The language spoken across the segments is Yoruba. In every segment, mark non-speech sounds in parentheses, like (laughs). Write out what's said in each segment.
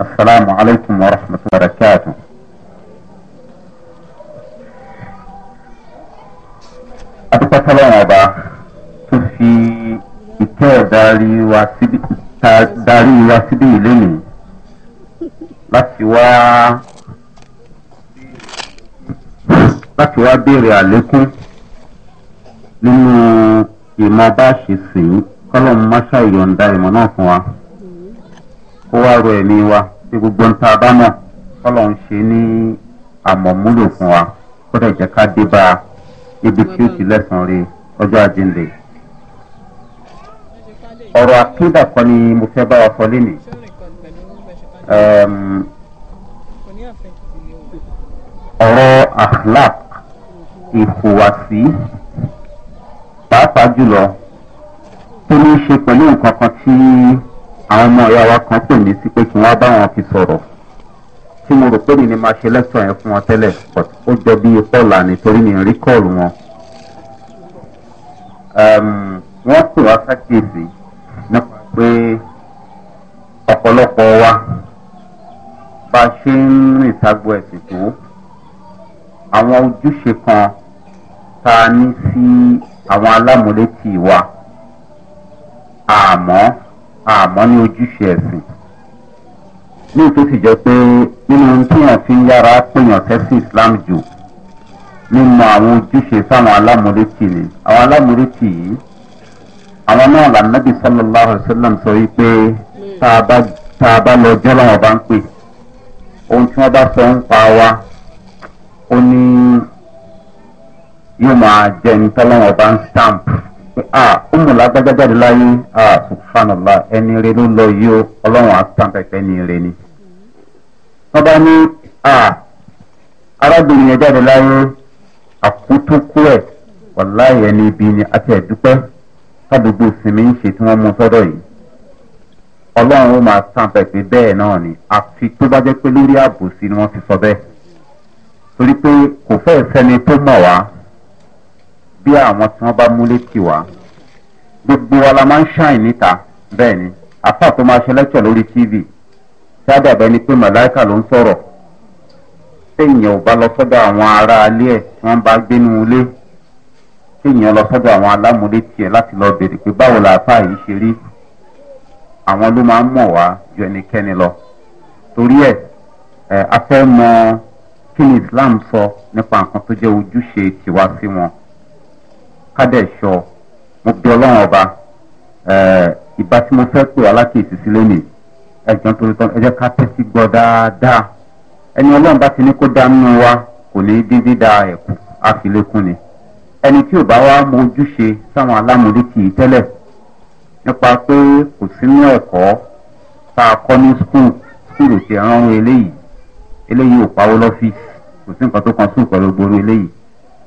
السلام عليكم ورحمة الله وبركاته adúpẹ́ tọ́lọ́wọ́n ọba tó fi ìtẹ́ darí wa síbí lónìí láti wá láti wá béèrè àlékún nínú ìmọ̀ bá ṣe sìn kọ́lọ́mù máṣá ìyọ̀ǹda ìmọ̀ náà fún wa kó wá rọ ẹ̀mí wa fi gbogbo ń ta bá mọ̀ kọ́lọ̀ ń ṣe ní àmọ̀múlò fún wa kó dẹ̀ jẹ́ ká dé bá ibi tí ó ti lẹ́sàn-án rí ọjọ́ àjíǹde. ọ̀rọ̀ àkídà kan ni mo fẹ́ bá wa sọ lénìí. ọ̀rọ̀ akhlaq ìhùwàsí pàápàá jùlọ tó ní í ṣe pẹ̀lú nǹkan kan tí àwọn ọmọ ìyá wa kan pè mí sí pé kí wọ́n bá wọn fi sọ̀rọ̀ tí mo rò pé mi ni máa ṣe lẹ́sọ̀ yẹn fún wọn tẹ́lẹ̀ but ó jọ bí pọ́ọ̀là nítorí mi rí kọ́ọ̀lù wọn. wọ́n pè wá sákèsì nípa pé ọ̀pọ̀lọpọ̀ wa bá a ṣe ń rìn sagbo ẹ̀sìn tó àwọn ojúṣe kan tá a ní sí àwọn alámúlétì wa àmọ́. Ah, àmọ́ ní ojúṣe ẹ̀sìn ní tó sì jẹ́ pé nínú ohun tí wọ́n fi ń yára pèèyàn tẹ́sí islam jù nínú àwọn ojúṣe sáwọn alámúrétì ni àwọn alámúrétì yìí àwọn náà lànàbì sallallahu alayhi wa sallam sọ wípé tá a bá lọ jọ́ làwọn bá ń pè ohun tí wọ́n bá sọ ń pa wa ó ní yóò máa jẹ́ ní tọ́lọ́wọ́n bá ń stamp. a ó mú lágbájá jáde láyé a subhanallah ẹni rẹ ló lọ yọ o ọlọ́run àtàǹpẹ̀pẹ̀ ni rẹ ni. wọ́n bá ní a ah, arábìnrin yẹn jáde láyé àkútúkú ẹ wàláyé ẹni ibi ni àti ẹ̀dúpẹ́ sádùúgbò sinmi ń ṣe tí wọ́n mú sọ́dọ̀ yìí. ọlọ́run ó máa tàǹpẹ̀pẹ̀ bẹ́ẹ̀ náà ni àfi tó bá jẹ́ pé lórí àbòsí ni ti sọ bẹ́ẹ̀ torí pé kò fẹ́ẹ̀ sẹ́ni tó wá. bí àwọn tí wọ́n bá múlé tì wá gbogbo wa la máa ń ṣàìn níta bẹ́ẹ̀ ni apá tó máa ṣe lẹ́tọ̀ lórí tv sábà bẹ́ẹ̀ ni pé màláìka ló ń sọ̀rọ̀ téèyàn ò bá lọ sọ́dọ̀ àwọn ará alẹ́ ẹ̀ tí wọ́n bá gbénu ilé téèyàn lọ sọ́dọ̀ àwọn alámúlé tiẹ̀ láti lọ bèrè pé báwo làáfà yìí ṣe rí àwọn ló máa ń mọ̀ wá ju ẹnikẹ́ni lọ torí ẹ̀ a mọ kí ni islam sọ nípa nǹkan tó jẹ́ ojúṣe tiwa sí wọn kádẹ̀ ṣọ mo bí ọlọ́run ọba eh, ìbá tí mo fẹ́ pè alákèésí sí lónìí ẹ̀jọ̀n torí tán ẹjẹ́ ká tẹ́sí gbọ́ dáadáa ẹni ọlọ́run bá ti ní kó dá wa kò ní dín dídá ẹ̀kú àfilékún ni ẹni tí ò bá wá mọ ojúṣe sáwọn alámúlétì yìí tẹ́lẹ̀ nípa pé kò sínú ẹ̀kọ́ tá a kọ́ ní skul skul ò ti ránrun eléyìí eléyìí ò pawó lọ́fíìsì kò sí nǹkan tó kan skul pẹ̀lú gbòòrò eléyìí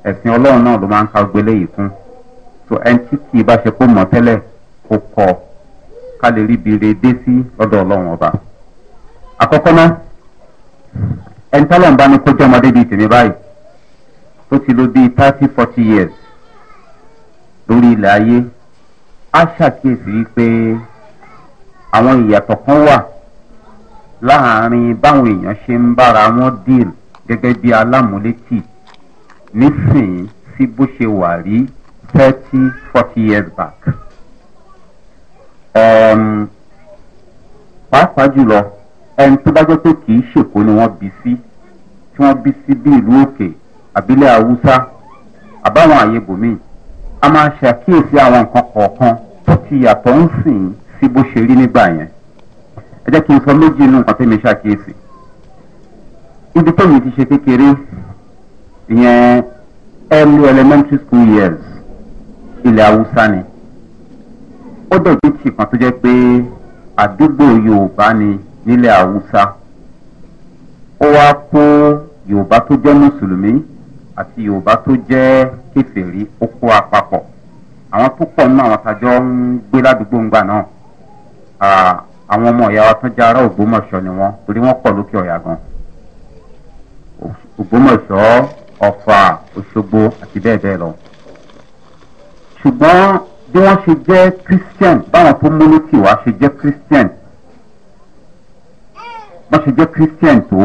ẹ̀sìn ọlọ́run náà ló máa ń ka gbélé yìí fún so ẹni tí kì í bá ṣe kó mọ̀ tẹ́lẹ̀ kó kọ́ ká lè rí ibi re dé sí lọ́dọ̀ ọlọ́run ọba. àkọ́kọ́ náà ẹni bá ní kó jẹ́ ọmọdé bíi tèmi báyìí tó ti lo bíi thirty forty years lórí ilẹ̀ ayé á ṣàkíyèsí wípé àwọn ìyàtọ̀ kan wà láàrin báwọn èèyàn ṣe ń bára wọn díìl gẹ́gẹ́ bí alámúlétì nísìnyí sí bó ṣe wà rí 30, 40 years back. Um, pàápàá jùlọ ẹni tó bá jẹ́ pé kì í ṣèkó ni wọ́n bí sí tí wọ́n bí sí bí ìlú òkè àbílẹ̀ haúsá àbáwọn àyè bòmíì a máa ṣàkíyèsí àwọn nǹkan kọ̀ọ̀kan tó ti yàtọ̀ ń sìn sí bó ṣe rí nígbà yẹn ẹ jẹ́ kí n sọ méjì inú nǹkan tẹ́mi ṣàkíyèsí ibi tó mi ti ṣe kékeré ìyẹn early elementary school years ilẹ̀ haúsá ni ó dẹ̀ tó tì kan tó jẹ́ pé àdúgbò yorùbá ni nílẹ̀ haúsá ó wá kó yorùbá tó jẹ́ mùsùlùmí àti yorùbá tó jẹ́ kẹfẹ́rí ó kó apapọ̀ àwọn tó pọ̀ nínú àwọn tajọ́ ń gbé ládùúgbò ńgbà náà àwọn ọmọ ìyá wa tó jẹ́ ará ògbómọ̀ṣọ́ ni wọ́n torí wọ́n pọ̀ lókè ọ̀yà gan ògbómọ̀ṣọ́ ọ̀fà òṣogbo àti bẹ́ẹ̀ bẹ́ẹ̀ lọ ṣùgbọ́n bí wọ́n ṣe jẹ́ christian báwọn tó múlò tì wá ṣe jẹ́ christian wọ́n ṣe jẹ́ christian tó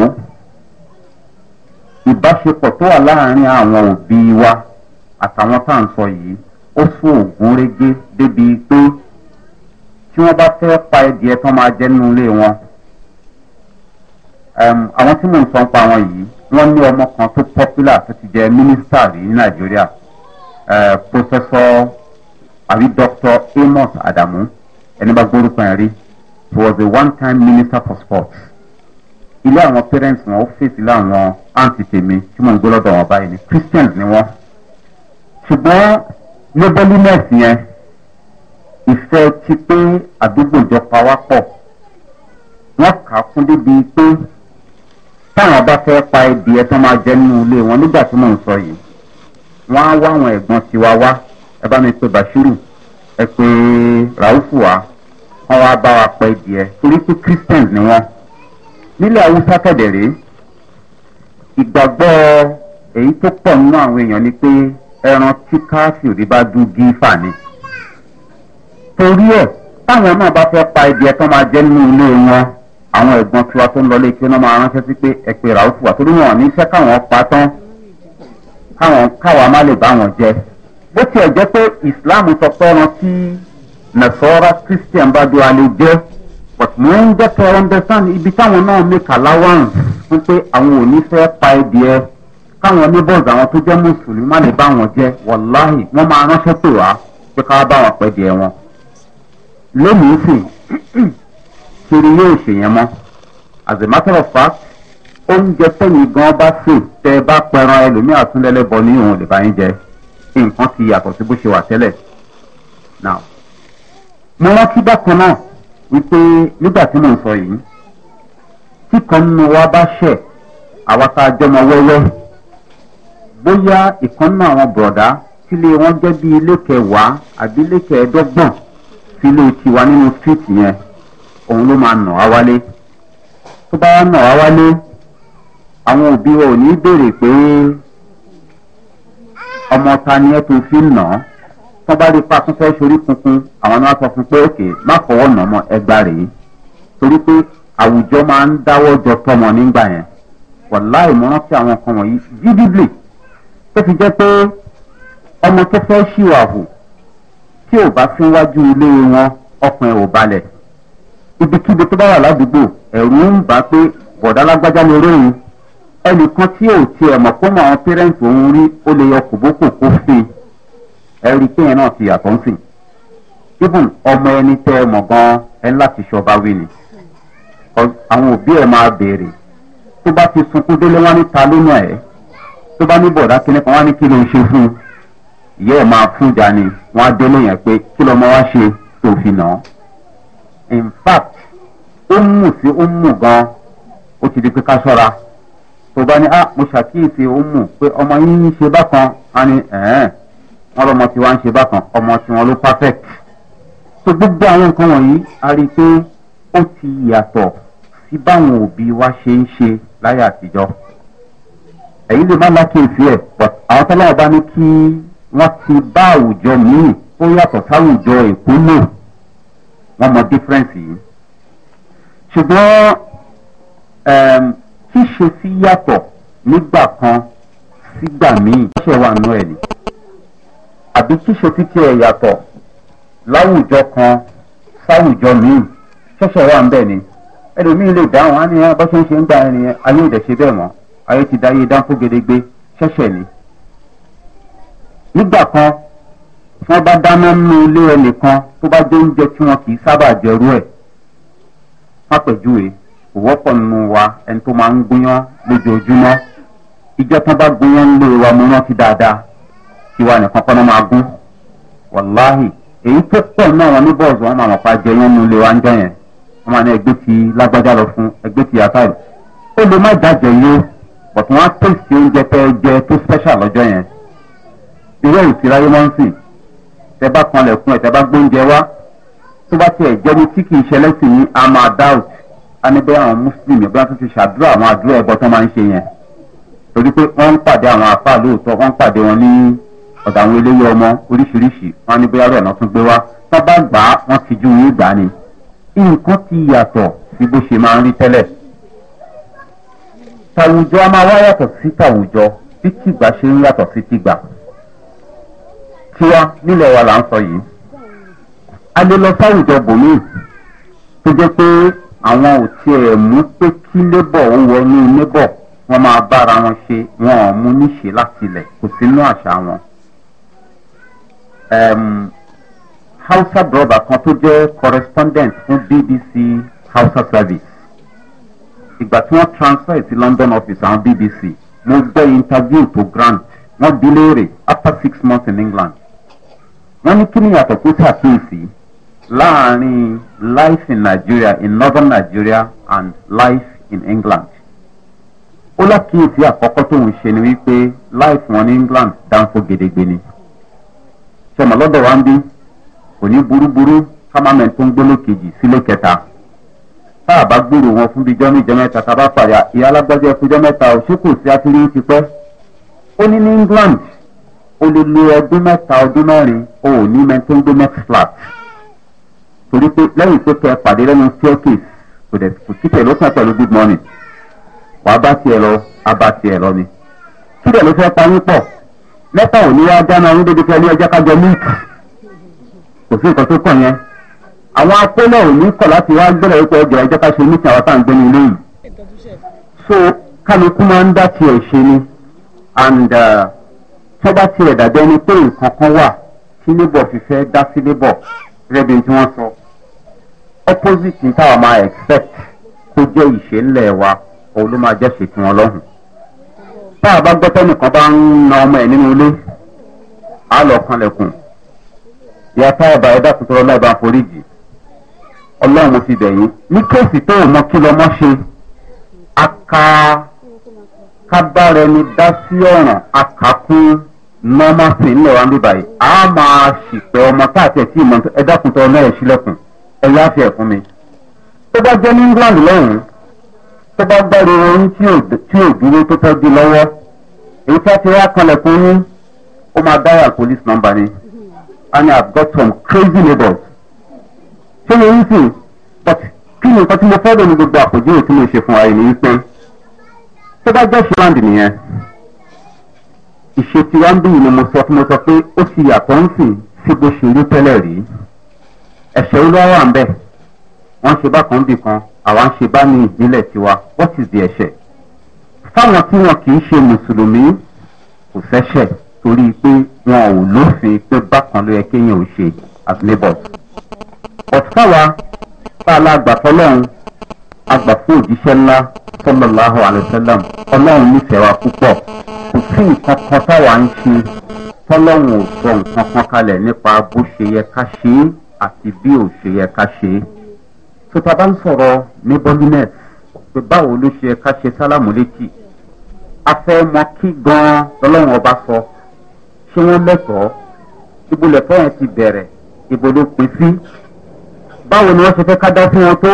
ìbáṣepọ̀ tó wà láàrin àwọn òbí wa àtàwọn tá à ń sọ yìí ó fún ògùn régé débi pé tí wọ́n bá fẹ́ pa ẹdìẹ tán máa jẹ́ nínú ilé wọn àwọn tí mò ń sọ ń pa wọn yìí wọ́n ní ọmọ kan tó popular tó ti jẹ́ mínísítà rí ní nàìjíríà professor àbí dr amos adamu ẹni bá gbórúkọ yẹn was a one time minister for sports ilé àwọn parents wọn ó fèsì ilé àwọn aunty tèmi tí mò ń gbé lọ́dọ̀ wọn báyìí ni christians ni wọ́n ṣùgbọ́n neighborliness yẹn ìfẹ́ ti pé àdúgbò jọ pawápọ̀ wọ́n kà á kún débi pé táwọn bá fẹ́ pa ẹbí ẹ tó máa jẹ nínú ilé wọn nígbà tí mò ń sọ yìí wọ́n á wá àwọn ẹ̀gbọ́n tiwa wá ẹ bá mi pe bashiru ẹ pe raufu wa wọ́n wá bá wa pẹ́ díẹ̀ torí pé christians ni wọ́n nílẹ̀ haúsá kẹ̀dẹ̀rẹ́ ìgbàgbọ́ èyí tó pọ̀ nínú àwọn èèyàn ni pé ẹran tí káfíòrí bá dún gífà ni torí ẹ̀ táwọn náà bá fẹ́ pa ibi ẹ̀ tán máa jẹ́ nínú ilé wọn àwọn ẹ̀gbọ́n tiwa tó ń lọ lé kí wọ́n máa ránṣẹ́ sí pé ẹ pe raufu wa torí wọn ò ní fẹ́ káwọn pa tán káwọn káwa má lè bá wọn jẹ bó tiẹ̀ jẹ́ pé islam sọ pé ẹran tí nasara christian bá dúró alẹ́ jẹ́ but mo ń jẹ́ kẹ́ understand ibi táwọn náà make allowance fún pé àwọn ò ní fẹ́ pa ẹbí ẹ káwọn neighbors àwọn tó jẹ́ mùsùlùmí má lè bá wọn jẹ wàláhì wọ́n máa ránṣẹ́ pè wá pé ká bá wọn pẹ́ di ẹ wọn lónìí sì (clears throat) kiri yóò ṣèyẹn mọ́ as a matter of fact oúnjẹ tẹ̀yìn gan bá sè tẹ́ ẹ bá pẹran ẹlòmíì àtúndẹ́lẹ́bọ ní òun lè bá yín jẹ nǹkan ti yàtọ̀ sí bó ṣe wà tẹ́lẹ̀. mo rántí bákan náà wípé nígbà tí mò ń sọ yìí tí kan nínú wa bá ṣẹ̀ àwa tá a jọmọ wẹ́wẹ́ bóyá ìkan nínú àwọn bùrọ̀dá tílé wọn jẹ́ bí ilé kẹwàá àbí ilé kẹẹ̀ẹ́dọ́gbọ̀n sílé tiwa nínú fíìtì yẹn òun ló máa nà á wálé tó bá wá nà á wálé àwọn òbí wa ò ní béèrè pé ọmọ ta ni ẹ tún fi ń nà án tó bá rí pa tún fẹ́ sorí kunkun àwọn náà sọ fún pé òkè má fọwọ́ nà ọmọ ẹgbà rèé torí pé àwùjọ máa ń dáwọ́ jọ tọmọ nígbà yẹn wàláì mo rántí àwọn kan wọ̀nyí jídíblì tó fi jẹ́ pé ọmọ tó fẹ́ ṣìwàhù tí ò bá fi wájú ilé wọn ọkùnrin ò balẹ̀ ibikíbi tó bá wà ládùúgbò ẹ̀rù ń bà pé bọ̀dá lágbájá lórí òun ẹnìkan tí ò tiẹ̀ mọ̀ kó mọ̀ àwọn pẹ́rẹ́ǹtì òun rí ó lè yọ kòbókò kó fi ẹ̀rí kéèyàn náà ti yàtọ̀ ń sìn even ọmọ ẹni tẹ́ ẹ mọ̀ gan ẹ láti ṣọba wí ni àwọn òbí ẹ̀ máa béèrè tó bá ti sunkún délé wọn ní ta lónà ẹ̀ tó bá ní bọ̀dá kíní kan wọn ní kí ló ń ṣe fún ìyá ẹ̀ máa fún ìjà ni wọn á délé yẹn pé kí lọ́mọ wá ṣe tó fi nà in fact ó mú sí ó mú gan ó ti di pé ká ṣọ́ra kò bá ní a ah, mo ṣàkíyèsí òmù pé ọmọ yín ń ṣe bákan á ní ẹ̀ẹ́n wọn lọmọ tí wọn ń ṣe bákan ọmọ tí wọn ló perfect so gbogbo àwọn nǹkan wọ̀nyí a rí i pé ó ti yàtọ̀ sí báwọn òbí wa ṣe ń ṣe láyé àtijọ́ ẹ̀yin lè má lákèéfì ẹ̀ but àwọn tọ́lá ọba ní kí wọ́n ti bá àwùjọ míì ó yàtọ̀ sáwùjọ èkó lò wọ́n mọ difference yìí ṣùgbọ́n ṣíṣe sí yàtọ̀ nígbà kan sígbà míì ṣe wà nù ẹ̀ ni àbí ṣíṣe títí ẹ̀ yàtọ̀ láwùjọ kan sáwùjọ míì ṣẹ̀ṣẹ̀ wà ń bẹ̀ ni ẹlòmíì lè dáhùn á ní ẹ bá ṣe ń ṣe ń gba ẹnìyẹn ayé ìdẹ̀ṣe bẹ́ẹ̀ mọ́ ayé ti dáyé dáńkó gedegbe ṣẹ̀ṣẹ̀ ni nígbà kan tí wọ́n bá dáná nínú ilé ẹnìkan tó bá jẹ́ oúnjẹ tí wọn kì í sábà jẹrú ẹ̀ pápẹ̀júwe wọ́pọ̀ nínú wa ẹni tó máa ń gúnyán lójoojúmọ́ ìjọ tán bá gúnyán ń lé wa mo rántí dáadáa kí wa nìkan kọ́nà máa gún wàláhì èyí tó pọ̀ náà wọn ní bọ́ọ̀sì wọn àwọn pa jẹ yẹn ti lágbájá lọ fún ẹgbẹ́ ti yàtá o ó lè má dájẹ́ yó but á pèsè oúnjẹ tẹ́ jẹ tó special lọ́jọ́ yẹn ráyé ń sìn tẹ bá fún tẹ wá anibẹ́ àwọn mùsùlùmí bí wọ́n tún ti ṣàdúrà àwọn àdúrà ẹ̀bọ tó máa ń ṣe yẹn torí pé wọ́n ń pàdé àwọn àfa lóòótọ́ wọ́n ń pàdé wọn ní ọ̀dà àwọn eléyé ọmọ oríṣiríṣi wọn ní bóyá ọ̀nà tún gbé wá tán bá gbà á wọ́n ti ju yín gbà ni nǹkan ti yàtọ̀ sí bó ṣe máa ń rí tẹ́lẹ̀ tàwùjọ a máa wá yàtọ̀ sí tàwùjọ bí tìgbà ṣe ń yàtọ̀ sí tìgbà tiwa nílẹ̀ wa là ń sọ yìí a lè lọ sáwùjọ bòmíì tó jẹ́ pé àwọn ò tiẹ̀ mú pé kí labour ó wọnú labour wọn máa bára wọn ṣe wọn ò mú níṣe láti ilẹ̀ kò sínú àṣà wọn. hausa brother kan tó jẹ́ correspondent fún bbc hausa service ìgbà tí wọ́n transfer sí london office àwọn bbc mo gbọ́ interview to grant wọ́n bí léèrè after six months in england wọ́n ní kí ni yàtọ̀ tó ṣàkíyèsí láàrin life in nigeria in northern nigeria and life in england ó lákìyèsí àkọ́kọ́ tóun ṣe ni wípé life wọn ní england dáńfó gedegbe ni sọmọ lọ́dọ̀ wa ń bí kò ní burúburú kámámẹ́ntì tó ń gbélé kejì sílé kẹta tá a bá gbúrò wọn fún bí jọ́ méje mẹ́ta tá a bá pààyà ìyá alágbájá ẹkú jọ́ mẹ́ta ò ṣe kò sí àtìrí ti pẹ́ ó ní ní england ó lè lo ọdún mẹ́ta ọdún mẹ́rin ó ò ní mẹ́ntì ń gbé mẹ́tì flat torí pé lẹ́yìn tó kẹ pàdé lẹ́nu staircase kò dẹ̀ kò títẹ̀ ló kàn pẹ̀lú good morning wàá bá tiẹ̀ lọ á bá tiẹ̀ lọ ni. kí dẹ̀ ló fẹ́ pa yín pọ̀ lẹ́tà ò ní wá dáná yín dédé pẹ̀lú ẹjẹ́ kájọ míìkì kò sí nǹkan tó kàn yẹn. àwọn akólẹ̀ ò kọ̀ láti wá gbẹ̀rẹ̀ wípé ọjọ́ ẹjẹ́ ká ṣe míìkì àwọn tá à ń yìí. so kálukú máa ń dá tiẹ̀ ṣe ni and uh, tọ́ba tiẹ̀ dàbẹ́ ni pé nǹkan kan wà tí níbọ̀ fi fẹ́ dá sí rẹ́bi tí wọ́n sọ opposite ní táwa máa expect kó jẹ́ ìṣẹ̀lẹ̀ wa òun ló máa jẹ́ ṣètò wọn tá a bá gbọ́ tẹ́nìkan bá ń na ọmọ ẹ̀ nínú ilé á lọ kanlẹ̀kùn ìyá táyàbá ẹ̀dá tuntun ọlá ìbá foríjì ọlọ́run ti bẹ̀yìn ní kéèsì tó o mọ kí lọ́mọ ṣe aka kábàárẹ̀ ni dá sí ọ̀ràn akakún normal thing ńlẹ̀ a máa ṣìpẹ́ ọmọ tá àti ẹ̀ tí ìmọ̀ ẹ̀dá tuntun ọlá ẹ̀ sílẹ̀kùn ẹ yáfẹ́ fún mi tó bá jẹ́ ní england lọ́hùn-ún tó bá gbáre orin tí ò dúró tó tọ́jú lọ́wọ́ èyí tí a ti rá kanlẹ̀kùn ní ó máa dáyà police number ni and i have got some crazy neighbors ṣé mo ń sìn but kí ni nǹkan tí mo fẹ́ lónìí gbogbo àpèjúwe tí mo ṣe fún ayé ní wípé tó bá jẹ́ ṣíland nìyẹn ìṣe tiwa ń bí ìlú mo sọ fún mo sọ pé ó ti yàtọ̀ ń sìn sí bó ṣe rí tẹ́lẹ̀ rí ẹ̀ṣẹ̀ olúwa wà ń bẹ̀ wọ́n ṣe bá kan bì kan àwa ń ṣe bá ní ìdílẹ̀ tiwa what is the ẹ̀ṣẹ̀ fáwọn tí wọn kì í ṣe mùsùlùmí kò fẹ́ṣẹ̀ torí pé wọn ò lófin pé bákan ló yẹ kéèyàn ò ṣe as neighbors but fáwa tá a la gbà tọ́lọ́run a gbà fún òjíṣẹ́ ńlá sọlọ́láhùn àlùsẹ́lẹ̀m ọlọ́run nífẹ̀ẹ́ wa púpọ̀ kò sí nǹkan kan táwa ń ṣe tọ́lọ́run ò sọ nǹkan kan kalẹ̀ nípa bó ṣe yẹ ká ṣe é àti bí ò ṣe yẹ ká ṣe é tó ta bá ń sọ̀rọ̀ ní bọ́línẹ̀t pé báwo ló ṣe yẹ ká ṣe sálámù létí a fẹ́ mọ kí gan-an lọ́lọ́run ọba sọ ṣé wọ́n lẹ́tọ̀ọ́ ibo lẹ̀kọ́ yẹn ti bẹ̀rẹ̀ ibo ló pin sí báwo ni wọ́n ṣe fẹ́ ká dá sí wọn tó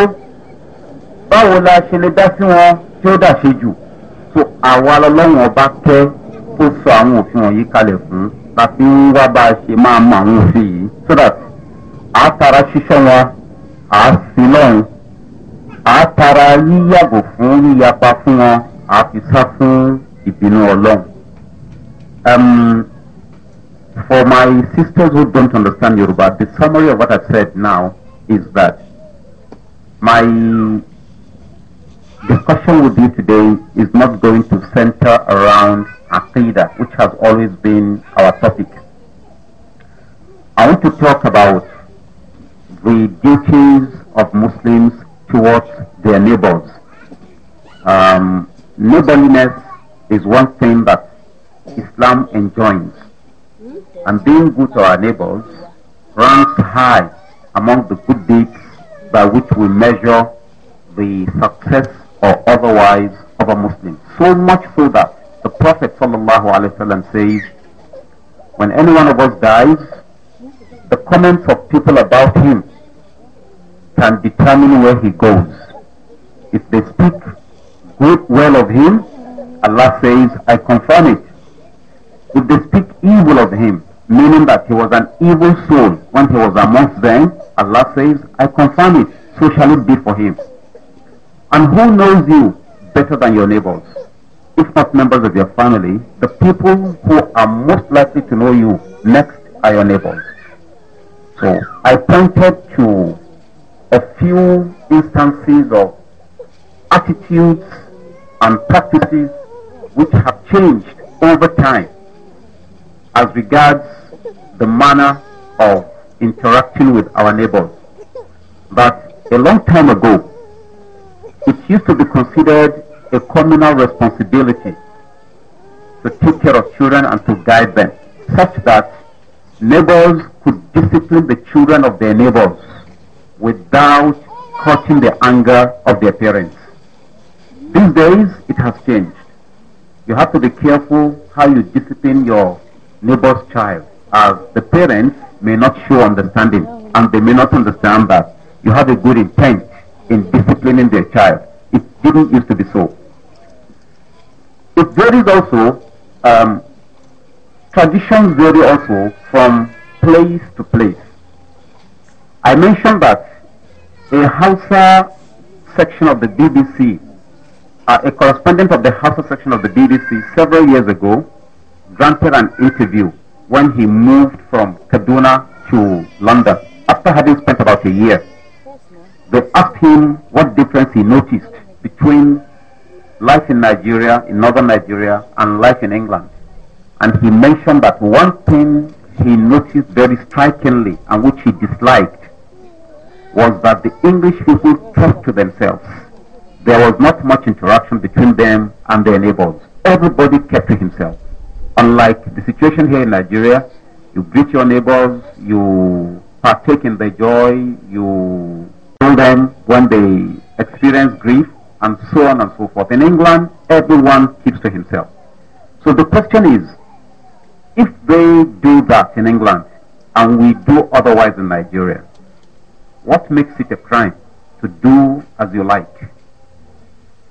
báwo la ṣe lè dá sí wọn tí ó dà ṣe jù tó àwa lọ́lọ́run ọba kẹ́ tó sọ àwọn òfin wọ̀nyí kalẹ̀ fún la wá bá a ṣe máa mọ àwọn òfin yìí á tara ṣiṣẹ́ wọn á sí lọ́run á tara yíyàgò fún yíyapa fún wọn á fi sá fún ìbínú ọlọ́run. Um, for my sisters who don't understand Yoruba, the summary of what I've said now is that my discussion with you today is not going to center around Akida, which has always been our topic. I want to talk about the duties of Muslims towards their neighbors. Um, neighborliness is one thing that Islam enjoins, and being good to our neighbors ranks high among the good deeds by which we measure the success or otherwise of a Muslim. So much so that the Prophet ﷺ says, when any one of us dies, the comments of people about him can determine where he goes. If they speak good well of him, Allah says, I confirm it. If they speak evil of him, meaning that he was an evil soul when he was amongst them, Allah says, I confirm it, so shall it be for him. And who knows you better than your neighbors? If not members of your family, the people who are most likely to know you next are your neighbors. So I pointed to a few instances of attitudes and practices which have changed over time as regards the manner of interacting with our neighbors. But a long time ago, it used to be considered a communal responsibility to take care of children and to guide them, such that neighbors could discipline the children of their neighbors without hurting the anger of their parents. These days, it has changed. You have to be careful how you discipline your neighbor's child, as the parents may not show understanding, and they may not understand that you have a good intent in disciplining their child. It didn't used to be so. It varies also, um, traditions vary also from place to place. I mentioned that a Hausa section of the BBC, uh, a correspondent of the Hausa section of the BBC several years ago granted an interview when he moved from Kaduna to London after having spent about a year. They asked him what difference he noticed between life in Nigeria, in northern Nigeria, and life in England. And he mentioned that one thing he noticed very strikingly and which he disliked was that the English people kept to themselves. There was not much interaction between them and their neighbors. Everybody kept to himself. Unlike the situation here in Nigeria, you greet your neighbors, you partake in their joy, you tell them when they experience grief, and so on and so forth. In England, everyone keeps to himself. So the question is, if they do that in England, and we do otherwise in Nigeria, What makes it a crime? To do as you like.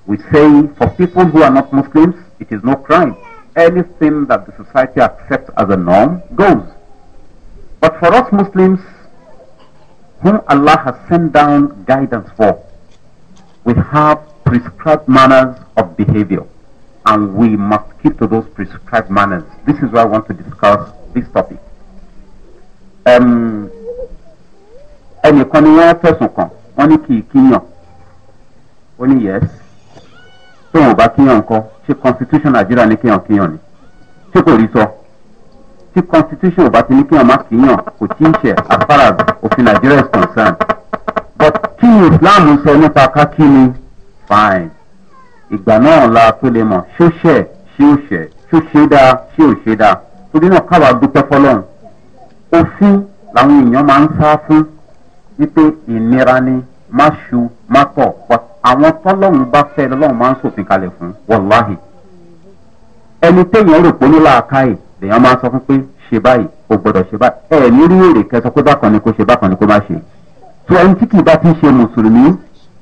We say for people who are not Muslims, it is no crime. Anything that the society accepts as a norm goes. But for us Muslims, whom Allah has sent down guidance for, we have prescribed manners of behavior and we must keep to those prescribed manners. This is why I want to discuss this topic. Um, ẹnìkan ni wọ́n fẹ̀sùn kàn wọ́n ní kì í kíyàn ó ní yẹ́s tóun ò bá kíyàn nǹkan ṣé constitution nàìjíríà ní kíyàn kíyàn ni ṣé kò rí sọ tí constitution ò bá ti ní kíyàn má kíyàn kò tí ì ṣe as far as òfin nàìjíríà is concerned but kí ni islam sọ nípa ká kí ni fine ìgbà náà la tó lè mọ̀ ṣó ṣẹ̀ ṣé ò ṣẹ̀ ṣó ṣe dáa ṣé ò ṣe dáa torí náà káwa dúpẹ́ fọlọ́run òfin làwọn èèyàn máa ń sá fún wípé ìnira ni má ṣu má tọ̀ àwọn tọ́lọ́hún bá fẹ́ lọ́lọ́hún máa ń sòfin kalẹ̀ fún wàláhì ẹni téèyàn rò pé onílàáká yìí lèèyàn máa sọ fún pé ṣe báyìí o gbọdọ̀ ṣe báyìí ẹ ní rí èrè kẹsọ pé bákan ni kò ṣe bákan ni kò má ṣe tó ẹni tí kì í bá ti ṣe mùsùlùmí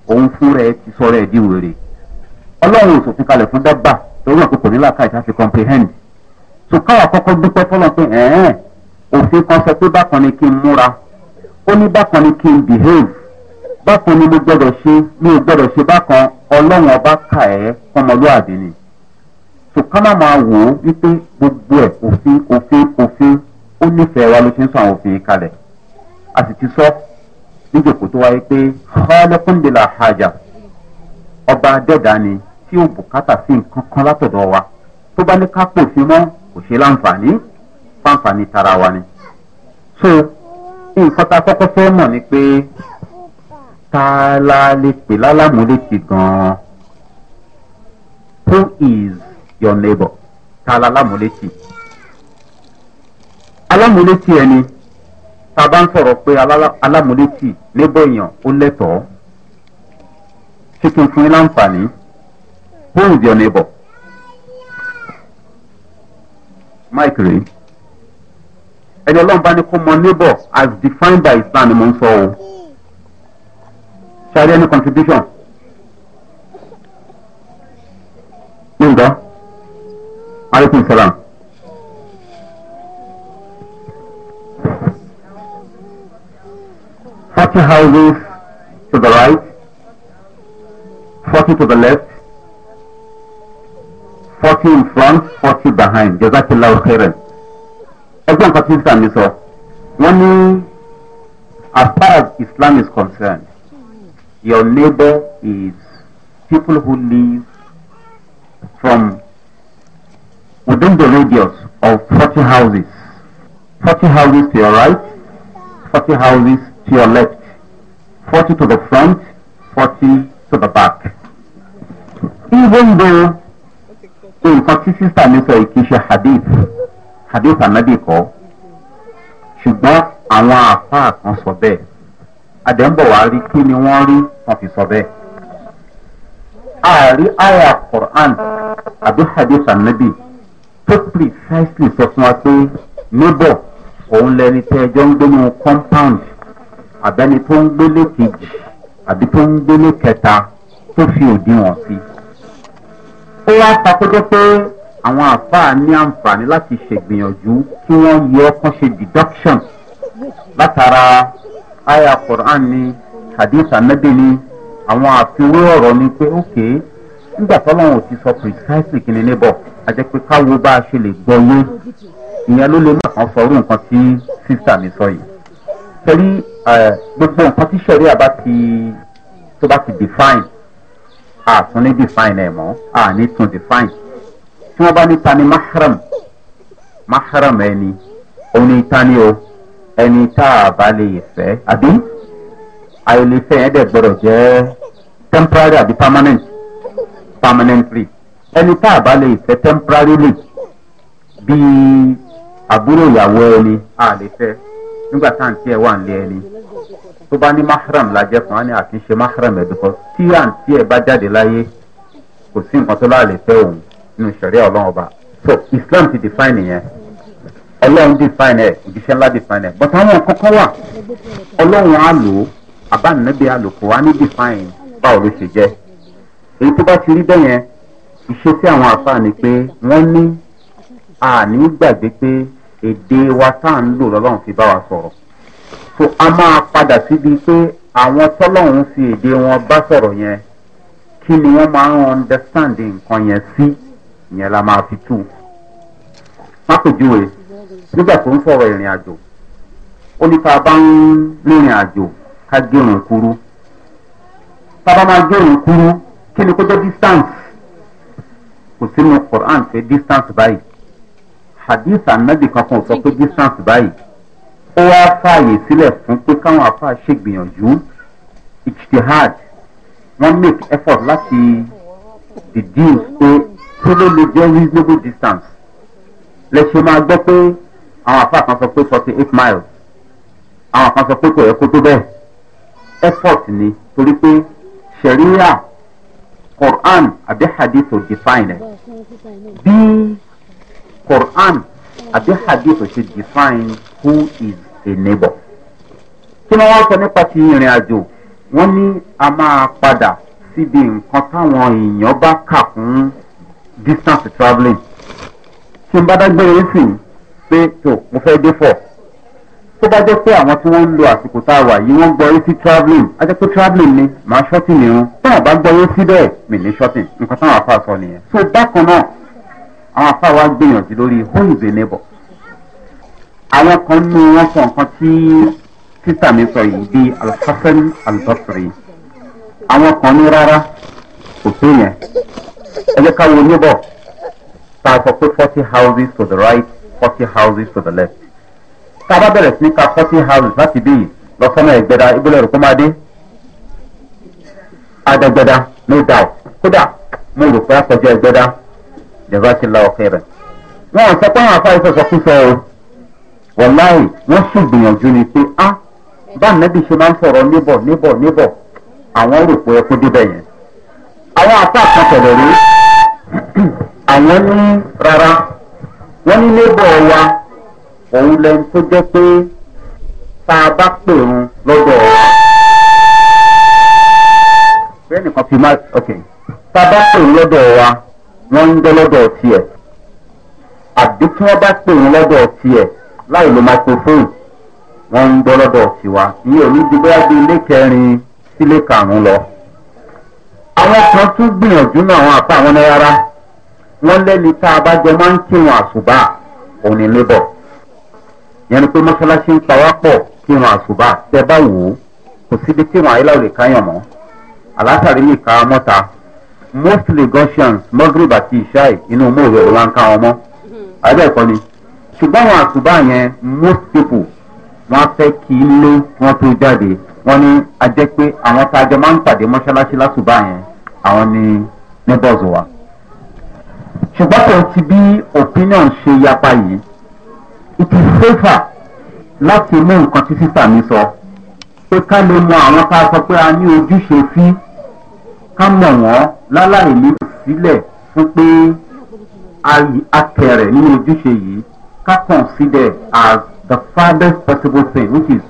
òun fún rẹ ti sọ rẹ di wèrè ọlọ́run òṣòfin kalẹ̀ fún dábà lórí ọ̀pọ̀ kò nílàáká yìí tá comprehend so káwà dúpẹ́ fọlọ́ pé ẹ̀ẹ́n òfin kan sọ pé bákan ni kí n múra ó ní bákan ni kí n behave bákan ni mo gbọdọ̀ ṣe mi ò gbọdọ̀ ṣe bákan ọlọ́run ọba kà ẹ́ fọmọlúàbí ni so ká má máa wò ó wípé gbogbo ẹ̀ òfin òfin òfin ó nífẹ̀ẹ́ wa ló ṣe ń sọ àwọn òfin kalẹ̀ a sì ti sọ níjòkó tó wáyé pé xaalẹ́kùndínlá hajà ọba adẹ́dá ni tí ò bùkátà sí nǹkan kan látọ̀dọ̀ wa tó bá ní ká pòfin mọ́ kò ṣe láǹfààní fáǹfààní tara wa ni so nǹkan tá a kọ́kọ́ fẹ́ mọ̀ ni pé ta la lè pè lálàmúlétì gan-an who is your neighbor ta la lámúlétì alámúlétì ẹni tá a bá ń sọ̀rọ̀ pé alámúlétì neighbor èèyàn ó lẹ́tọ̀ọ́ ṣé fún yín who is your neighbor mike rèé ẹni ọlọ́run bá ní kó mọ neighbor as defined by islam ni mo ń sọ o ṣe àdé ní contribution nígbà salaam. Forty houses to the right, forty to the left, forty in front, forty behind. JazakAllahu khairan ẹgbẹ́ nǹkan tí sísá sọ wọ́n ní as far as islam is concerned your neighbor is people who live from within the radius of forty houses forty houses to your right forty houses to your left forty to the front forty to the back even though nǹkan tí sísá mi sọ yìí kì í ṣe hadith hadith anabi kọ́ ṣùgbọ́n àwọn àáfàá kan sọ bẹ́ẹ̀ adẹ́nbọ̀ wá rí kí ni wọ́n rí wọn fi sọ bẹ́ẹ̀. ààrí àyà quran àbí hadith anabi tó precisely sọ fún wa pé níbọ̀ òun lẹni tẹ́ ẹjọ́ ń gbénu compound àbẹ́ni tó ń gbélé kejì àbí tó ń gbélé kẹta tó fi òdiwọ̀n sí. ó wá takọ́jọ́ pé àwọn àfáà ní àǹfààní láti ṣègbìyànjú kí wọ́n yọ kán ṣe deduction látara aya quran ni hadith anabi ni àwọn àfiwé ọ̀rọ̀ ni pé ok nígbà tọ́lọ́run ò ti sọ precisely kí ni níbọ̀ a jẹ́ pé káwo bá a ṣe lè gbọ́ yé ìyẹn ló lè má kàn sọrú nǹkan tí sísà mi sọ yìí torí gbogbo nǹkan tí sẹ̀ríà bá ti tó bá ti define àtún ní define ẹ̀ mọ́ àní tún define tí wọ́n bá ní tani mahram mahram ẹni òun ni tani o ẹni tá a bá lè fẹ́ àbí àìlèfẹ́ yẹn dẹ̀ gbọ́dọ̀ jẹ́ temporary àbí permanent permanently ẹni tá a bá lè fẹ́ temporarily bíi àbúrò ìyàwó ẹni a lè fẹ́ nígbà tá à ń tiẹ̀ wà nílé ẹni tó bá ní mahram la jẹ́ fún ní àti mahram ẹ̀dùkọ́ tí à ń tiẹ̀ bá jáde láyé kò sí nǹkan tó láà lè fẹ́ òun nínú ìṣẹ̀rí ọlọ́run ọba so islam ti define yẹn ọlọ́run define ẹ̀ òjíṣẹ́ ńlá define ẹ̀ but àwọn kọ́kọ́ wà ọlọ́run á lò ó àbáninabi á lò kó wá ní define báwo ló ṣe jẹ́ èyí tó bá ti rí bẹ́ẹ̀ yẹn ìṣe tí àwọn àfáà ni pé wọ́n ní àní gbàgbé pé èdè wa tá à ń lò lọ́lọ́run fi bá wa sọ̀rọ̀ so a máa padà síbi pé àwọn tọ́lọ́run fi èdè wọn bá sọ̀rọ̀ yẹn kí ni wọ́n máa ń understand nǹkan yẹn sí. Si ìyẹn la máa fi tú mápèjúwe nígbà tó ń sọ̀rọ̀ ìrìn àjò ó ní tá a bá ń rìnrìn àjò ká gérun kúrú tá a bá máa gérun kúrú kí ni kó jẹ́ distance kò sínú quran pé distance báyìí hadith anabi kankan sọ pé distance báyìí ó wá fààyè sílẹ̀ fún pé káwọn afa ṣègbìyànjú ijtihad wọ́n make effort láti deduce pé tó ló lè jẹ́ reasonable distance lè ṣe máa gbọ́ pé àwọn àfa kan sọ pé forty eight miles àwọn kan sọ pé kò yẹ kó tó bẹ́ẹ̀ effort ni torí pé sharia quran àbí hadith ò define ẹ̀ bí quran àbí hadith ò ṣe define who is a neighbor kí wọ́n wá sọ nípa ti ìrìn àjò wọ́n ní a máa padà síbi nǹkan táwọn èèyàn bá kà fún distance traveling. tí n bá dágbére ń sìn pé tó mo fẹ́ dé fọ̀ tó bá jẹ́ pé àwọn tí wọ́n ń lo àsìkò tá a wà yìí wọ́n gbọ́ sí travelling a jẹ́ pé travelling ni màá shorting irun tí wọ́n bá gbọ́ yé sí bẹ́ẹ̀ mi ní shorting nǹkan táwọn afa sọ nìyẹn. so bákan náà àwọn afa wa gbìyànjú lórí who is a neighbor àwọn kan nú wọn sọ nǹkan tí sísà mi sọ yìí bíi alhassan albasri àwọn kan ní rárá kò tó yẹn ẹ jẹ́ ká wo níbọ̀ tá a sọ pé forty houses to the right forty houses to the left tá a bá bẹ̀rẹ̀ sí ka forty houses láti bí yìí lọ sọ́nà ẹ̀gbẹ́dá ìgbélé rẹ̀ kó máa dé adẹ́gbẹ́dá no doubt kódà mo rò pé àkọjọ ẹgbẹ́dá jẹ̀rọ ti la ọ̀fẹ́ rẹ̀ wọn sọ pé àwọn afárí sọ̀sọ̀ kú sọ o wọ̀láì wọ́n sì gbìyànjú ni pé a ah, bá nàbì ṣe máa ń sọ̀rọ̀ níbọ̀ níbọ̀ níbọ̀ àwọn rò pé ẹkún débẹ̀ yẹn àwọn apá kan tẹ̀lẹ̀ rí àwọn ní rárá wọ́n ní lébọ̀ wa òun lẹ́nu tó jẹ́ pé tá a bá pè ń lọ́dọ̀ wa pé nìkan fi máa ok tá a bá pè ń lọ́dọ̀ wa wọ́n ń jẹ́ lọ́dọ̀ tiẹ̀ àbí tí wọ́n bá pè ń lọ́dọ̀ tiẹ̀ láì lo microphone wọ́n ń gbọ́ lọ́dọ̀ tiwa ní di ilé kẹrin sílé karùn lọ àwọn kan tún gbìyànjú náà àwọn àfa àwọn náà rárá wọn lẹni tá a bá jẹ máa ń kírun àṣùbà òun ní níbọ yẹn ni pé mọ́ṣáláṣí ń pa wá pọ̀ kírun àṣùbà tẹ bá wò ó kò síbi kírun àyíláwò lè káyàn mọ́ àlátàrí lè ká mọ́ta mostly gaussians magreb àti ishai inú mòwe òun á ń ká wọn mọ́ àbẹ́ẹ̀kọ́ ni ṣùgbọ́n àwọn àṣùbà yẹn most people wọ́n fẹ́ kí ilé wọ́n tó jáde wọ́n ní a jẹ́ pé àwọn tá a jẹ máa ń pàdé mọ́ṣáláṣí látùbà yẹn àwọn ni neighbors wa. ṣùgbọ́n tó ti bí opinion ṣe yapa yìí it is safer láti mú nǹkan tí sísà mi sọ pé ká lè mọ àwọn tá a sọ pé a ní ojúṣe sí ká mọ̀ wọ́n láláì ní sílẹ̀ fún pé a kẹrẹ̀ nínú ojúṣe yìí ká consider as the farthest possible thing which is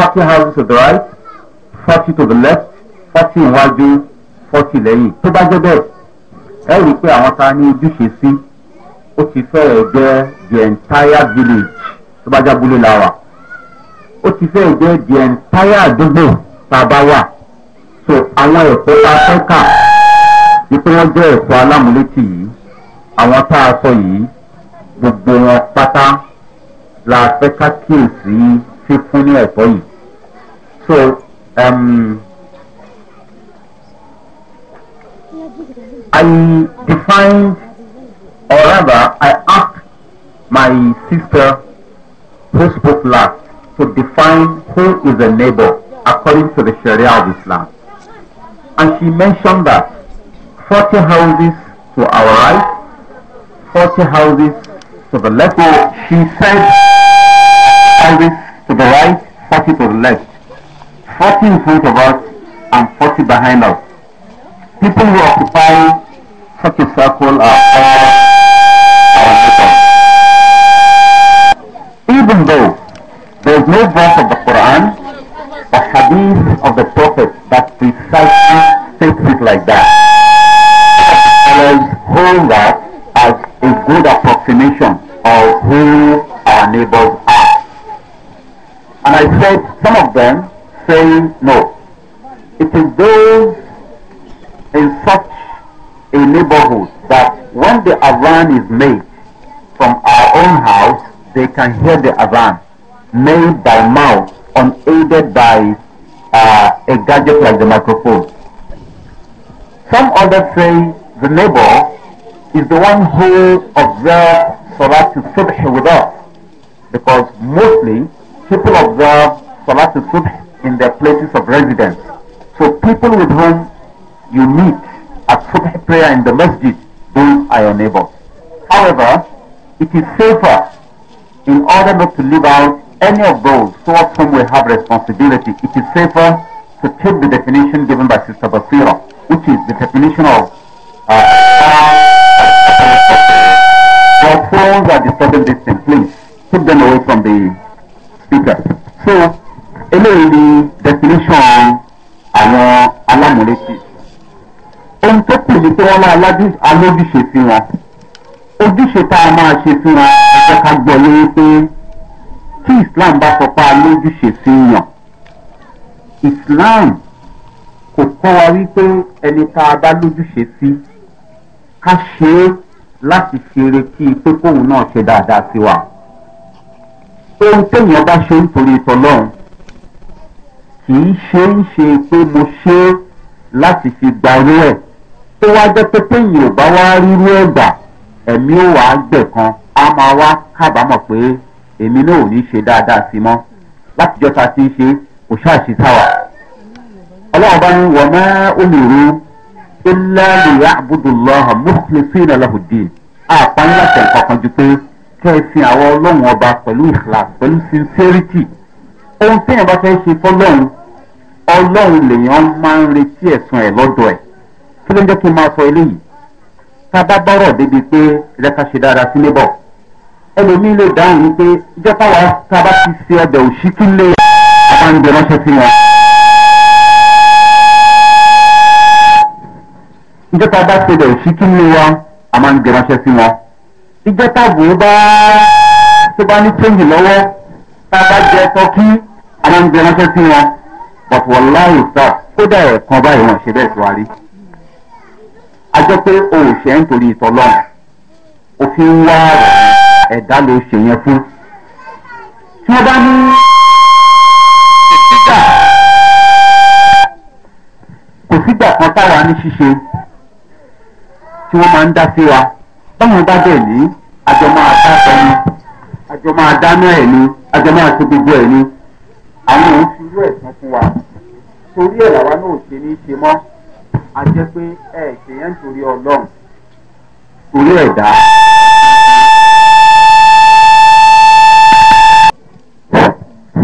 forty houses to the right forty to the left forty iwájú forty lẹ́yìn tó bá jẹ́ bẹ́ẹ̀ ẹ rí i pé àwọn ta ní ojúṣe sí ó ti fẹ́ẹ̀ jẹ́ the entire village tó bá jẹ́ abúlé la wà ó ti fẹ́ẹ̀ jẹ́ the entire àdúgbò tá a bá wà so àwọn ẹ̀kọ́ tá a fẹ́ kà wípé wọ́n jẹ́ ẹ̀kọ́ alámúlétì yìí àwọn tá a sọ yìí gbogbo wọn pátá la fẹ́ ká kíyèsí fífún ní ẹ̀kọ́ yìí so um, I defined, or rather, I asked my sister who spoke last to define who is a neighbor according to the Sharia of Islam. And she mentioned that 40 houses to our right, 40 houses to the left. So she said houses to the right, 40 to the left. 40 in front of us and 40 behind us. People who occupy such a circle are our neighbors. Even though there is no verse of the Quran or hadith of the Prophet that precisely states it like that, scholars hold that as a good approximation of who our neighbors are. And I said some of them saying no. It is those in such a neighborhood that when the avan is made from our own house, they can hear the avan made by mouth, unaided by uh, a gadget like the microphone. Some others say the neighbor is the one who observes Salat Subh with us because mostly people observe Salat Subh in their places of residence. So people with whom you meet at subh prayer in the masjid, those are your neighbors. However, it is safer in order not to leave out any of those towards whom we have responsibility. It is safer to take the definition given by Sister Basira, which is the definition of uh, your phones are disturbing this thing. Please keep them away from the speaker. So eléyìí ni definition àwọn alámúlétì ohun tó kù ni pé wọ́n máa lájú alójúṣe sí wọn ojúṣe tá a máa ṣe fún wọn ẹ̀jẹ̀ ká gbọ́ lórí pé tí islam bá sọ pé alójúṣe sí yàn islam kò kọ́ wa wípé ẹni tá a bá lójúṣe sí ká ṣe é láti ṣeré kí pé kóun náà ṣe dáadáa sí wa ohun téèyàn bá ṣe ń torí ìtọ́lọ́run kì í ṣe ń ṣe pé mo ṣe é láti fi gbarú ẹ̀ tó wá jẹ́ pé téèyàn ò bá wá rírú ẹ̀ gbà ẹ̀mí ò wá gbẹ̀ kan á máa wá kábàámọ̀ pé èmi náà ò ní ṣe dáadáa sí mọ́ látijọ́ ta ti ṣe kò ṣáàṣì táwa. ọlọ́run bá ní wọ́n máa ń lòrò ilé àlùyá àbúdùlọ́hàn mùsùlùmí lọ́hùndín àpáńlá tẹ̀ kankan ju pé kẹ́ẹ̀sìn àwọn ọlọ́run ọba pẹ̀lú ìhlà pẹ̀lú sincerity ohun téèyàn bá fẹ́ ṣe fọ́lọ́run ọlọ́run lèèyàn máa ń retí ẹ̀sùn ẹ̀ lọ́dọ̀ ẹ̀ kí ló ń jẹ́ kí n máa sọ eléyìí tá a bá bọ́rọ̀ débi pé rẹ́ka ṣe dáadáa sí níbọ̀ ẹlòmíín lè dáhùn ní pé ìjọ táwa tá a bá ti ṣe ọbẹ̀ òṣìkí lé àbáǹdẹ ránṣẹ́ sí wọn. ìjọ tá a bá ṣe ọbẹ̀ òṣìkí lé wa àbáǹdẹ ránṣẹ́ sí wọn. ìjọ táàbù bá tó bá ní chéǹjì lọ́wọ́ tá bá jẹ tọ́kí àbáǹdẹ ránṣẹ́ sí wọn. but wàláyé sọ kódà ẹ̀ẹ̀kan báyìí wọn ṣe bẹ́ẹ̀ tó wa a jọ pé o ò ṣe ń torí ìtọ́lọ́run òfin wá ẹ̀dá ló ṣe yẹn fún. tí wọ́n bá ní sígbà kò sígbà kan táwa ní ṣíṣe tí wọ́n máa ń dá sí wa báwọn bá bẹ̀ ní àjọ máa dá sọ ni àjọ máa dáná ẹ̀ ni àjọ máa ṣe gbogbo ẹ̀ ni. àwọn òun ti rú ẹ̀sán fún wa torí ẹ̀ làwa náà ṣe ní í ṣe mọ́ a jẹ́ pé ẹ̀ ṣèyàn torí ọlọ́run torí ẹ̀dá.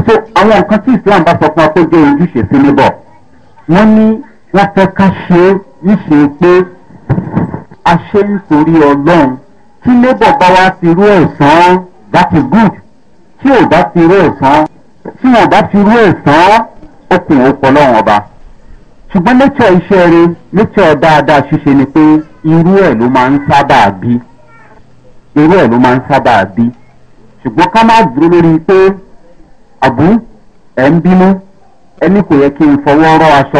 so àwọn nǹkan tí islam bá sọ fún wa pé jẹ́ ojúṣe sí níbọ̀ wọ́n ní wọ́n fẹ́ ká ṣe é níṣe pé a ṣe ń torí ọlọ́run tí labour bá wá ti rú ẹ̀sán that is good tí ò bá ti rú ẹ̀sán. tí wọn bá ruo rú ẹ̀sán okùn òpó ọba ṣùgbọ́n lẹ́tọ̀ iṣẹ́ rẹ lẹ́tọ̀ dáadáa ṣíṣe ni pé irú ẹ̀ ló máa ń sábà bí irú ẹ̀ ló máa ń sábà bí ká má dúró lórí pé àbú ń bínú ẹni kò yẹ kí n fọwọ́ rọ aṣọ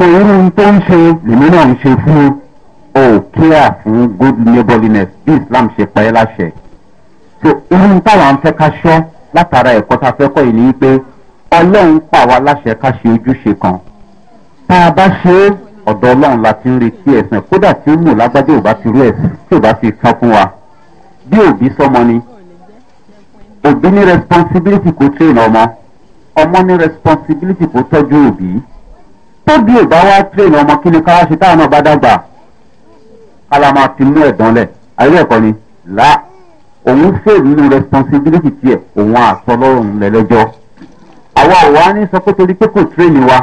so irú tó ń ṣe lèmi náà ń ṣe fún o care fún good neighborliness bí islam ṣe pa ẹ́ láṣẹ so irú táwọn fẹ́ ká ṣọ́ látara ẹ̀kọ́ tá a fẹ́ kọ́ yìí ni pé ọlọ́run pa wá láṣẹ ká ṣe ojúṣe kan tá a bá ṣe é ọ̀dọ̀ ọlọ́run la ti ń retí ẹ̀sìn kódà tí ó mú lágbájá ò bá ti rú ẹ̀sìn tí ò bá ti san fún wa bí òbí sọmọ ni òbí ní responsibility kò train ọmọ ọmọ ní responsibility kò tọ́jú òbí tóbi ò bá wá tírèlì ọmọ kí ni káwá ṣe táwọn náà bá dàgbà kára máa fi mú ẹ̀dán lẹ̀ ayé ẹ̀kọ́ ni là òun fèrè nínú responsibility tiẹ̀ òun àtọlọ́run lẹ́lẹ́jọ́ àwa ò wá ní sọ pé torí pé kò tírèlì wa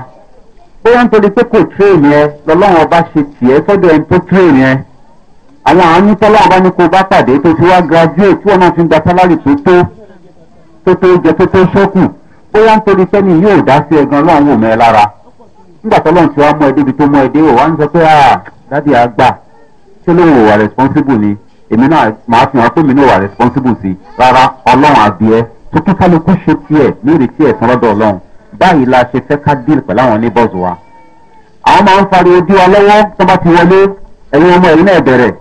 bóyá nítorí pé kò tírèlì ẹ lọ́lọ́run ọba ṣe tiẹ̀ sọ́dọ̀ ẹni tó tírèlì ẹ àwọn àánú tọ́lá ọba ní kó bá pàdé tó ti wá graduate tí wọ́n náà fi ń gba sálárì tó tó tó tó jẹ tó tó ṣókù bóyá nítorí sẹ́ni yóò dá sí ẹ̀gan lọ́run ò mẹ́ lára nígbà tó lọ́n ti wá mọ́ ẹ débi tó mọ́ ẹ dé ò wá ń sọ pé à dádì á gbà ṣé lóun ò wà responsible ni èmi náà màá fi hàn pé mi náà wà responsible sí rárá ọlọ́run àbí ẹ tó kí kálukú ṣe tiẹ̀ ní ìrètí ẹ̀sán lọ́dọ̀ ọlọ́run báyìí la ṣe fẹ́ ká díìl pẹ̀lú àwọn neighbors wa. àwọn máa ń fariwo bí wa lọ́wọ́ tó bá ti wọlé ẹ̀yin ọmọ ẹ̀yin náà bẹ̀rẹ̀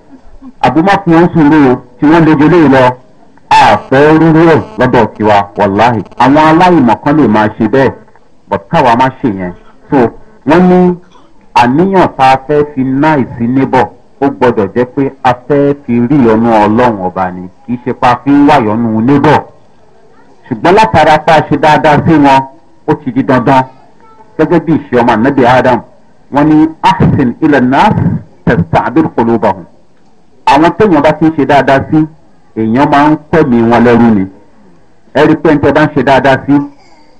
àbúmọ̀ fi hàn sùúrù tí wọ́n lójú lé lọ àfẹ́ rírú ẹ̀ lọ́dọ̀ tiwa wàláhì àwọn aláìmọ̀kan lè máa ṣe bẹ́ẹ̀ bọ̀t káwa má ṣe wọ́n ní àníyàn tá a fẹ́ fi náì sí níbọ̀ ó gbọ́dọ̀ jẹ́ pé a fẹ́ fi rí ìyọnu ọlọ́run ọba ni kì í ṣe pa fi ń wá ìyọnu níbọ̀ ṣùgbọ́n látara pé a ṣe dáadáa sí wọn ó ti di dandan gẹ́gẹ́ bí ìṣe ọmọ ànábì adam wọ́n ní ahsin ilẹ̀ náà tẹ̀sán àdúrà kọlọ́ọ̀bà hùn àwọn téèyàn bá ti ń ṣe dáadáa sí èèyàn máa ń pẹ̀mí wọn lẹ́rú ni ẹ̀rí pé ń tẹ́ bá ń ṣe dáadáa sí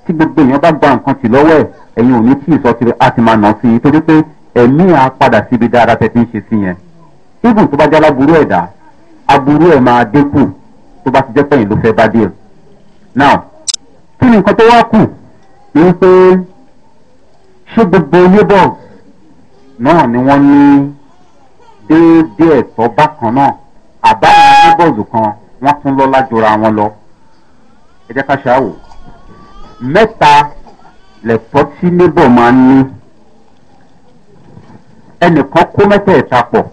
tí gbogbo èèyàn bá gba nǹkan tì lọ́wọ́ ẹ̀ ẹ̀yin ò ní tí ì sọ sí a ti máa nà sí i torí pé ẹ̀mí à padà síbi dáadáa tẹ̀ tí ń ṣe sí yẹn ibùn tó bá jẹ́ aláburú ẹ̀dá aburú ẹ̀ máa dínkù tó bá ti jẹ́ pẹ̀yìn ló fẹ́ bá díẹ̀ now kí ni nǹkan tó wá kù ni pé ṣé gbogbo neighbors náà ni wọ́n ní déédéé ẹ̀tọ́ bákan náà àbáwọn neighbors kan wọ́n tún lọ́lá jọra wọn lọ ẹ jẹ́ ká ṣàwò mẹ́ta lẹ̀tọ́ tí labour máa ń ní ẹnìkan kó mẹ́tẹ̀ẹ̀ta pọ̀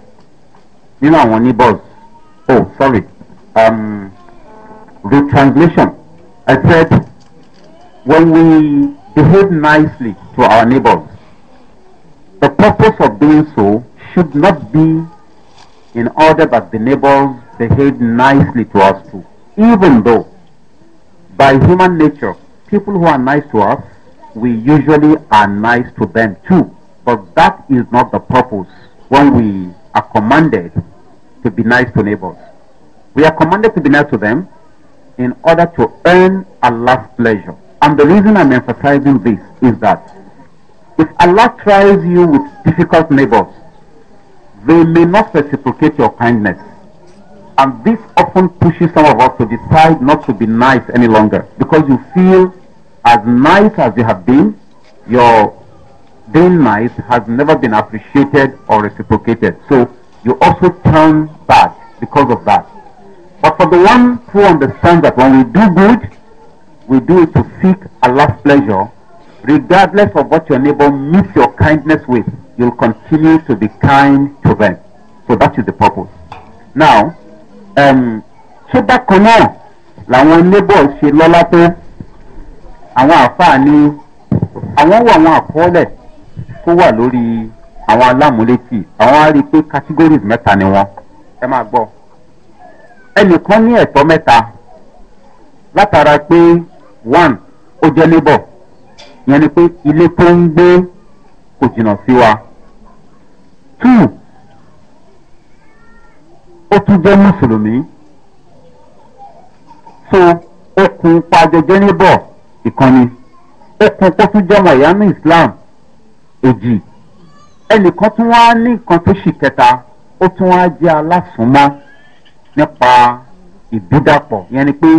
nínú àwọn neighbors oh sorry um, the translation I said when we behave nicely to our neighbors the purpose of doing so should not be in order that the neighbors behave nicely to us too even though by human nature people who are nice to us we usually are nice to them too. But that is not the purpose when we are commanded to be nice to neighbors. We are commanded to be nice to them in order to earn Allah's pleasure. And the reason I'm emphasizing this is that if Allah tries you with difficult neighbors, they may not reciprocate your kindness. And this often pushes some of us to decide not to be nice any longer because you feel as nice as you have been, your being nice has never been appreciated or reciprocated. So you also turn bad because of that. But for the one who understands that when we do good, we do it to seek Allah's pleasure, regardless of what your neighbor meets your kindness with, you'll continue to be kind to them. So that is the purpose. Now, um, ṣé bákan náà làwọn neighbors ṣe lọ́lá tó àwọn àáfàá ní àwọn wọ àwọn àkọọ́lẹ̀ tó wà lórí àwọn alámúlétì àwọn á rí i pé categories mẹ́ta ni wọ́n ẹ máa gbọ́ ẹnìkan ní ẹ̀tọ́ mẹ́ta látara pé one ó jẹ́ labour yẹn ni pé ilé tó ń gbé kò jìnnà sí wa two ó tún jẹ́ mùsùlùmí so okùn pàjẹ́jẹ́ ní bọ̀ ìkànnì ó kún kó tún jọmọ ìyá ní islam èjì ẹnìkan tún wá ní nǹkan tó sì kẹta ó tún wá jẹ alásùnmọ nípa ìbúdàpọ̀ yẹn ni pé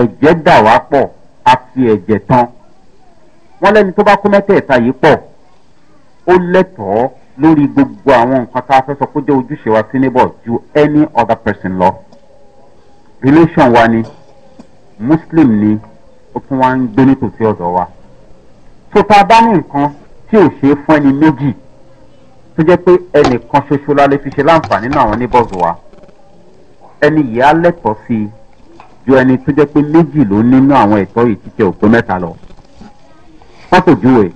ẹ̀jẹ̀ dà wá pọ̀ àti ẹ̀jẹ̀ tán wọ́n lẹ́ni tó bá kó mẹ́tẹ̀ẹ̀ta yìí pọ̀ ó lẹ́tọ̀ọ́ lórí gbogbo àwọn nǹkan tá a fẹ́ sọ pé jẹ́ ojúṣe wa sí neighbor ju any other person lọ relation wa ni muslim ni ó tún wá ń gbé nítòsí ọ̀dọ̀ wa tó ta bá ní nǹkan tí ò ṣe é fún ẹni méjì tó jẹ́ pé ẹnìkan ṣoṣo la lè fi ṣe láǹfààní nínú àwọn níbọ̀sù wa ẹni yìí á lẹ́tọ̀ọ́ sí i ju ẹni tó jẹ́ pé méjì ló nínú àwọn ẹ̀tọ́ yìí títẹ òpin mẹ́ta lọ wọ́n kò ju ẹ̀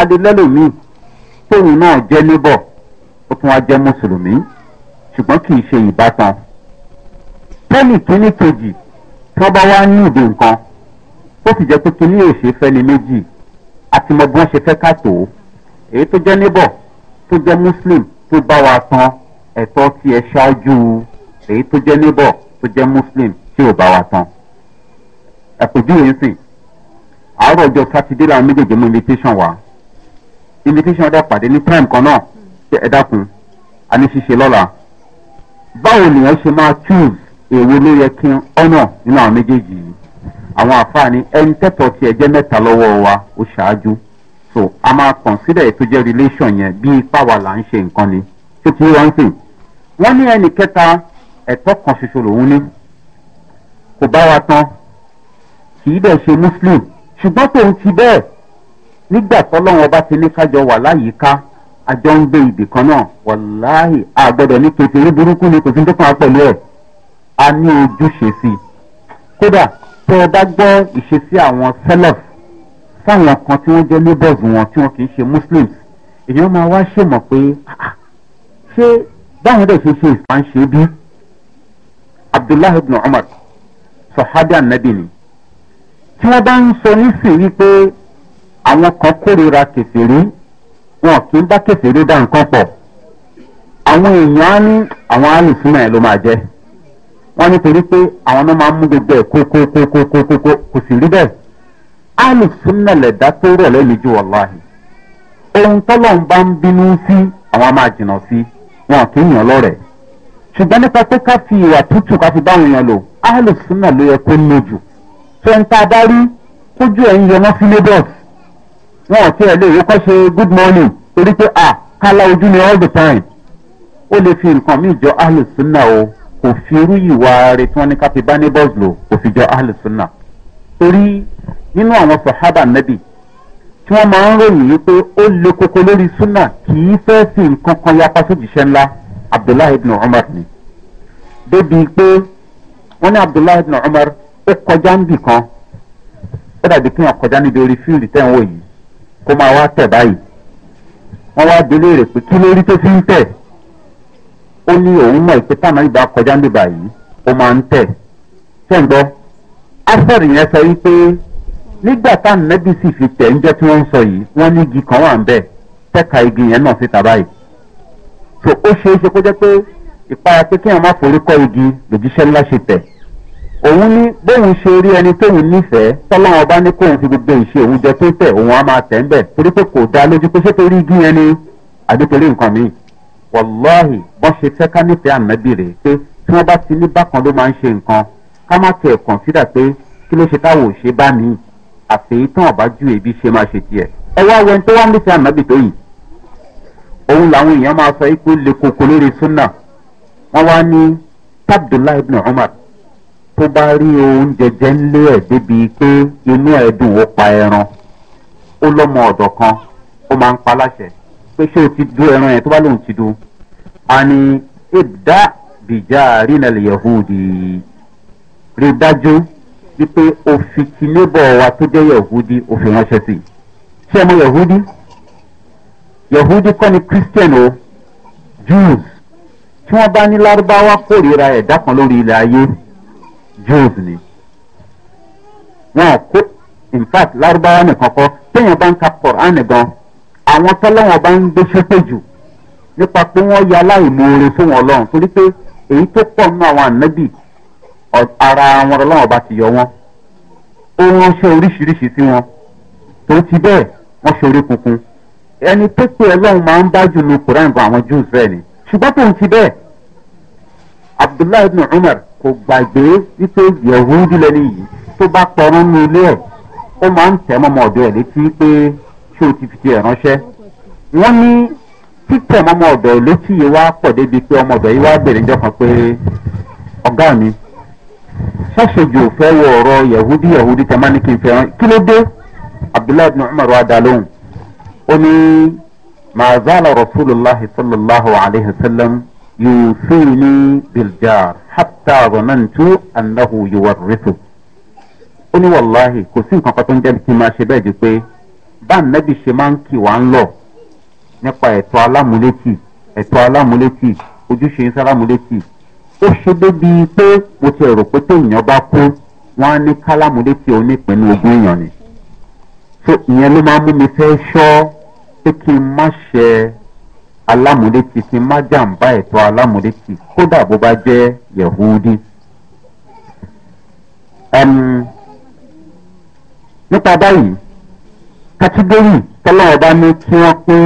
adilẹ́lòmíì tóun náà jẹ́ níbọ̀ ó tún wá jẹ́ mùsùlùmí ṣùgbọ́n kì í ṣe ìbátan tẹ́lì kíní kejì tí wọ́n bá wá ní ìdè nǹkan ó sì jẹ́ pé kí ní òṣè fẹ́ ni méjì àti mọ bí wọ́n ṣe fẹ́ ká tó èyí tó jẹ́ níbọ̀ tó jẹ́ muslim tó bá wa tan ẹ̀tọ́ tí ẹ ṣáájú èyí tó jẹ́ níbọ̀ tó jẹ́ muslim tí ò bá wa tan. àpèjúwe ń sìn àárọ̀ ọjọ́ sátidé làwọn méjèèjì mú invitation wá invitation ọ̀dà pàdé ní prime kan náà ṣe ẹ dákun a ní ṣíṣe lọ́la báwo nìyẹn ṣe máa choose èwo ló yẹ kí n ọ̀nà nínú àwọn méjèèjì yìí àwọn àfààní ẹni tẹ́tọ̀ tí ẹ mẹ́ta lọ́wọ́ wa ó ṣáájú so a máa consider ètò jẹ́ relation yẹn bíi pàwọ́ là ń ṣe nǹkan ni tó ti wọ́n ń sìn wọ́n ní ẹnì kẹta ẹ̀tọ́ kan ṣoṣo lòun ní kò bá wa tán kì í dẹ̀ ṣe muslim ṣùgbọ́n tòun ti bẹ́ẹ̀ nígbà tọ́lọ́wọ́n bá ti ní kájọ wà láyìíká àjọ ń gbé ibì kan náà wàláhì àgbọ̀dọ̀ ní kékeré burúkú ni kò fi ń tó kàn á pẹ̀lú ẹ̀ a ní ojúṣe sí i kódà tẹ́ ẹ bá gbọ́ ìṣesí àwọn sẹ́lẹ̀f fáwọn kan tí wọ́n jẹ́ neighbors wọn tí wọ́n kì í ṣe muslims èyí máa wá ṣèmọ̀ pé ah, ṣé báwọn dẹ̀ ṣe ṣe ìsàn ṣe bí Abdullah ibn umar sọ̀hádì ànábì ni tí wọ́n bá ń sọ nísìn wípé àwọn kan kórira kẹfìrí wọn kì í bá kẹfìrí dá nǹkan pọ̀ àwọn èèyàn á ní àwọn alùsùnmọ̀ ẹ̀ ló máa jẹ́. wọ́n nítorí pé àwọn máa ń mú gbogbo ẹ̀ kókókókókókó kò sì rí bẹ́ẹ̀ lẹ̀dá tó rọ̀ ohun bá ń bínú sí àwọn máa jìnnà sí wọn kì í yàn lọ́rẹ̀ẹ́ ṣùgbọ́n nípa pé ká fi ìwà tútù ká fi báwọn èèyàn lò alùsùnà ló yẹ kó lójú tó ń tá a dá rí kójú ẹ̀ ń yọ sí wọn lè ṣe good morning torí pé kálá ojú ni all the time ó lè fi nǹkan míì o. kò fi irú ìwà rẹ̀ tí wọ́n ní ká fi bá neighbors lò kò fi jọ ahlùsùnà torí nínú àwọn sọ̀hábà nẹ́bì tí wọ́n máa ń ròyìn wípé ó le koko lórí súnà kì í fẹ́ fi nǹkan kan yapa sójúṣe ńlá abdullahi ibn umar ni débi pé wọ́n ní abdullahi ibn umar ó kọjá ń bì kan ó dàbí kí wọ́n kọjá níbi orí fíìlì tẹ̀ ń wò yìí kó máa wá tẹ̀ báyìí wọ́n wá délé rẹ̀ pé kí lórí tó fi ń tẹ̀ ó ní òun mọ̀ ìpè táwọn ìgbà kọjá ń bèbà yìí ó máa ń tẹ̀ ṣẹ́ǹgbọ́ afẹ́rì yẹn sọ wípé nígbà táwọn nẹ́bí sì fi tẹ̀ ń jẹ́ tí wọ́n ń sọ yìí wọ́n ní igi kan wà ń bẹ̀ tẹ́ka igi yẹn náà síta báyìí so ó ṣeé ṣe kó jẹ́ pé ìpara pé kí wọn má forúkọ igi lòjíṣẹ́ ńlá ṣe tẹ̀ òun ní bóun ṣe rí ẹni tóun nífẹ̀ẹ́ tọ́lọ́wọ́n bá ní kóun fi gbogbo ìṣe òun jẹ tó tẹ̀ òun á máa tẹ̀ ń bẹ̀ torí pé kò dá lójú pé ṣé torí igi yẹn ni àdétorí nǹkan míì wàláhì bọ́n ṣe fẹ́ ká nífẹ̀ẹ́ ànábì rè pé tí wọ́n bá ti ní bákan ló máa ń ṣe nǹkan ká má tiẹ̀ kọ̀ǹsídà pé kí ló ṣe táwọn ò ṣe bá mi àfẹ́yí tán ọ̀bá ju èbí ṣe máa ṣe tiẹ̀. ẹ wá wẹ́n tó wá nífẹ̀ẹ́ ànábì tó yìí òun làwọn èèyàn máa sọ pé lè koko lórí súnà wọ́n wá ní tábdùláì ibn umar tó bá rí oúnjẹ jẹ́ ńlé ẹ̀ débi pé inú ẹ̀ dùn ó pa ẹran ó lọ́mọ ọ̀dọ̀ kan ó máa ń pa pé ṣé o ti do ẹran yẹn tó bá lóun ti do a ní ìdá bìjà rínàlì yahudi rí dájú wípé òfin ti lébọ̀ wa tó jẹ́ yahudi òfin ránṣẹ́ sí ṣé ẹ mọ yahudi yahudi kọ́ ni christian o jews tí wọ́n bá ní lárúbáwá kórìíra ẹ̀dá kan lórí ilẹ̀ ayé jews ni wọn kó in fact lárúbáwá nìkan kọ́ téèyàn bá ń ka quran gan àwọn tọ́lọ́wọ̀n bá ń gbé ṣépè jù nípa pé wọ́n ya aláìmoore fún wọn lọ́run torí pé èyí tó pọ̀ nínú àwọn ànábì ara wọn lọ́wọ́n bá ti yọ wọn ó ránṣẹ́ oríṣiríṣi sí wọn tó ti bẹ́ẹ̀ wọ́n ṣe orí kunkun ẹni tó pé ọlọ́run máa ń bá jù lu quran gan àwọn jews bẹ́ẹ̀ ni ṣùgbọ́n tó ń ti bẹ́ẹ̀ abdullahi ibn umar kò gbàgbé wípé yẹ̀wúdí lẹ́ni yìí tó bá tọrọ nínú ilé ẹ̀ ó máa ń tẹ̀ mọ́mọ́ ọ̀dọ́ ẹ̀ létí pé tí o ti fi tiẹ̀ ránṣẹ́ wọ́n ní títẹ̀ mọ́mọ́ ọ̀dọ̀ ló tì yìí wá pọ̀ débi pé ọmọ ọ̀dọ̀ yìí wá bèrè níjọ́ kan pé ọ̀gá mi ṣàṣejù ò fẹ́ wọ ọ̀rọ̀ yahudi yahudi tẹ̀ máa ní kí n fẹ́ kí ló dé abdullahi ibn umar wa dá ó ní màzàlá rasulillah sallallahu alayhi wa sallam yóò fi ní biljar hatta ronantu anahu yóò wà ó ní wàláhì kò sí nǹkan kan tó ń jẹ́ kí n máa ṣe bẹ́ẹ̀ di pé bá nẹ́bì ṣe máa ń kì wá ń lọ nípa ẹ̀tọ́ alámúlétì ẹ̀tọ́ alámúlétì ojúṣe ń sálámúlétì ó ṣe débi pé mo ti rò pé téèyàn bá kú wọn á ní kálámúlétì onípinnu ogún èèyàn ni so ìyẹn ló máa ń mú mi fẹ́ ṣọ́ pé kí n má ṣe alámúlétì kí n má jàǹbá ẹ̀tọ́ alámúlétì kódà bó bá jẹ́ yẹ̀húdí. nípa báyìí kátígórì tọ́lọ́wọ́ bá ní kí wọ́n pín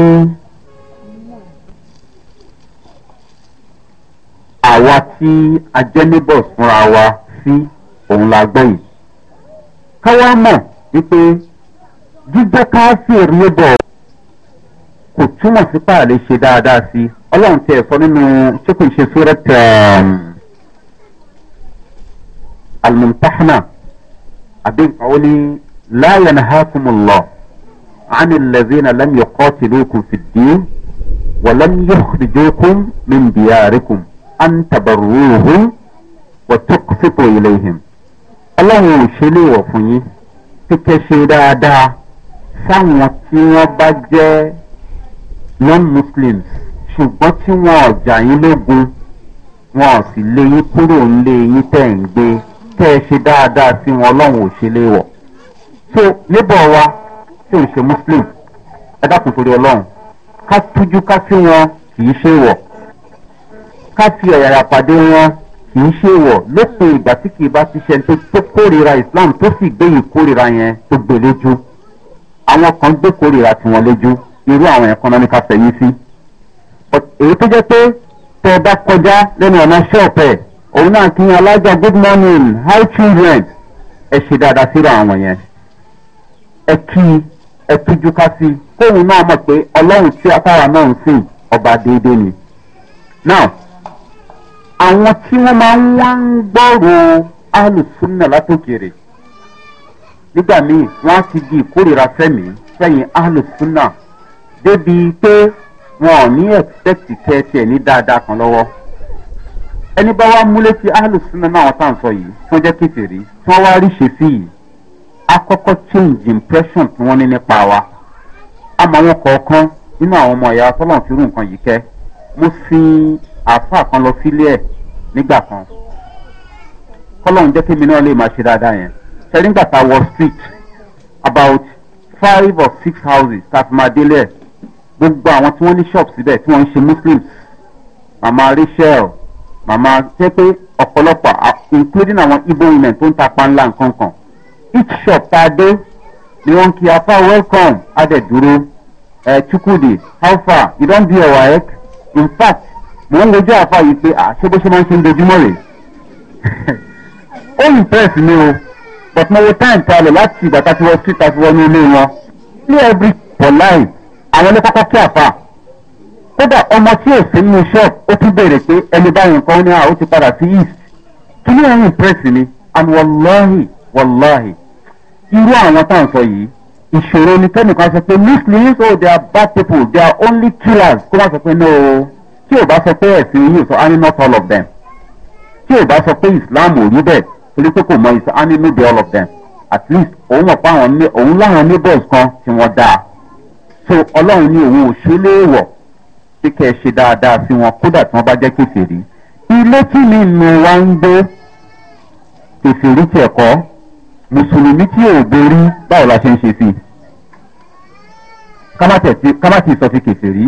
àwa tí a jẹ́ níbọ̀ fúnra wa sí òun la gbọ́ yìí. káwá mọ̀ wípé jíjẹ́ káfíìn níbọ̀ kò túmọ̀ sí páàlẹ́ ṣe dáadáa sí i ọlọ́run tẹ̀ ẹ̀fọ́ nínú tí kò ṣe sórí tẹ̀ almuntahna àbí nǹkan ó ní عن الذين لم يقاتلوكم في الدين ولم يخرجوكم من دياركم أن تبروهم وتقسطوا إليهم الله شلي وفني léèwọ̀ fún yín kíkẹ́ ṣe dáadáa sáwọn tí wọ́n bá jẹ́ non-muslims ṣùgbọ́n tí wọ́n ọ̀jà yín lógun wọn ò sì lé yín kúrò ńlé yín tẹ̀ ń gbé kẹ́ ẹ ṣe dáadáa sí wọn ọlọ́run ò ṣe léèwọ̀ so níbọ̀ wa tí ò ń ṣe muslim ẹ dákun torí ọlọ́run ká tújú ká sí wọn kì í ṣe wọ̀ ká fi ọ̀yàrà pàdé wọn kì í ṣe wọ̀ lópin ìgbà tí kì í bá ti ṣe tó tó kórira islam tó sì gbé ìkórira yẹn tó gbé lójú àwọn kan gbé kórira tiwọn lójú irú àwọn ẹ̀kan náà ní ká fẹ̀yìn sí èyí tó jẹ́ pé tẹ́ ẹ bá kọjá lẹ́nu ọ̀nà ṣọ́ọ̀pẹ̀ òun náà kí alájà good morning hi children ẹ ṣe dáadáa síra àwọn yẹn ẹ kí i ẹtújú ká sí kóun náà mọ̀ pé ọlọ́run tí afárá náà ń sìn ọba déédéé ni. now àwọn tí wọ́n máa ń wá ń gbọ́rò alùsùnà látòkèrè nígbà míì wọ́n á ti di ìkórìíra sẹ́mi sẹ́yìn alùsùnà débi pé wọn ò ní ẹ̀pẹ́tì kẹ́ẹ̀tì ní dáadáa kan lọ́wọ́ ẹni bá wá múlé ti alùsùnà náà wọ́n tà ń sọ yìí tí wọ́n jẹ́ kékeré tí wọ́n wá ríṣe sí yìí akọ́kọ́ change impression tí wọ́n ní nípa wa àmọ́ àwọn kọ̀ọ̀kan nínú àwọn ọmọ ìyá tọ́lọ̀ fi rú nǹkan yìí kẹ́ mo fi àáfà kan lọ sílé ẹ̀ nígbà kan kọ́lọ́hún jẹ́ kí mi náà lè máa ṣe dáadáa yẹn ṣẹ́rí nígbà tá a wọ street about five or six houses tá a fi máa délé ẹ̀ gbogbo àwọn tí wọ́n ní shop síbẹ̀ tí wọ́n ń ṣe muslims màmá rachel màmá jẹ́ pé ọ̀pọ̀lọpọ̀ including àwọn igbo women tó ń ta panla nǹkan kan each shop tá a dé ni wọn kí afa welcome adẹ dúró ẹ eh, chukwudi how far you don be our ex in fact mo ń lójú afa yìí pé àṣẹ ah, bó ṣe máa ń ṣe ń dojúmọ́ rè (laughs) ó impress mi o but mo wo time ta lọ láti ìgbà tá a ti wọ street tá a ti wọ ní ilé wọn ní every for life àwọn onípátá kí afa kódà ọmọ tí ò sí nínú shop ó tún béèrè pé ẹni báyìí nǹkan ó ní àwọn ah, ó ti padà sí east kí ni ẹ̀yin impress mi and wàláhì wàláhì irú àwọn tá à ń sọ yìí ìṣòro ni kẹ́nìkan sọ pé muslims oh they are bad people they are only killers kó má sọ pé no tí ò bá sọ pé ẹ̀sìn yìí sọ á not all of them tí ò bá sọ pé islam ò rí bẹ́ẹ̀ torí pé kò mọ ìsọ á no be all of them at least òun mọ̀ pé àwọn ní òun láwọn neighbors kan tí wọ́n dáa so ọlọ́run ní òun ò ṣe léèwọ̀ pé kẹ́ ẹ ṣe dáadáa sí wọn kódà tí wọ́n bá jẹ́ kéferì ilé tí mi nù wá ń gbé kéferì tẹ̀kọ́ mùsùlùmí tí ò borí báwo la ṣe ń ṣe sí i ká sọ fi kèfèrí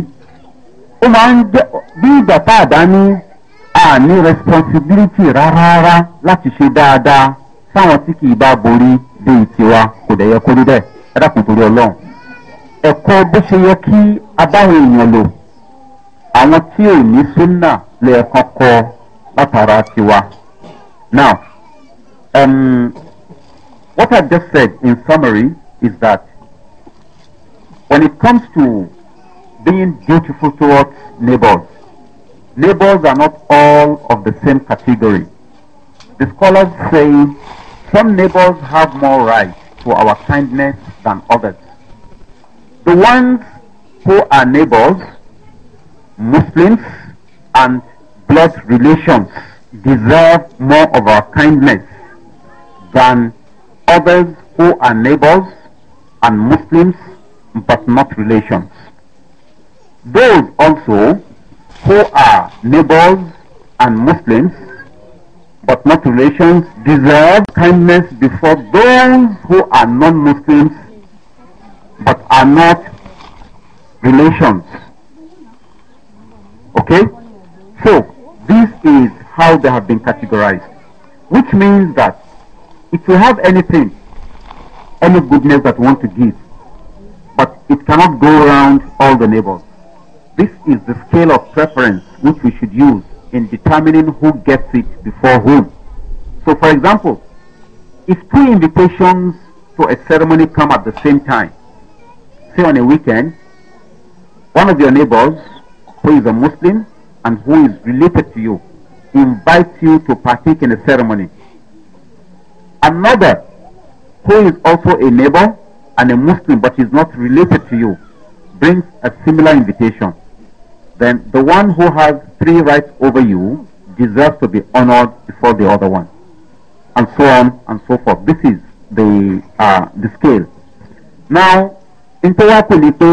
ó máa ń jẹ́ bí ìgbà tá a ní àní responsibility rárá láti ṣe dáadáa sáwọn tí kì í bá borí dé ìtiwa kò dẹ̀ yẹ kó rí bẹ́ẹ̀ ẹ dákun torí ọlọ́run ẹ̀kọ́ bó ṣe yẹ kí abáwọn èèyàn lò àwọn tí ò ní súnà lẹ́ẹ̀kan kọ látara tiwa now um, What I've just said in summary is that when it comes to being dutiful towards neighbors, neighbors are not all of the same category. The scholars say some neighbors have more right to our kindness than others. The ones who are neighbors, Muslims, and blood relations deserve more of our kindness than others who are neighbors and Muslims but not relations. Those also who are neighbors and Muslims but not relations deserve kindness before those who are non-Muslims but are not relations. Okay? So, this is how they have been categorized, which means that If you have anything, any goodness that you want to give, but it cannot go around all the neighbors. This is the scale of preference which we should use in determining who gets it before whom. So, for example, if two invitations to a ceremony come at the same time, say on a weekend, one of your neighbors who is a Muslim and who is related to you invites you to partake in a ceremony another who is also a neighbor and a Muslim but is not related to you brings a similar invitation, then the one who has three rights over you deserves to be honored before the other one, and so on and so forth. This is the uh, the scale. Now, in tó wá pè ní pé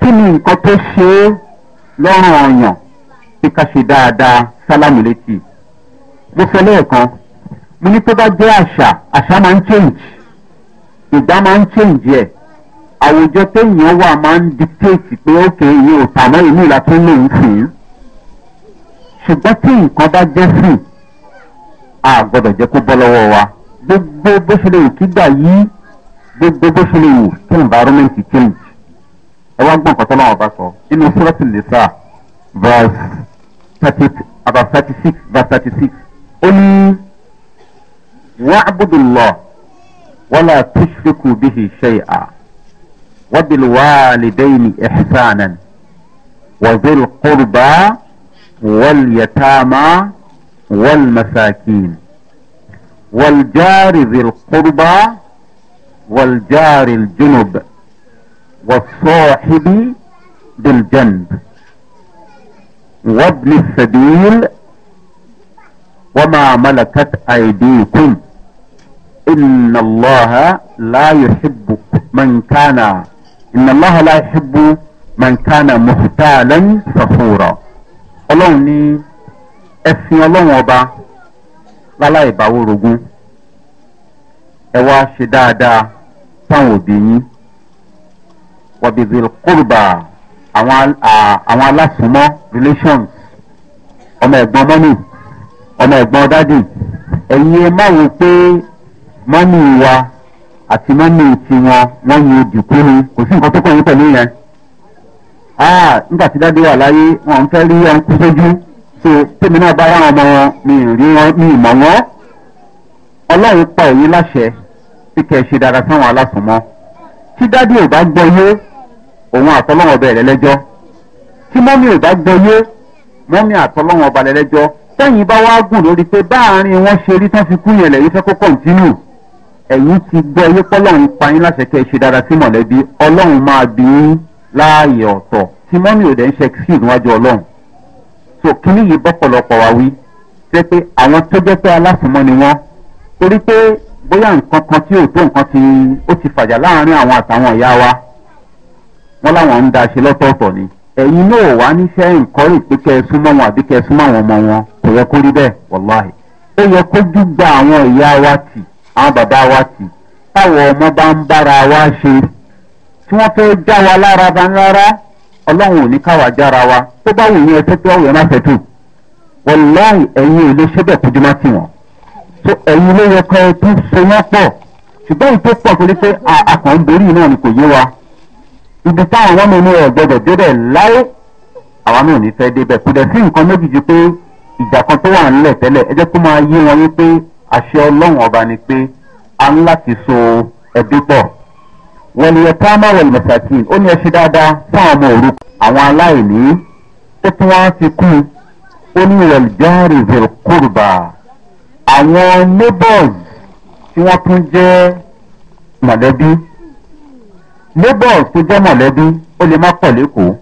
kí ni nǹkan tó ṣe é lọ́rùn ọ̀yàn bí ṣe dáadáa sálámù létí mo sọ lẹ́ẹ̀kan mo ní tó bá jẹ́ àṣà àṣà máa ń change ìgbà máa ń change ẹ̀ àwùjọ téèyàn wà máa ń dictate pé ókè ìyẹn ò tàmọ́ ìlú ìlà tó lòun fún un ṣùgbọ́n tí nǹkan bá jẹ́ sùn a gbọ́dọ̀ jẹ́ kó bọ́ lọ́wọ́ wa gbogbo bó ṣe lè wù kígbà yìí gbogbo bó ṣe lè wù kí environment change ẹ wá gbọ́n kọ́tọ́ láwọn ọba sọ nínú sọ́ọ́tì lè sà verse thirty thirty six verse thirty six. قل يعبد الله ولا تشركوا به شيئا وبالوالدين إحسانا وذي القربى واليتامى والمساكين والجار ذي القربى والجار الجنب والصاحب بالجنب وابن السبيل wọ́n máa malakat àìdíkùn ìnàlọ́ha láàyò ṣubú mọ̀nkánà ìnàlọ́ha láàyò ṣubú mọ̀nkánà mùsùtàlán fàfúrọ̀ ọlọ́run ní ẹ̀sìn ọlọ́run ọba láláì báwo rogún ẹ wá ṣe dáadáa sáwọn òbí yín wàbìbìl kúrùbà àwọn aláṣùmọ́ relations ọmọ ẹ̀gbọ́n mọ́nì. ọmọ ẹ̀gbọ́n dádì ẹ̀yin ẹ má wo pé mọ́nì wa àti mọ́nì tiwọn wọ́n yóò òdìkú ni kò sí nǹkan tó kàn yín pẹ̀lú yẹn nígbà tí dádì wà láyé wọn fẹ́ rí kú sójú tèmi ọmọ wọn mi rí wọn mi mọ̀ pa ẹ̀yin láṣẹ tí kẹ́ ẹ ṣe dára sáwọn tí dádì ò bá gbọ́ yé òun ọba tí ò bá gbọ́ yé ọba tẹ́yìn bá wá gùn lórí pé báàrin wọn ṣe rí tán fi kú yẹn lẹ́yìn fẹ́ kó kọ̀ǹtínú ẹ̀yìn ti gbọ́ yé pọ́lọ́run pa yín láṣẹ kẹ́ ẹ ṣe dára sí mọ̀lẹ́bí ọlọ́run máa bí yín láàyè ọ̀tọ̀ tí mọ́mí ò dẹ̀ ń ṣe excuse níwájú ọlọ́run so kíní yìí bọ́pọ̀lọpọ̀ wá wí jẹ́ pé àwọn tó jẹ́ pé aláfọmọ́ ni wọ́n torí pé bóyá nǹkan kan tí ò tó nǹkan ti ó ti fàjà láàrin àwọn àtàwọn ìyá wa wọ́n láwọn ń da ṣe lọ́tọ̀ọ̀tọ̀ ni ẹ̀yin náà wà níṣẹ́ ìkọ́rì pé kẹ́ wọn àbí ọmọ wọn kò yẹ kó rí bẹ́ẹ̀ wàláhì. ó yẹ kó dùgbà àwọn ìyá wa tì àwọn bàbá wa tì táwọn ọmọ bá ń bára wa ṣe tí wọ́n fẹ́ já wa lára bá ń ọlọ́run ò ní jára wa tó bá wù ẹ má fẹ́tù ẹ̀yin ò lè ṣe bẹ́ẹ̀ kójú má so ẹ̀yin ló yẹ kọ́ ẹ tún wọ́n pọ̀ ṣùgbọ́n ibi táwọn wọn ní ẹ gbọdọ débẹ láé àwọn mi ò ní fẹ débẹ kò dẹ sí nǹkan méjì ju pé ìjà kan tó wà nílẹ tẹlẹ ẹ jẹ kó máa yé wọn wípé àṣẹ ọlọrun ọba ni pé a ń láti so ẹbí pọ wẹliyẹ táwọn wẹliyẹ mẹsàkì ó ní ẹ ṣe dáadáa fáwọn ọmọ òru àwọn aláìní ó tún wọn ti kú ó ní wẹlìjáàrì zèkúrúbà àwọn neighbors tí wọn tún jẹ mọlẹbí labour tó jẹ́ mọ̀lẹ́bí ó lè má pọ̀ lẹ́kọ̀ọ́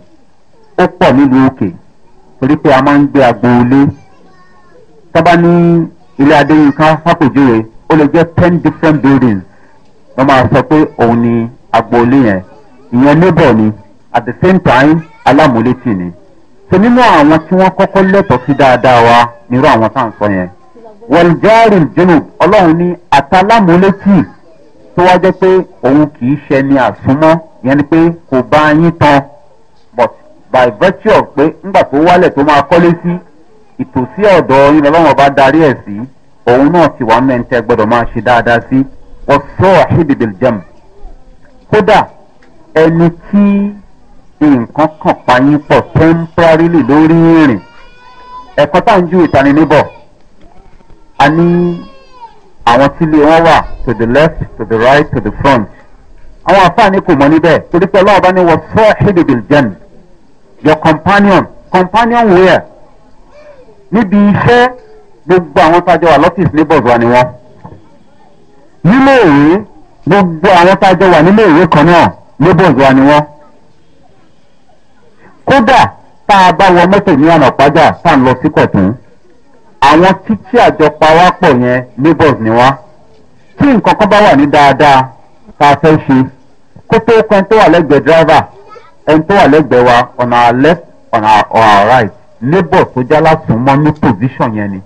ó pọ̀ nílùú òkè torí pé a máa ń gbé agboolé tábà ní ilé adéyínká fàpèjúwe ó lè jẹ́ ten different buildings wọ́n máa sọ pé òun ni agboolé yẹn ìyẹn labour ni at the same time alámúlétì ni so nínú àwọn tí wọ́n kọ́kọ́ lẹ́tọ̀ọ́ sí dáadáa wa nírú àwọn tá à ń sọ yẹn wọ̀lùjáàrì jẹ́nu ọlọ́run ní àtàlámúlétì. tó wá jẹ́ pé òun kì í ṣe ni àsúnmọ́ yẹn ni pé kò bá yín tan but by virtue of pé ńgbà tó wálẹ̀ tó máa kọ́lé sí ìtòsí ọ̀dọ̀ yín lọ́wọ́ bá darí ẹ̀ sí òun náà ti wà mẹ́ńtẹ́ gbọ́dọ̀ máa ṣe dáadáa sí ọ̀ṣọ́ àhídìbìl jẹ́m kódà ẹni tí nǹkan kan pa yín pọ̀ temporarily lórí ìrìn ẹ̀kọ́ tá à ń ju ìtaniníbọ̀ a ní. àwọn tílé wọn wà to the left to the right to the front àwọn àfààní kò mọ níbẹ̀ torí pé ọlọ́wọ́ bá ní wọ fọ́ hídìbìl jẹ́n your companion companion where níbi iṣẹ́ gbogbo àwọn tájọ wà lọ́fíìsì neighbors wa ni wọ́n nílé ìwé gbogbo àwọn tájọ wà nílé ìwé kan náà neighbors wa ni wọ́n kódà tá a bá wọ mọ́tò ní ọ̀nà pàjá tá a lọ sí kọ̀tún. àwọn títí àjọpawápọ̀ yẹn labours ni wá tí nǹkan kan bá wà ní dáadáa tá a fẹ́ ṣe kó tó kọ ẹni tó wà lẹ́gbẹ̀ẹ́ driver ẹni tó wà lẹ́gbẹ̀ẹ́ wa on our left on our, on our right labour tó já lásùn mọ́ ní position yẹn ni.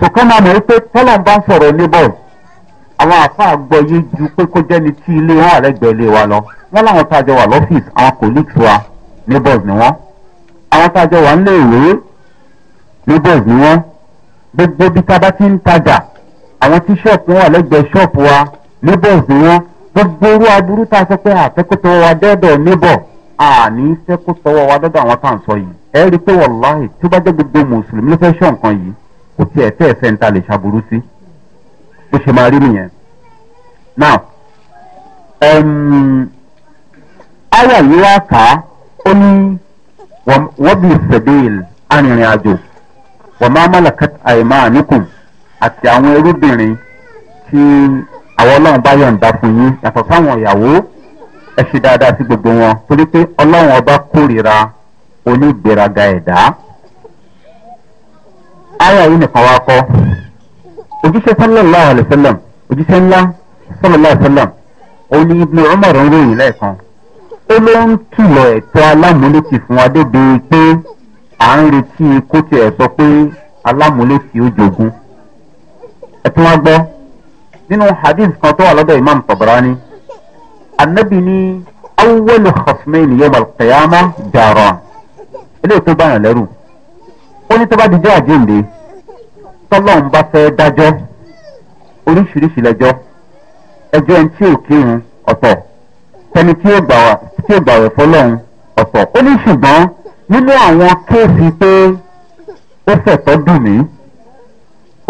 sọ̀kan máa mọ̀ wípé tọ́lọ́n bá ń sọ̀rọ̀ labour àwọn àfáà gbọ́ yé ju pé kó jẹ́ni tí ilé wọn àlẹ́gbẹ̀ẹ́ ilé wa lọ wọ́n láwọn tá a jọ wà lọ́fíìsì àwọn colleagues wa labours ni wọn. àwọn tá a jọ wà nílé ìwé neighbors ni wọ́n gbogbo bí tá a bá ti ń tajà àwọn tí ṣọ́ọ̀pù wà lẹ́gbẹ̀ẹ́ ṣọ́ọ̀pù wa neighbors ni wọ́n gbogbo irú aburú tá a sọ pé àfẹ́kọ́tọ̀ wa dọ́dọ̀ neighbor àní sẹ́kù tọwọ́ wa dọ́dọ̀ àwọn tá à ń sọ yìí ẹ rí i pé wàláhì tí ó bá jẹ́ gbogbo mùsùlùmí ló fẹ́ ṣọ́ nǹkan yìí kò tiẹ̀ fẹ́ ẹ̀fẹ́ ń ta lè ṣàbùrú sí bó ṣe máa rí nìyẹn. now àyà yìí wá kà á ó ní wọ́n bí sẹ̀bẹ́ẹ̀lì arìnrìn àjò wàmá malakat àìmáàníkùn àti àwọn ẹrúbìnrin tí àwọn ọlọ́run bá yọ̀ǹda fún yín yàtọ̀ sáwọn ìyàwó ẹ ṣe dáadáa sí gbogbo wọn torí pé ọlọ́run ọba kórìíra onígbèraga ẹ̀dá. ara yìí nìkan wá kọ́ ojúṣe sálọ̀lá àlùsálàm ojúṣe ńlá sálọ̀lá àlùsálàm òun ni ibùdó ọmọọ̀rọ̀ ń ròyìn lẹ́ẹ̀kan ó ló ń kìlọ̀ ẹ̀tọ́ alámúlétì fún wa pé à ń retí kó tiẹ̀ sọ pé alámúlétì ó jogún ẹ tún wá gbọ́ nínú hadith kan tó wà lọ́dọ̀ imam tabarani anabi ní awọ́lù xasmẹ́ni yẹ́n balùkẹ́yàmá jàrọ̀ eléyìí tó báyàn lẹ́rù ó ní tó bá dijọ́ àjíǹde tọ́lọ́n bá fẹ́ dájọ́ oríṣiríṣi lẹ́jọ́ ẹjọ́ ẹni tí ò kírun ọ̀tọ̀ tẹni tí ò gbà wẹ̀ fọlọ́run ọ̀tọ̀ ó ní ṣùgbọ́n nínú àwọn kéèsì pé ó fẹ̀tọ́ dùn mí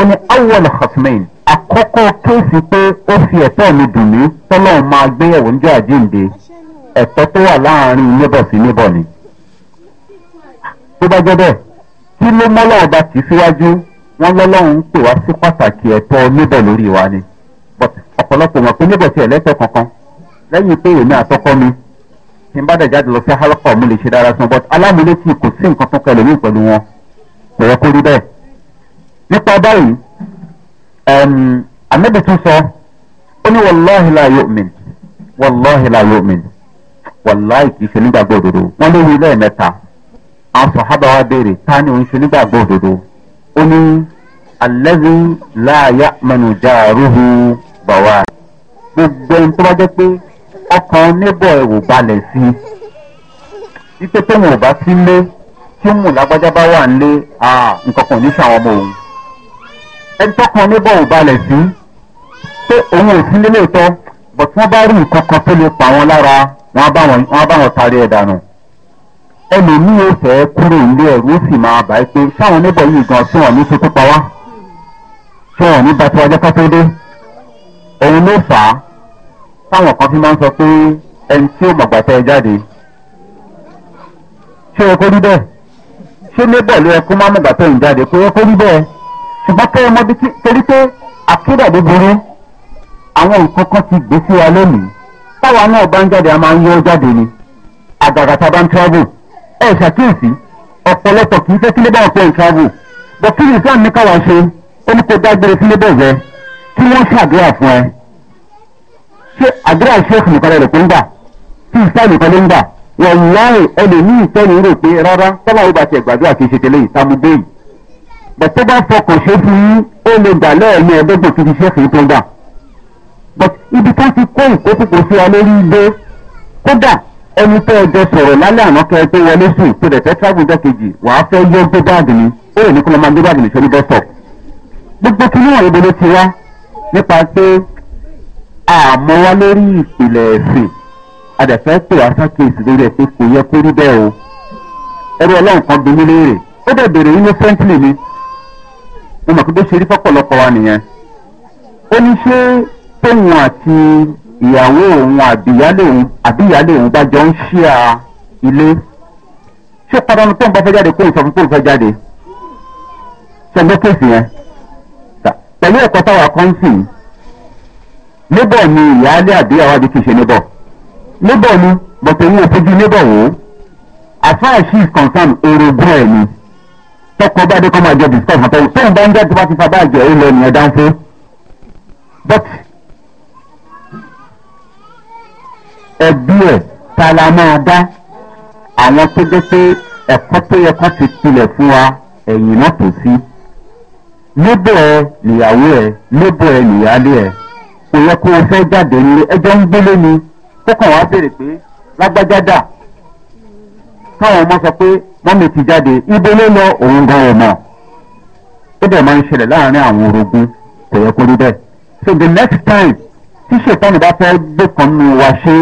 ó ní awol hosmain àkọ́kọ́ kéèsì pé ó fi ẹ̀tọ́ mi dùn mí tọ́lọ́run máa gbéyẹ̀wò níjọ́ àjíǹde ẹ̀tọ́ tó wà láàrin níbọ̀ sí níbọ̀ ni. tó bá jẹ́ bẹ́ẹ̀ kí ló mọ́lọ́ ọba kì í síwájú wọ́n lọ́lọ́run ń pè wá sí pàtàkì ẹ̀tọ́ níbọ̀ lórí wa ni ọ̀pọ̀lọpọ̀ mọ̀ pé níbọ̀ tiẹ̀ lẹ́tọ̀ kankan lẹ́yìn pé èmi àtọkọ́ mi tí n bá dàjáde lọ sí hálọ́kọ̀ mo lè ṣe dára sí wọn but alámúlétì kò sí nǹkan tó kẹ lómi pẹ̀lú wọn kò yẹ kó rí bẹ́ẹ̀. nípa báyìí anábì tún sọ ó ní wàláhi la yóò mìn wàláhi la yóò mìn wàláhi kì í ṣe nígbàgbọ́ òdodo wọ́n ló wí lẹ́ẹ̀mẹ́ta àwọn sọ̀hábà béèrè ta ni òun ṣe nígbàgbọ́ òdodo ó ní alẹ́bí láàyà mẹ́nu jà rúhu bàwá gbogbo ẹni tó bá jẹ́ pé ọkàn níbọ̀ ẹ̀wò balẹ̀ sí i tó tóun ò bá sí lé tí mù lágbájá bá wà ń lé nǹkan ní sàwọn ọmọ òun ẹni tọkàn níbọ̀ ò balẹ̀ sí pé òun ò sí wọ́n bá tó lè pa wọn lára bá wọn tarí ẹ̀ dànù ò fẹ́ kúrò nílé ẹ̀rú ó sì máa níbọ̀ yìí gan tí ní pa wá tí ní bá táwọn kan fi máa ń sọ pé ẹni tí ó mọ̀gbà tẹ́ ẹ jáde ṣé ẹ kó rí bẹ́ẹ̀ ṣé lébọ̀ ló yẹ kó má mọ̀gbà tẹ́ ẹ jáde pé ẹ kó rí bẹ́ẹ̀ ṣùgbọ́n kẹ́ ẹ mọ bí torí pé àkídàdé burú àwọn nǹkan kan ti gbé sí wa lónìí táwa náà bá ń jáde a máa ń yọ jáde ni àgàgà tá a bá ń travel ẹ ṣàkíyèsí ọ̀pọ̀lọpọ̀ kì í fẹ́ sílé bá ọ̀pẹ̀ ń travel but kí ni islam ní káwa ṣe ó ní kó dágbére sílé bẹ̀rẹ̀ kí wọ́n ṣàdúrà fún ẹ ṣé àdúrà ṣéèkì nìkan rẹ̀ ń gbà tí ìṣá nìkan ló ń gbà wọ́n láì ẹlòmíì sẹ́yìn rò pé rárá tọ́lá ó bá ti ẹ̀gbàdúrà kì í ṣe tẹ́lẹ̀ ìsàmúdé yìí but tó bá fọkàn ṣe fún yín ó lè gbà lẹ́ẹ̀mí ẹ̀ẹ́dẹ́gbẹ̀ kí iṣẹ́ fún tó ń gbà but ibi tó ti kó ìkókòkò sí wa lórí ilé kódà ẹni tó ẹjọ sọ̀rọ̀ lálẹ́ àná kẹ́ ẹ tó wọlé sùn tó dẹ̀ fẹ́ travel jẹ́ kejì wàá fẹ́ yọ gbé báàgì ni ó lè ní kó lọ máa gbé báàgì àmọ́ wá lórí ìpìlẹ̀ ẹ̀sìn adẹ̀fẹ́ pè wá sákèsì lórí ẹ̀ pé kò yẹ kó rí bẹ́ẹ̀ o ẹrú ọlọ́run kan bí mi léèrè ó dẹ̀ bèrè innocently ni mo mọ̀ pé bó ṣe rí fọ́pọ̀lọpọ̀ wa nìyẹn ó ní ṣé tóun àti ìyàwó òun àbíyálé òun àbíyálé òun bá jọ ń ṣíà ilé ṣé padà ní tóun bá fẹ́ jáde kóun sọ fún kóun fẹ́ jáde ṣe ń bọ́ kéèsì yẹn pẹ̀lú ẹ̀kọ́ táwa kan sìn yìí níbọ̀ ni ìyáálé àbí àwọn àbí ti ṣe níbọ̀ níbọ̀ ni bọ̀tẹ̀ yín òfojú níbọ̀ wò ó as far as she is concerned orogún ẹ̀ ni tọkọ bá dé kọ́ máa jẹ discuss àtọ̀wò tó ń bá ń jẹ́ tó bá ti fàbá àjẹ́ ó lọ ènìyàn dáńfó but ẹbí ẹ̀ ta la máa dá àwọn tó dé pé ẹ̀kọ́ tó yẹ kó ti pilẹ̀ fún wa ẹ̀yìn náà tó sí níbọ̀ ẹ̀ nìyàwó ẹ̀ níbọ̀ ẹ̀ nìyáálé ẹ̀ kò yẹ kó o fẹ́ jáde nílé ẹjọ́ ń gbélé ni kókàn wá béèrè pé lágbájá dà táwọn ọmọ sọ pé mọ́mì ti jáde ibo ló lọ òun gan ọmọ ó dẹ̀ máa ń ṣẹlẹ̀ láàrin àwọn orogún kò yẹ kó rí bẹ́ẹ̀ so the next time tí ṣètọ́nù bá fẹ́ gbé kan nù wá ṣe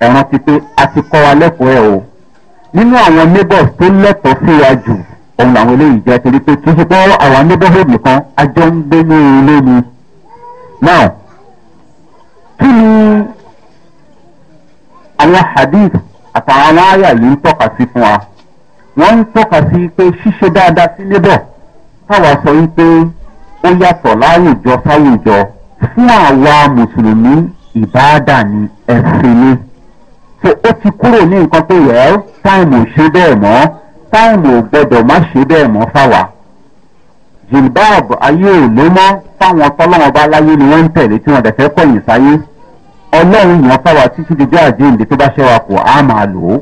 ẹ̀ràn ti pé a ti kọ́ wa lẹ́kọ̀ọ́ ẹ̀ o nínú àwọn neighbors tó lẹ́tọ̀ọ́ sí wa jù òun làwọn eléyìí jẹ́ torí pé kì í ṣe pé àwọn neighborhood nìkan a ń gbé ní ilé ni now kí ni àwọn hadith àtàwọn àyà yìí ń tọ́ka sí fún wa wọ́n ń tọ́ka sí pé ṣíṣe dáadáa sí níbọ̀ táwa sọ wípé ó yàtọ̀ láwùjọ sáwùjọ fún àwa mùsùlùmí ìbáàdà ni ẹ̀sìn ni so ó ti kúrò ní nǹkan pé well táìmù ò ṣe bẹ́ẹ̀ mọ́ táìmù ò gbọ́dọ̀ má ṣe bẹ́ẹ̀ mọ́ fáwa jilbab ayé ò lé mọ́ fáwọn tọ́lọ́mọba láyé ni wọ́n ń tẹ̀lé tí wọ́n dẹ̀ fẹ́ kọ̀yìn sáyé ọlọ́run yàn fáwa títí dojú àjíǹde tó bá ṣẹ́wà kù á máa lò ó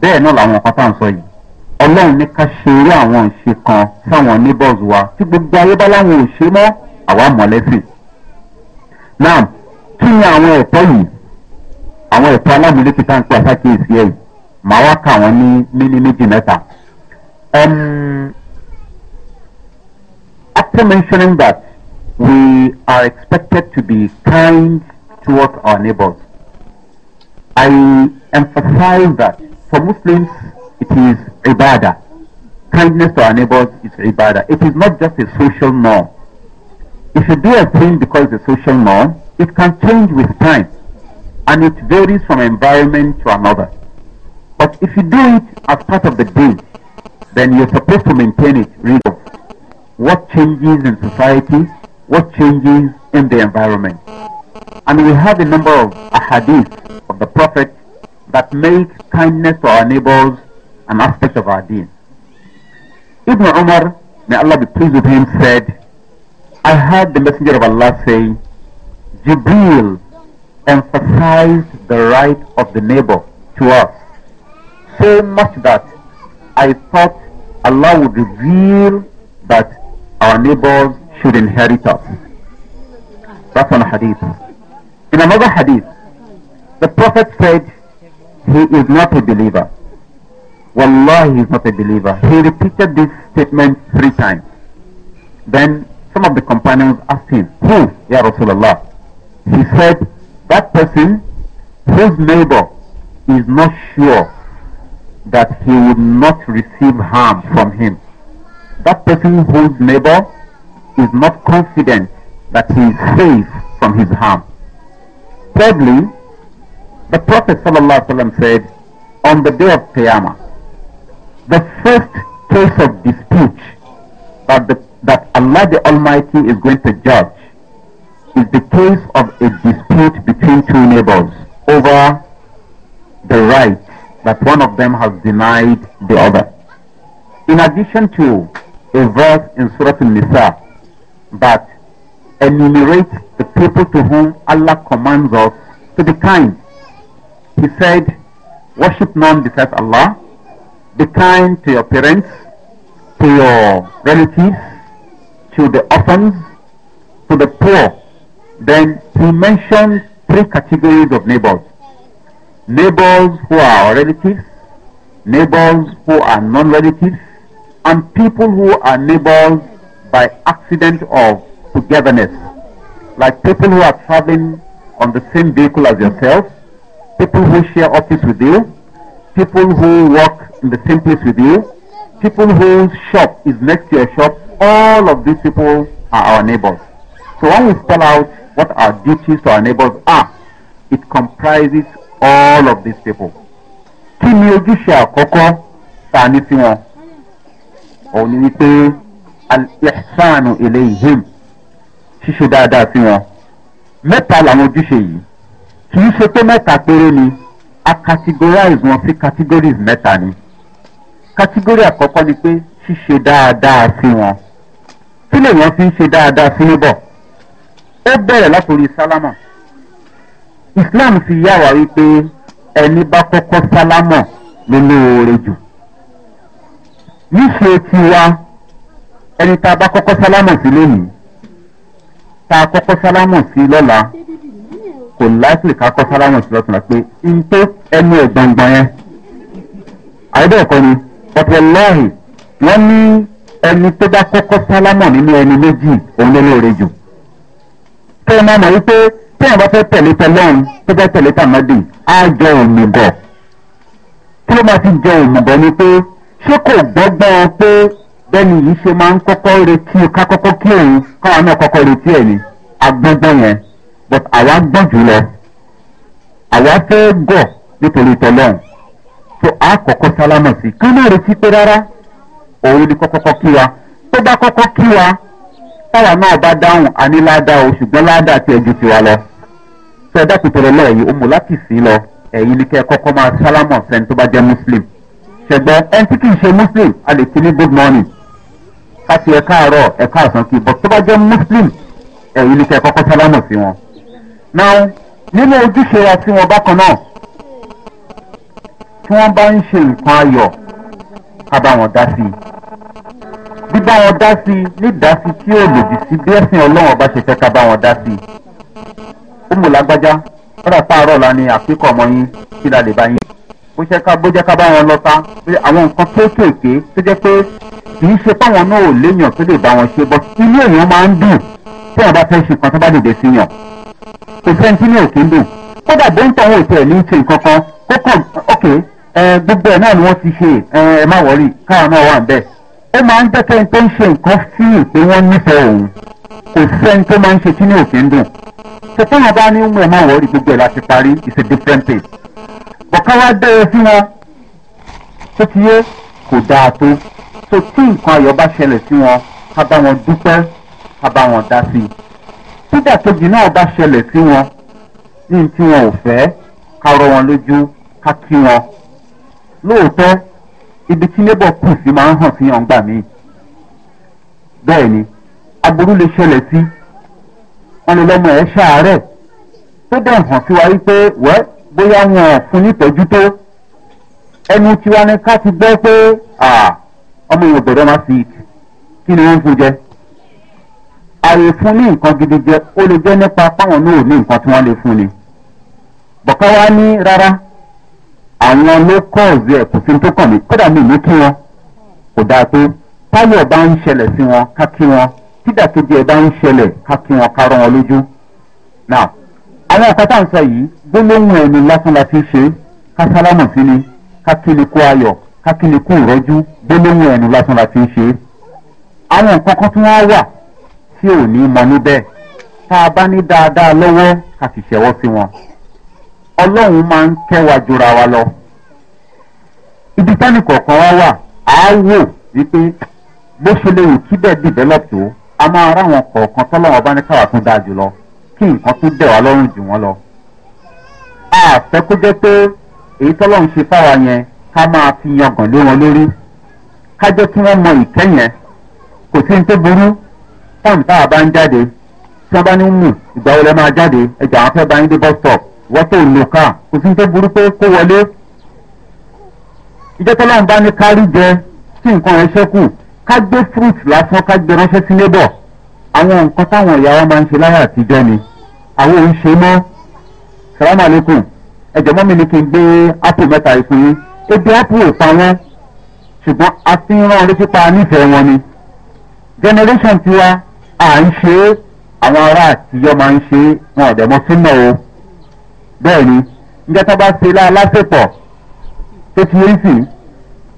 bẹ́ẹ̀ náà làwọn kan ń sọ yìí ọlọ́run ní ká ṣe eré àwọn ìṣe kan sáwọn neighbors wa tí gbogbo ayé bá láwọn ò ṣe mọ́ àwa mọ̀lẹ́sìn náà kí ni àwọn ẹ̀tọ́ yìí àwọn ẹ̀tọ́ alámúlétí tá ń pè àṣàkíyèsí ẹ̀ màá wá kà wọ́n ní mímí méjì mẹ́ta. After mentioning that, we are expected to be kind towards our neighbors. I emphasize that for Muslims it is ibadah. Kindness to our neighbors is ibadah. It is not just a social norm. If you do a thing because it's a social norm, it can change with time and it varies from environment to another. But if you do it as part of the day, then you're supposed to maintain it regardless what changes in society, what changes in the environment. And we have a number of ahadith of the Prophet that make kindness to our neighbors an aspect of our deen. Ibn Umar, may Allah be pleased with him, said, I heard the Messenger of Allah say, Jibreel emphasized the right of the neighbor to us so much that I thought Allah would reveal that our neighbors should inherit us. That's on hadith. In another hadith, the Prophet said, He is not a believer. Wallahi, he is not a believer. He repeated this statement three times. Then some of the companions asked him, Who, Ya Rasulullah? He said, That person whose neighbor is not sure that he would not receive harm from him. That person whose neighbor is not confident that he is safe from his harm. Thirdly, the Prophet ﷺ said, on the day of Qiyamah, the first case of dispute that, the, that Allah the Almighty is going to judge is the case of a dispute between two neighbors over the right that one of them has denied the other. In addition to a verse in Surah Al-Nisa that Enumerate the people to whom Allah commands us to be kind. He said, Worship none besides Allah, be kind to your parents, to your relatives, to the orphans, to the poor. Then he mentioned three categories of neighbors neighbors who are relatives, neighbors who are non relatives, and people who are neighbors by accident of togetherness, like people who are traveling on the same vehicle as yourself, people who share office with you, people who work in the same place with you, people whose shop is next to your shop, all of these people are our neighbors. So when we spell out what our duties to our neighbors are, it comprises all of these people. Kí ni ojúṣe àkọ́kọ́ tá a ní sí wọn? Òun ni wípé al-ihsanu ilayhim ṣíṣe dáadáa sí wọn mẹ́ta làwọn ojúṣe yìí kì í ṣe pé mẹ́ta péré ni a categorize wọn sí categories mẹ́ta ni category àkọ́kọ́ ni pé ṣíṣe dáadáa sí wọn kí lèèyàn fi ń ṣe dáadáa sí níbọ̀ ó bẹ̀rẹ̀ látòrí sálámà islam fi yà wá wípé ẹni bá kọ́kọ́ sálámà lólóore jù níṣe tiwa ẹni tá a bá kọ́kọ́ sálámà sí lónìí tá a kọ́kọ́ sálámù sí lọ́la kò láìsí ká kọ́ sálámù sí lọ́tùnà pé n tó ẹnu ẹ̀ gbọ̀ngbọ̀n yẹn àìdẹ́ẹ̀kọ́ ni ọ̀pọ̀ lọ́ọ̀hìn wọ́n ní ẹni tó bá kọ́kọ́ sálámù nínú ẹni méjì òun ló lóore jù tó o máa mọ̀ wípé tí àwọn bá fẹ́ tẹ̀lé tẹlọ́run tó fẹ́ tẹ̀lé tàmádì á jọ òmùgọ̀ kí ló máa ti jọ òmùgọ̀ ni pé ṣé kò gbọ́gbọ́n pé bẹ́ẹ̀ ni yìí káwọn náà kọ́kọ́ retí ẹ̀ ni agbọ́ngbọ́n yẹn but àwa gbọ́n jù lọ àwa fẹ́ gọ̀ nítorí tọ́lọ́n so a kọ́kọ́ sálámọ̀ sí ká má retí pé rárá òun ni kọ́kọ́kọ́ kí wa tó bá kọ́kọ́ kí wa táwa náà bá dáhùn a ní ládàá o ṣùgbọ́n ládàá ti ẹjú tiwa lọ sọ ẹ̀dá pẹ̀tẹ̀rẹ̀ lọ ẹ̀yìn òmù láti sí lọ ẹ̀yìn ni kẹ́ ẹ kọ́kọ́ máa sálámọ̀ sẹ́ni tó bá jẹ́ muslim ṣẹ̀gbọ́n ẹni tí kì í ṣe muslim a lè kí ní good morning ká ti ẹ̀ka àárọ̀ ẹ̀ka àsán kí bọ̀ tó bá jẹ́ muslim ẹ̀yìn ni kẹ́ kọ́kọ́ sálámù sí wọn. now nínú ojúṣe wa sí wọn bákan náà tí wọ́n bá ń ṣe nǹkan ayọ̀ ká bá wọn dá sí i. bíbá wọn dá sí i nídásí tí yóò lòdì sí bí ẹ̀sìn ọlọ́wọ́n bá ṣe fẹ́ ká bá wọn dá sí i. ó mú lágbájá ó dà pààrọ̀ la ni ọmọ yín kí la bá yín bó jẹ́ ká bó jẹ́ ká bá wọn lọ ta pé àwọn nǹkan kéékèèké tó jẹ́ pé kì í ṣe fáwọn náà ò léèyàn tó lè bá wọn ṣe but inú èèyàn máa ń dùn tí wọn bá fẹ́ ṣe nǹkan tó bá dìde sí yàn kò fẹ́ tí ní òkè ń dùn kódà bóńtọ̀ wọn ò tẹ̀ ní ṣe nǹkan kan kókò ok gbogbo ẹ̀ náà ni wọ́n ti ṣe ẹ má wọ̀rí káwọn náà wà ń bẹ́ẹ̀ ó máa ń jẹ́ kẹ́ni tó ń ṣe nǹkan sí ìpé wọ́n nífẹ̀ẹ́ òun kò sẹ́ni tó máa ń ṣe kí ní òkè ń dùn ṣe fún ọba ní mú ẹ̀ má wọ̀rí gbogbo ẹ̀ láti parí it's a different thing bọ̀ká wá bẹ̀rẹ̀ sí wọn tó ti yé kò dáa tó so tí nǹkan ayọ̀ bá ṣẹlẹ̀ sí wọn ká bá wọn dúpẹ́ ká bá wọn dá sí i tídà tóbi náà bá ṣẹlẹ̀ sí wọn ní tí wọn ò fẹ́ ká rọ wọn lójú ká kí wọn lóòótọ́ ibi tí nébọ̀ kù sí máa ń hàn sí hàn gbà míì bẹ́ẹ̀ ni aburú lè ṣẹlẹ̀ sí wọn ni lọ́mọ ẹ̀ ṣàárẹ̀ tó dẹ̀ hàn sí wa wípé wẹ́ẹ́. bóyá wọn ò fún nítọ́jú tó ẹnu tiwa ni ká ti gbọ́ pé ọmọ èèyàn bẹ̀rẹ̀ fi kí ni wọ́n fún jẹ àyè fún ní nǹkan gidi jẹ ó lè jẹ́ nípa páwọn náà ní nǹkan tí wọ́n lè fún ni bọ̀ká wá ní rárá àwọn ló kọ́ ọ̀zẹ́ ẹ̀ kò sí tó kàn mí kódà mi ní wọn kò dáa pé táyọ̀ bá ń ṣẹlẹ̀ sí wọn ká kí wọn ẹ̀ bá ń ṣẹlẹ̀ ká kí wọn gbólóhùn ẹ̀mí lásán la fi ṣe ká sálámù sí ni ká kíni kú ayọ̀ ká kíni kú ìrọ́jú gbólóhùn ẹ̀mí lásán la fi ṣe. àwọn nǹkan kan tí wọ́n wà tí ò ní mọ níbẹ̀ tá a bá ní dáadáa lọ́wọ́ ká sì ṣẹ̀wọ́ sí wọn. ọlọ́run máa ń kẹ́wàá jura wa lọ. ibi tẹ́nì kọ̀ọ̀kan wá wà á wò wípé bó ṣe lè wù kíbẹ̀ develop tó a máa ráwọn kọ̀ọ̀kan tọ́lọ́wọ́n bá ní káwá tún dáa jù lọ kí nǹkan tún dẹ̀ wá lọ́rùn jù wọ́n lọ àfẹ́ kó jẹ́ pé èyí tọ́lọ́ ń ṣe fáwa yẹn ká máa fi yangàn lé wọn lórí ká jẹ́ kí wọ́n mọ ìkẹ́ yẹn kò sí ní tó burú fóònù táwa bá ń jáde tí wọ́n bá ní mú ìgbà wọlé máa jáde ẹ̀jẹ̀ àwọn fẹ́ bá yín dé bus stop wọ́n tó lò ká kò sí ní tó burú pé kó wọlé ìjẹ́ tọ́lọ́run bá ní kárí jẹ sí nǹkan rẹ̀ ṣẹ́kù ká gbé fruit lásán ká gbé ránṣẹ́ sí nébọ̀ àwọn nǹkan táwọn ìyá máa ń ṣe láyà àtijọ́ ni àwọn ò ń ṣe mọ́ salamu alaykum ẹ̀jẹ̀ mọ́mi ni kí n gbé apple mẹ́ta ìpín yín ebi apple ò pa wọ́n ṣùgbọ́n a fi ń rán létí pa nífẹ̀ẹ́ wọn ni generation tiwa à ń ṣe é àwọn ará àtijọ́ máa ń ṣe é wọn ò dẹ̀mọ́ súnmọ́ o bẹ́ẹ̀ ni ǹjẹ́ tó bá ṣe lálásèpọ̀ tó ti ń sìn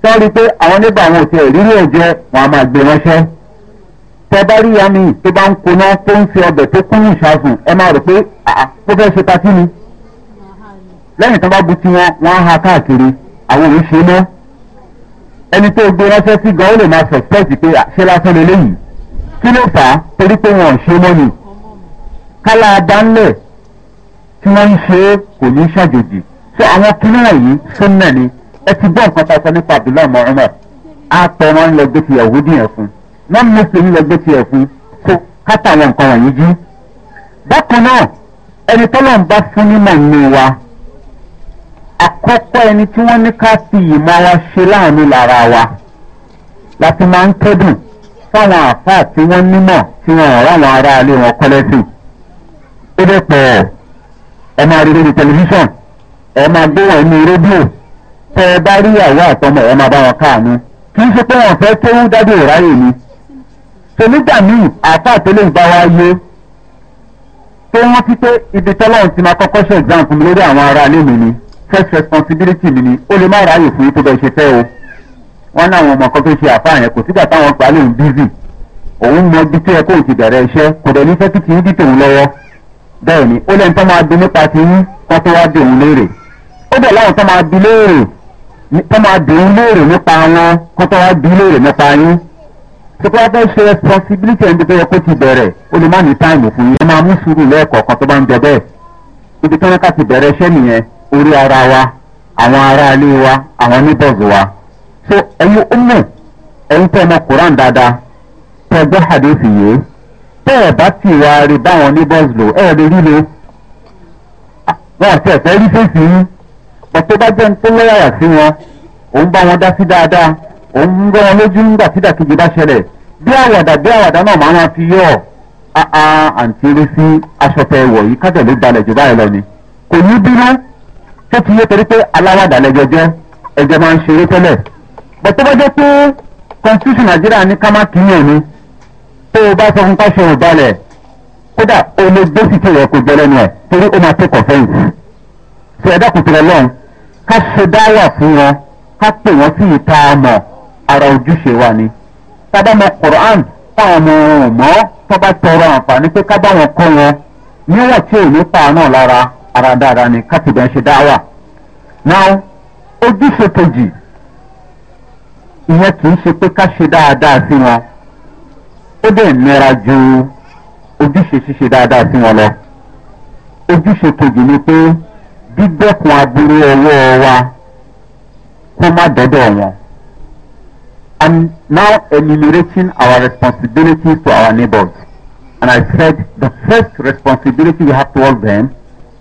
sọ́ọ́rí pé àwọn nígbà wọn ò tiẹ̀ rírí ẹ̀jẹ̀ wọn a máa gbé ránṣẹ́ tẹ bá rí ya mi tó bá ń koná tó ń fi ọbẹ̀ tó kún ìṣàfù ẹ máa rò pé àà tó fẹ́ ṣe patí ni lẹ́yìn tó bá bu tí wọn wọn á ha káàkiri àwọn òun ṣe mọ́ ẹni tó gbé ránṣẹ́ sí gan ó lè máa sọ̀pẹ́ẹ̀tì pé ṣé lásán lélẹ́yìí kí ló fà á torí pé wọn ò ṣe mọ́ ni kálá adánlẹ̀ tí wọ́n ń ṣe é kò ní ṣàjòjì ṣé àwọn kìnìún yìí sọ́nà ni ẹ ti gbọ́ nǹkan pàṣẹ nípa abdullahi muhammed àtọ̀rọ̀ ńlẹgbẹ́ ti yahudi yẹn fún non muslim ńlẹgbẹ́ ti yẹn fún kátà àwọn nǹkan wọ̀nyí jí bákan náà ẹni tọ́lọ́ ń bá fún nímọ̀ nínú wa àkọ́kọ́ ẹni tí wọ́n ní ká fi ìmọ̀ wọn ṣe láàánú lára wa láti máa ń kẹ́dùn fáwọn àfáà tí wọ́n nímọ̀ tí wọ́n ọ̀rọ̀ àwọn ará ilé wọn kọ́lẹ́sìn. ó dẹ̀ pọ̀ ẹ máa rí lórí tẹlifíṣàn ẹ máa gbé wọn ní rédíò tẹ ẹ bá rí ìyàwó àtọmọ ẹ máa bá wọn káàánú kì í ṣe pé wọn fẹ́ kéwú dájú ìráyè ni. tòlígbà míì àfáà tó lè bá wa yé pé wọ́n fi pé ibi tọ́lọ́run ti máa kọ́kọ́ ṣe exam fún mi lórí àwọn ará ilé mi ni first responsibility mi ni ó lè má ráàyè fún yín tó bẹ́ẹ̀ ṣe fẹ́ o wọ́n láwọn ọmọ kan tó ṣe àfáà yẹn kò sígbà táwọn gbà lóun bízì òun mọ ibi tí ẹ kóun ti bẹ̀rẹ̀ iṣẹ́ kò dẹ̀ ní fẹ́ kí kì í dì tòun lọ́wọ́ bẹ́ẹ̀ ni ó lẹ́nu tó máa dun nípa ti yín kan tó wá dùn léèrè ó bẹ̀ láwọn tó máa dun léèrè tó máa dùn léèrè nípa wọn kan tó wá dun léèrè nípa yín tó bá fẹ́ ṣe responsibility ẹni tó yẹ kó ti bẹ̀rẹ̀ ó lè má ní táìmù fún yín ẹ máa mú sùúrù lẹ́ẹ̀kọ̀ọ̀kan tó bá ń jẹ bẹ́ẹ̀ ibi tí wọ́n ká ti bẹ̀rẹ̀ iṣẹ́ nìyẹn orí ara wa àwọn ará ilé wa àwọn wa so ẹ̀yin ọmọ ẹ̀yin ọmọ koran dáadáa tẹ́ ẹ àdéhùn yìí tẹ́ ẹ bá ti wá rí báwọn lo wọn àti ẹ̀fẹ́ rí fèsì yín ọ̀tọ́ bá jẹ́ tó lọ́yàyà sí wọn òun bá wọn dá sí dáadáa òun ń gbọ́ wọn lójú nígbà tí dàkejì bá ṣẹlẹ̀ bí àwàdà bí àwàdà náà máa wọn fi yọ̀ ah, ah, àǹtí rí sí aṣọ tẹ yìí ni kò ní ṣé ti yé torí pé aláwàdà lẹjọ jẹ ẹjẹ máa ń ṣeré tẹlẹ bẹtẹ bá jẹ pé constitution nàìjíríà ní ká má kíyàn ni tó o bá sọ fún ká ṣe òbalẹ kódà o lè gbé sí tèrè kò jẹ lẹnu ẹ torí o máa take offence ṣe ẹdá kò tẹrẹ lọrun ká ṣe dáwà fún wọn ká pè wọn sí ìta mọ ara ojúṣe wa ni tábà mọ quran táwọn ọmọ wọn ò mọ tọ́ba tọrọ àǹfààní pé ká bá wọn kọ́ wọn níwọ̀n tí ò ní pa náà lára ara dáadáa ni ká ti dẹ̀ ṣe dáwà náà ojúṣe kejì ìyẹn kì í ṣe pé ká ṣe dáadáa sí wọn ó dẹ̀ nira ju ojúṣe ṣíṣe dáadáa sí wọn lọ ojúṣe kejì ni pé dídẹ́kun aburú ọwọ́ wa kó má dọ́dọ̀ wọn i'm now enumerating our responsibilities to our neighbors and i said the first responsibility we have towards them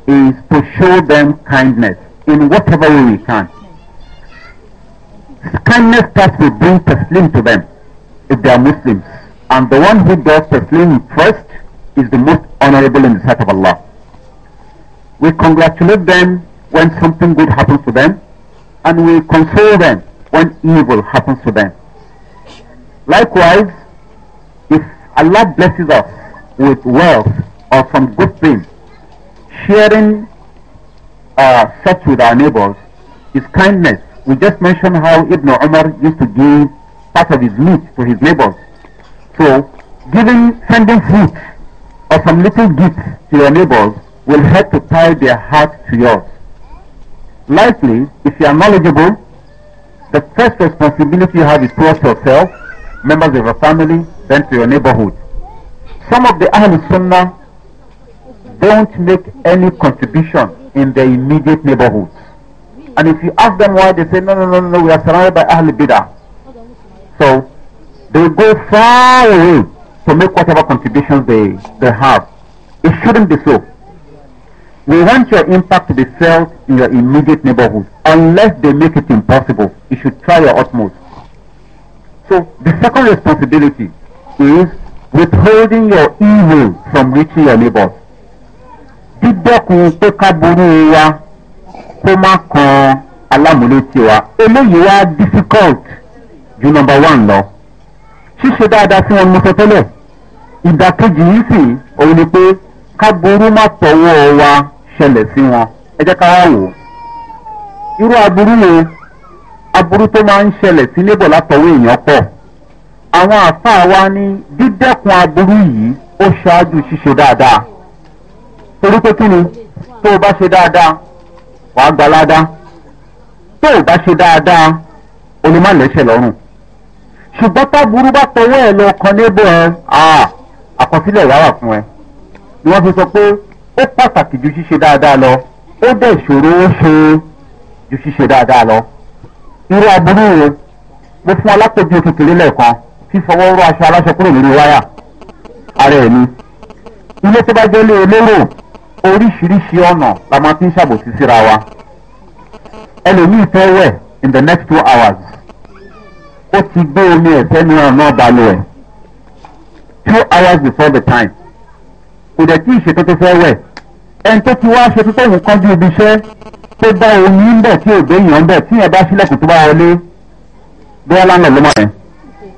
is to show them kindness in whatever way we can. Kindness starts with being taslim to them if they are Muslims. And the one who does taslim first is the most honorable in the sight of Allah. We congratulate them when something good happens to them and we console them when evil happens to them. Likewise, if Allah blesses us with wealth or some good things, sharing uh, such with our neighbors is kindness. We just mentioned how Ibn Umar used to give part of his meat to his neighbors. So, giving, sending food or some little gifts to your neighbors will help to tie their heart to yours. Lastly, if you are knowledgeable, the first responsibility you have is towards yourself, members of your family, then to your neighborhood. Some of the Ahlul Sunnah don't make any contribution in their immediate neighborhood. And if you ask them why, they say, no, no, no, no, we are surrounded by Ahl Bidah. So they go far away to make whatever contribution they, they have. It shouldn't be so. We want your impact to be felt in your immediate neighborhood. Unless they make it impossible, you should try your utmost. So the second responsibility is withholding your evil from reaching your neighbors. dídẹ́kun pé ká borí wa kó má kan alámúlétí wa eléyìí wá difficult ju number one lọ ṣíṣe dáadáa sí wọn mo sọ tẹ́lẹ̀ ìdàkejì yìí ni pé ká burú má tọwọ́ wa ṣẹlẹ̀ sí wọn ẹ jẹ́ ká wá wò irú aburú wo aburú tó máa ń ṣẹlẹ̀ sí wa ní dídẹ́kun aburú yìí ó ṣáájú ṣíṣe dáadáa. torí pé kí ni tó o bá ṣe dáadáa wàá gba ládàá tó o bá ṣe dáadáa onímọ̀lẹ́sẹ̀ lọ́rùn ṣùgbọ́n táburú bá tọwọ́ ẹ̀ lọ kan níbọ̀ ẹ àkọsílẹ̀ ìyá wà fún ẹ ni wọ́n fi sọ pé ó pàtàkì ju ṣíṣe dáadáa lọ ó dẹ̀ ṣòro ó ṣe ju ṣíṣe dáadáa lọ irú aburú wo mo fún alápèjú kékeré lẹ́ẹ̀kan fífọwọ́ rọ aṣọ aláṣọ kúrò lórí wáyà ara ẹ̀ ni ilé tó bá jẹ́ lé olóró oríṣiríṣi ọ̀nà la máa fi ń ṣàbòsí síra wa ẹlòmíì fẹ́ wẹ̀ in the next two hours ó ti gbé omi ẹ̀fẹ́ mìíràn náà balùwẹ̀ two hours before the time kò dẹ̀ tí ìṣètò tó fẹ́ wẹ̀ ẹni tó ti wá ṣe pípé òun kánjú ibi iṣẹ́ tó bá omi ń bẹ̀ tí ò gbé èèyàn ń bẹ̀ tí yẹn bá sílẹ̀kùn tó bá wọlé bóyá lánàá ló máa rẹ̀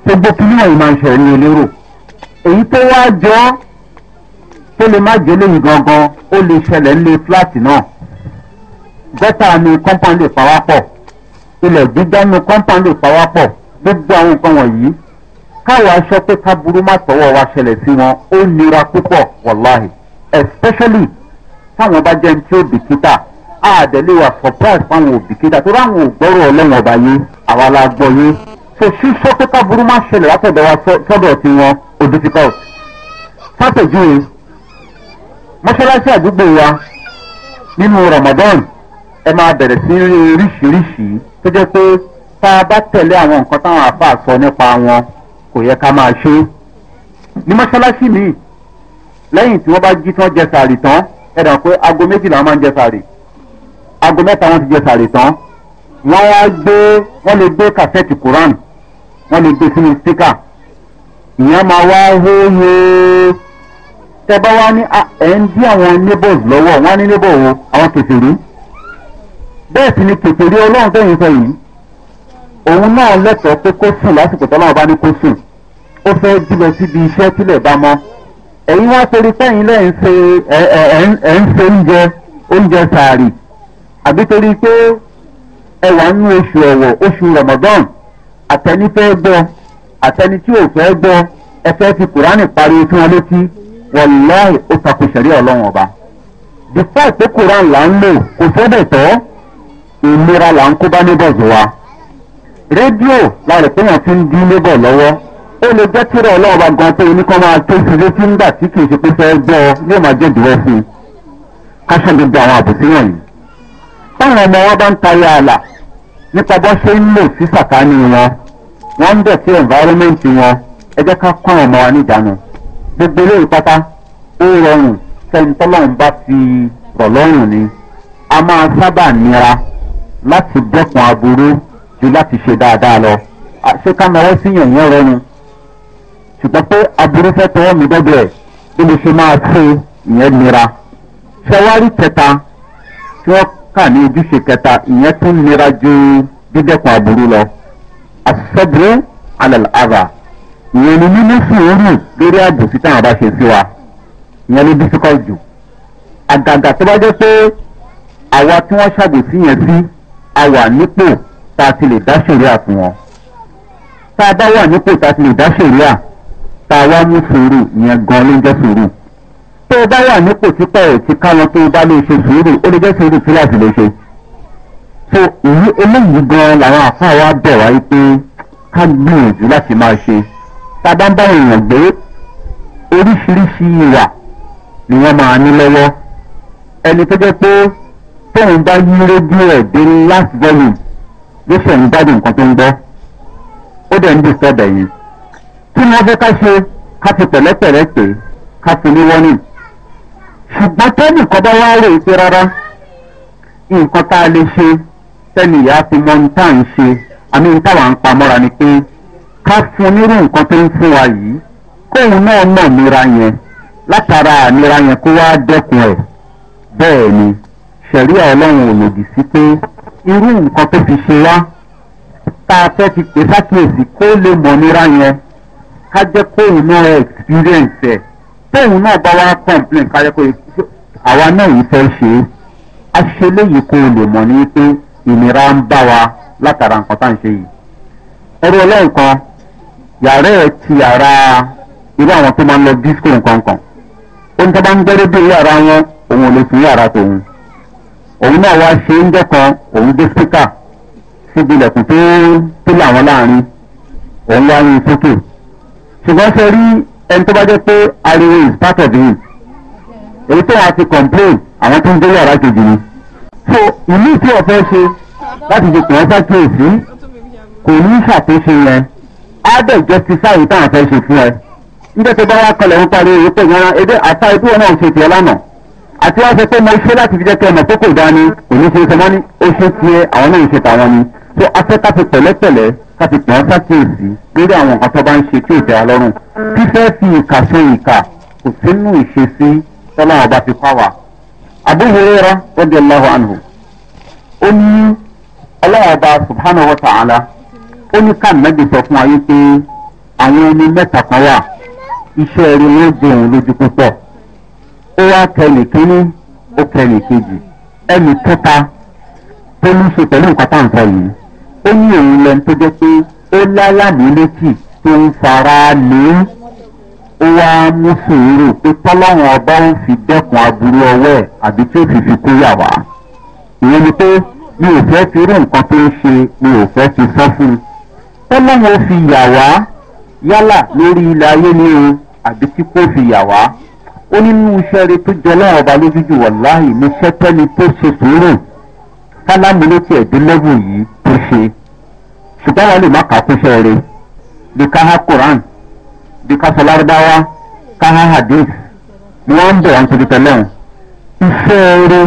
gbogbo kìnìún yìí máa ń ṣẹ̀rí elérò èyí tó wá jọ tó lè má jẹ́lé yìí gangan ó lè ṣẹlẹ̀ ńlẹ̀ fúláàtì náà gọ́tà ni kọ́ńpọ̀n lè pawápọ̀ ilẹ̀ gbígbá ni kọ́ńpọ̀n lè pawápọ̀ gbogbo àwọn nǹkan wọ̀nyí káwa sọ pé ká burú má tọwọ́ wa ṣẹlẹ̀ sí wọn ó nira púpọ̀ wàláhì especially táwọn bá jẹ́ tí ó bìkítà àdẹ̀lé wa surprise fáwọn òbìkítà tó ráwọn ògbọ́rọ̀ ọlọ́wọ̀n ọba yé àwa la gbọ́ yé so sísọ pé ká burú má ṣẹlẹ̀ látọ̀dọ̀ wa sọ́dọ̀ tiwọn ó difficult. sátẹ̀jú yìí mọ́ṣáláṣí àdúgbò wa nínú ramadan ẹ máa bẹ̀rẹ̀ sí rí oríṣiríṣi tó jẹ́ pé tá a bá tẹ̀lé àwọn nǹkan táwọn àáfàá sọ nípa wọn kò yẹ ká máa ṣe é ní mọ́ṣáláṣí mi lẹ́yìn tí wọ́n bá jí tán jẹ sàrì tán ẹ dà pé aago méjìlá máa ń jẹ sàrì aago mẹ́ta wọ́n ti jẹ sàrì tán wọ́n wá gbé wọ́n lè gbé kàfẹ́ẹ̀tì koran wọ́n lè gbé sínú spíkà ìyẹn máa wá hóhóó tẹ́bá wá ní ẹ̀ ń dí àwọn neighbors lọ́wọ́ wọ́n á ní neighbor o àwọn kẹfìrí bẹ́ẹ̀ sì ni kẹfìrí ọlọ́run tẹ̀yìn sọ yìí òun náà lẹ́tọ̀ọ́ pé kó sùn lásìkò tọ́lọ́run bá ní kó sùn ó fẹ́ jùlọ síbi iṣẹ́ tílẹ̀ bá mọ́ ẹ̀yin wá torí sẹ́yìn lẹ́yìn ṣe ẹ̀ ń ṣe oúnjẹ oúnjẹ sàárì àbí torí pé ẹ wà nínú oṣù ọ̀wọ̀ oṣù ramadan àtẹni fẹ́ gbọ́ àtẹni tí ò fẹ́ gbọ́ ẹ fẹ́ fi kùránì pariwo fún wọn létí wọláì ó takò sẹ̀rí ọlọ́run ọba despite pé koran là ń lò kò sẹ́bẹ̀ tọ́ ìlera là ń kó bá neighbors wa rédíò la rẹ̀ pé wọ́n ti ń dín neighbor lọ́wọ́ ó lè jẹ́ kíra ọlọ́run ọba gan pé oníkan máa tó sí létí ńgbà tí kì í ṣe pé fẹ́ gbọ́ ọ yóò máa jẹ́ ìdíwọ́ fún un ká ṣe gbogbo àwọn àbòsí wọ̀nyí táwọn ọmọ wọn bá ń tayọ ààlà nípa bọ́n ṣe ń lò sí sàkání wọn wọ́n ń dẹ̀ sí environment wọn ẹ ká kọ́ ọmọ wa níjànú gbogbo eléyìí pátá ó rọrùn sẹ́ńtọ́lọ́run bá fi rọ̀ lọ́rùn ni a máa sábà nira láti dẹ́kun aburú ju láti ṣe dáadáa lọ ṣé ká náwó sí yẹ̀yẹ́ rọrùn ṣùgbọ́n pé aburú fẹ́ tọwọ́ mi dọ́dọ̀ ẹ̀ bí mo ṣe máa ṣe ìyẹn nira ṣẹwárí kẹta tí wọ́n kà ní ojúṣe kẹta ìyẹn tún nira ju dídẹ́kun aburú lọ àṣìṣẹ́ bìrẹ́ alẹ́ àbá ìyẹn ni nínú sùúrù lórí àbòsí táwọn bá ṣe sí wa ìyẹn ló difficult jù àgàgà tó bá jẹ́ pé àwa tí wọ́n ṣàbòsí yẹn sí a wà nípò tá a ti lè dá sòríà fún wọn tá a bá wà nípò tá a ti lè dá sòríà tá a wá mú sùúrù ìyẹn gan ló ń jẹ́ sùúrù tó o bá wà nípò tí pẹ̀ ò ti ká wọn tó o bá lè ṣe sùúrù ó lè jẹ́ sùúrù tí láti lè ṣe so èyí eléyìí gan làwọn àfáà wa bẹ̀ wá wípé ká gbìyànjú láti máa ṣe tàbá ń bá èèyàn gbé oríṣiríṣi ìwà ni wọ́n máa ní lọ́wọ́ ẹni tó jẹ́ pé tóun bá yí rédíò ẹ̀ dé last volume ló ṣe ń gbádùn nǹkan tó ń gbọ́ ó dẹ̀ ń bù sọ́dọ̀ yìí kí ni wọ́n fẹ́ ká ṣe ká fi pẹ̀lẹ́pẹ̀lẹ́ pè ká fi ní wọ́nì ṣùgbọ́n tẹ́nìkan bá wá rè pé rárá nǹkan tá a lè ṣe tẹ́nìyà fi mọ ní tá à ń ṣe àmì ní táwa ń pamọ́ra ni pé. ká fún nírú nǹkan tó ń fún wa yìí kóun náà mọ̀ nira yẹn látara ànira yẹn kó wá dẹ́kun ẹ̀ bẹ́ẹ̀ ni sẹ̀ríà ọlọ́run ò sí pé irú nǹkan tó fi ṣe wá tá a fẹ́ fi pè sákìyèsí kó lè mọ̀ nira yẹn ká jẹ́ kóun náà experience ẹ̀ tóun náà bá wá complain ká jẹ́ kó àwa náà yìí fẹ́ ṣe a ṣe léyìí kó o lè mọ̀ ní pé ìnira ń bá wa látara nǹkan tá yàrá ẹ̀ ti yàrá irú àwọn tó máa ń lọ disco nǹkan kan ó ní tó bá ń gbẹ́rẹ́ bí yàrá wọn òun ò lè sùn yàrá tòun òun náà wá ṣe ń dẹ́kan òun dé spíkà síbi ilẹ̀kùn tó tó làwọn láàrin òun wá rin sókè ṣùgbọ́n ṣe rí ẹni tó bá jẹ́ pé ariwo is part of him èyí tó wàá ti complain àwọn tó ń gbé yàrá kejì ni so ìlú tí ọ̀fẹ́ ṣe láti fi kàn án sákèésí kò ní ṣàtúnṣe yẹn ádẹ̀jẹ́ ti sáyé táwọn fẹ́ ṣe fún ẹ nítorí bá wá kọlẹ̀ ń parí èyí pé yàrá èdè àṣà ibú wọn náà ṣe tiẹ̀ lánàá àti wọn sọ pé mo ṣe láti fi jẹ́ kí ẹ mọ̀ pé kò dání òní ṣe sọmọ́ ní oṣù tiẹ̀ àwọn náà ń ṣe tàwọn ni tó afẹ́ ká fi pẹ̀lẹ́pẹ̀lẹ́ ká fi pọ̀ sákèésí lórí àwọn nǹkan tó bá ń ṣe tí ò tẹ̀ wá lọ́rùn fífẹ́ fi ìkà ṣe ìkà kò sínú ìṣesí tọ́lá ọba ti kọ́ wa abúhùrẹ́rà rọ́bì aláhùn àná subhanahu wa ta'ala ó ní kàmẹ́dì sọ fún ayé pé àwọn ẹni mẹ́ta kan wà iṣẹ́ rí wọ́n jẹ òun lójú púpọ̀ ó wá kẹlì kínní ó kẹlì kejì ẹnì kẹta tó ní ṣe pẹ̀lú nǹkan tá à ń sọ yìí ó ní òun lẹnu tó jẹ́ pé ó lálàmì létí tó ń fara lé ó wá mú sòwúrò pé tọ́lọ́run ọba ń fi dẹ́kun aburú ọwọ́ ẹ̀ àbí tí ó fi fi kú yà wá ìyẹn ni pé mi ò fẹ́ fi irú nǹkan tó ń ṣe mi ò fẹ́ fi sọ fún un tọ́lọ́hún ó fi yà wá yálà lórí ilẹ̀ ayé ni o àbí tí kò fi yà wá ó nínú iṣẹ́ rẹ tó jọ lọ́wọ́ ọba lójú jù wọ̀ láàyè ní sẹ́tẹ́ni tó ṣe sùúrù sálámù ló tiẹ̀ dé lẹ́bù yìí tó ṣe ṣùgbọ́n wọn lè má kà á kúṣẹ́ rẹ bí ká há quran bí ká sọ lárúbáwá ká há hadith ni wọ́n ń bẹ̀rẹ̀ ń torí tẹ́lẹ̀ wọn. iṣẹ́ rẹ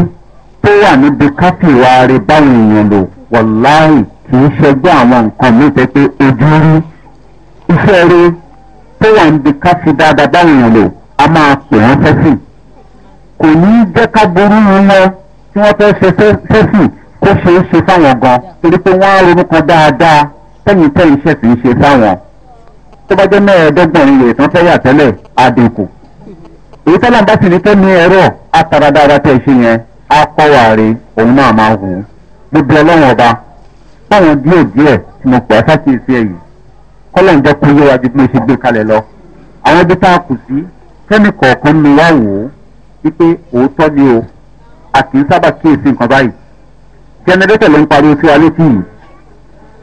tó wà níbi káfíńwá rẹ báwọn èèyàn lò wọ̀ láàyè kì í ṣẹgbẹ́ àwọn nǹkan mi tẹ́ pé ojú rí iṣẹ́ rí tó wà níbi ká fi dáadáa báwọn èèyàn lò a máa pè wọ́n fẹ́sìn kò ní í jẹ́ ká burú wọn tí wọ́n fẹ́ ṣe fẹ́sìn kó ṣe é ṣe fáwọn gan torí pé wọ́n á ronú kan dáadáa tẹ́yìn tẹ́yìn ṣẹ̀ sì ń ṣe fáwọn tó bá jẹ́ mẹ́ẹ̀ẹ́dọ́gbọ̀n ilẹ̀ tán fẹ́ yà tẹ́lẹ̀ àdínkù èyí tẹ́lẹ̀ bá sì ní kẹ́mi ẹ̀rọ àtàràdára tẹ̀ ṣe yẹn á pọ̀ wàre òun náà máa hù gbogbo ọlọ́run ọba báwọn díẹ̀ díẹ̀ tí mo pẹ̀ sákìsí ẹ̀ yìí kọ́lọ́n jẹ́ kó yé wa ju bí mo ṣe gbé kalẹ̀ lọ àwọn ibi tá a kù sí kẹ́mi kọ̀ọ̀kan mi wá wò ó wípé òótọ́ ni o a kì í sábà kíyèsí nǹkan báyìí jẹnẹrétọ̀ ló ń pariwo sí wa létí yìí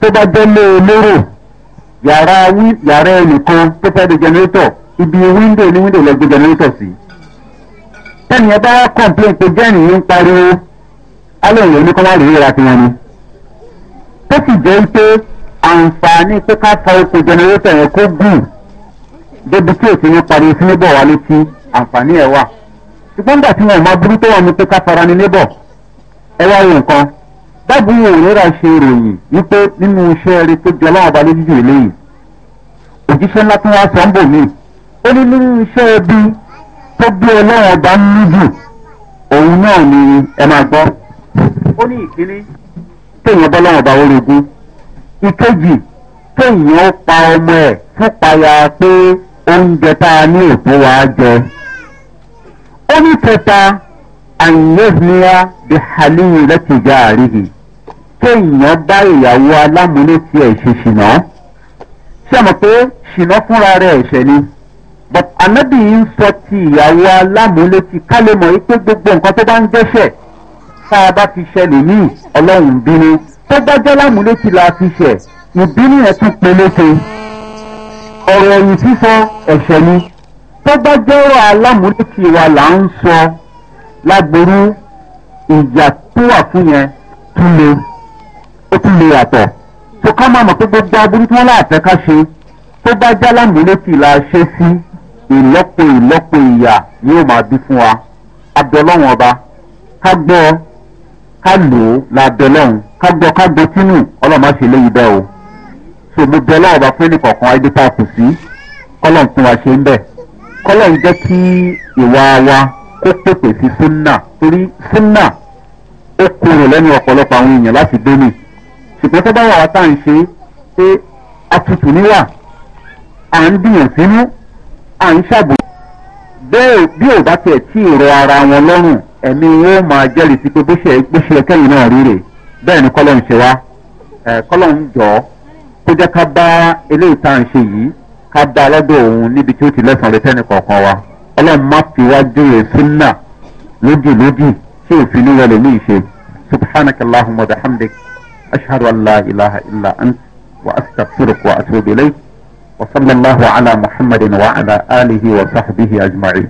tó bá jẹ́ lé e lérò yàrá yàrá ẹnìkan tó fẹ́ di jẹnẹrétọ̀ ibi wíńdò ní wíńdò lọ gbé jẹnẹrétọ̀ sí tẹ́niyàn bá wá kọ̀ǹpléǹ pé jẹ́rìí ń pariwo alẹ́ òun ní kọ́ wá rèé ra tiwọn ni. tó sì jẹ́ pé àǹfààní pé ká fa oko jẹnẹrétọ̀ yẹn kó gùn débi tí òsì ṣùgbọ́n tí wọn máa burú wà ní pé ká fara ní níbọ̀ ẹ wá wo nǹkan ṣe ròyìn wípé nínú iṣẹ́ tó jọ eléyìí òjíṣẹ́ ńlá tí wọ́n sọ ń bò mí ó ní nínú iṣẹ́ ẹbí tó ní jù òun náà ni ẹ e téèyàn bọ́ lọ́wọ́ bá orogún ìkejì téèyàn ó pa ọmọ ẹ̀ fún payà pé oúnjẹ tá a ní òtó wàá jẹ ó ní kẹta àyẹ̀fìnìyà bí halimu lẹ́tọ̀jà àríhì kéèyàn bá ìyàwó alámúlétí ẹ̀ ṣe ṣìnà ṣe mọ̀ pé ṣìnà fúnra rẹ̀ ẹ̀ṣẹ̀ ni but anabi ń sọ ti ìyàwó alámúlétí ká lè mọ̀ wípé gbogbo nǹkan tó bá ń jẹ́ṣẹ̀ tá a bá ti ṣẹlẹ̀ míì ọlọ́run ń bínú tó dájọ́ lámúlétí la fi ṣẹ̀ ìbínú yẹn tún peléke ọ̀rọ̀ ẹ̀yìn fífọ ẹ̀ṣẹ̀ ni tó dájọ́ alámúlétí wa là ń sọ lágbóró ìjà tó wà fún yẹn tún le ó tún le yàtọ̀ tó ká má mọ̀ pé gbogbo aburú tí wọ́n láàfẹ́ ká ṣe tó bá já lámúlétí la ṣe sí ìlọ́po ìlọ́po ìyà yóò máa bí fún wa abdọ́lọ́wọ́n ọba ká gbọ́ ọ ká lò ó la bẹ lọ́hùn ká gbọ́ ká gbọ́ sínú ọlọ́mọ ṣe léyìí bẹ́ẹ̀ o so mo bẹ lọ́wọ́ bá fún ẹnìkọ̀ọ̀kan ẹbí tá a kù sí kọ́lọ̀ ń fún wa ṣe ń bẹ̀ kọ́lọ̀ ń jẹ́ kí ìwà wa kó pèpè sí súnà torí súnà ó kúrò lẹ́nu ọ̀pọ̀lọpọ̀ àwọn èèyàn láti dé mi ṣùgbọ́n tó bá wà wá tá à ń ṣe pé atutù níwà à ń dìyàn sínú à ń ṣàbò bẹ́ẹ̀ bí ò bá tiẹ̀ tí ì rọ ara wọn lọ́rùn ẹ̀mí wọn ó máa jẹ́rìí sí pé bó ṣe bó ṣe kẹ́yìn náà rí bẹ́ẹ̀ ni kọ́lọ́n ṣe wá kọ́lọ́n jọ kó jẹ́ ká bá eléyìí tá à ń ṣe yìí ká bá alọ́dọ̀ òun níbi tí ó ti lẹ́sàn rẹ tẹ́nì kọ̀ọ̀kan wa ọlọ́run má fi wá jòyè súnà lójì lójì tí òfin ní wọlé ní ìṣe subhanakallahumma wa bihamdik ashhadu ilaha illa ant wa astaghfiruka wa atubu ilayk وصلى الله على محمد وعلى آله وصحبه أجمعين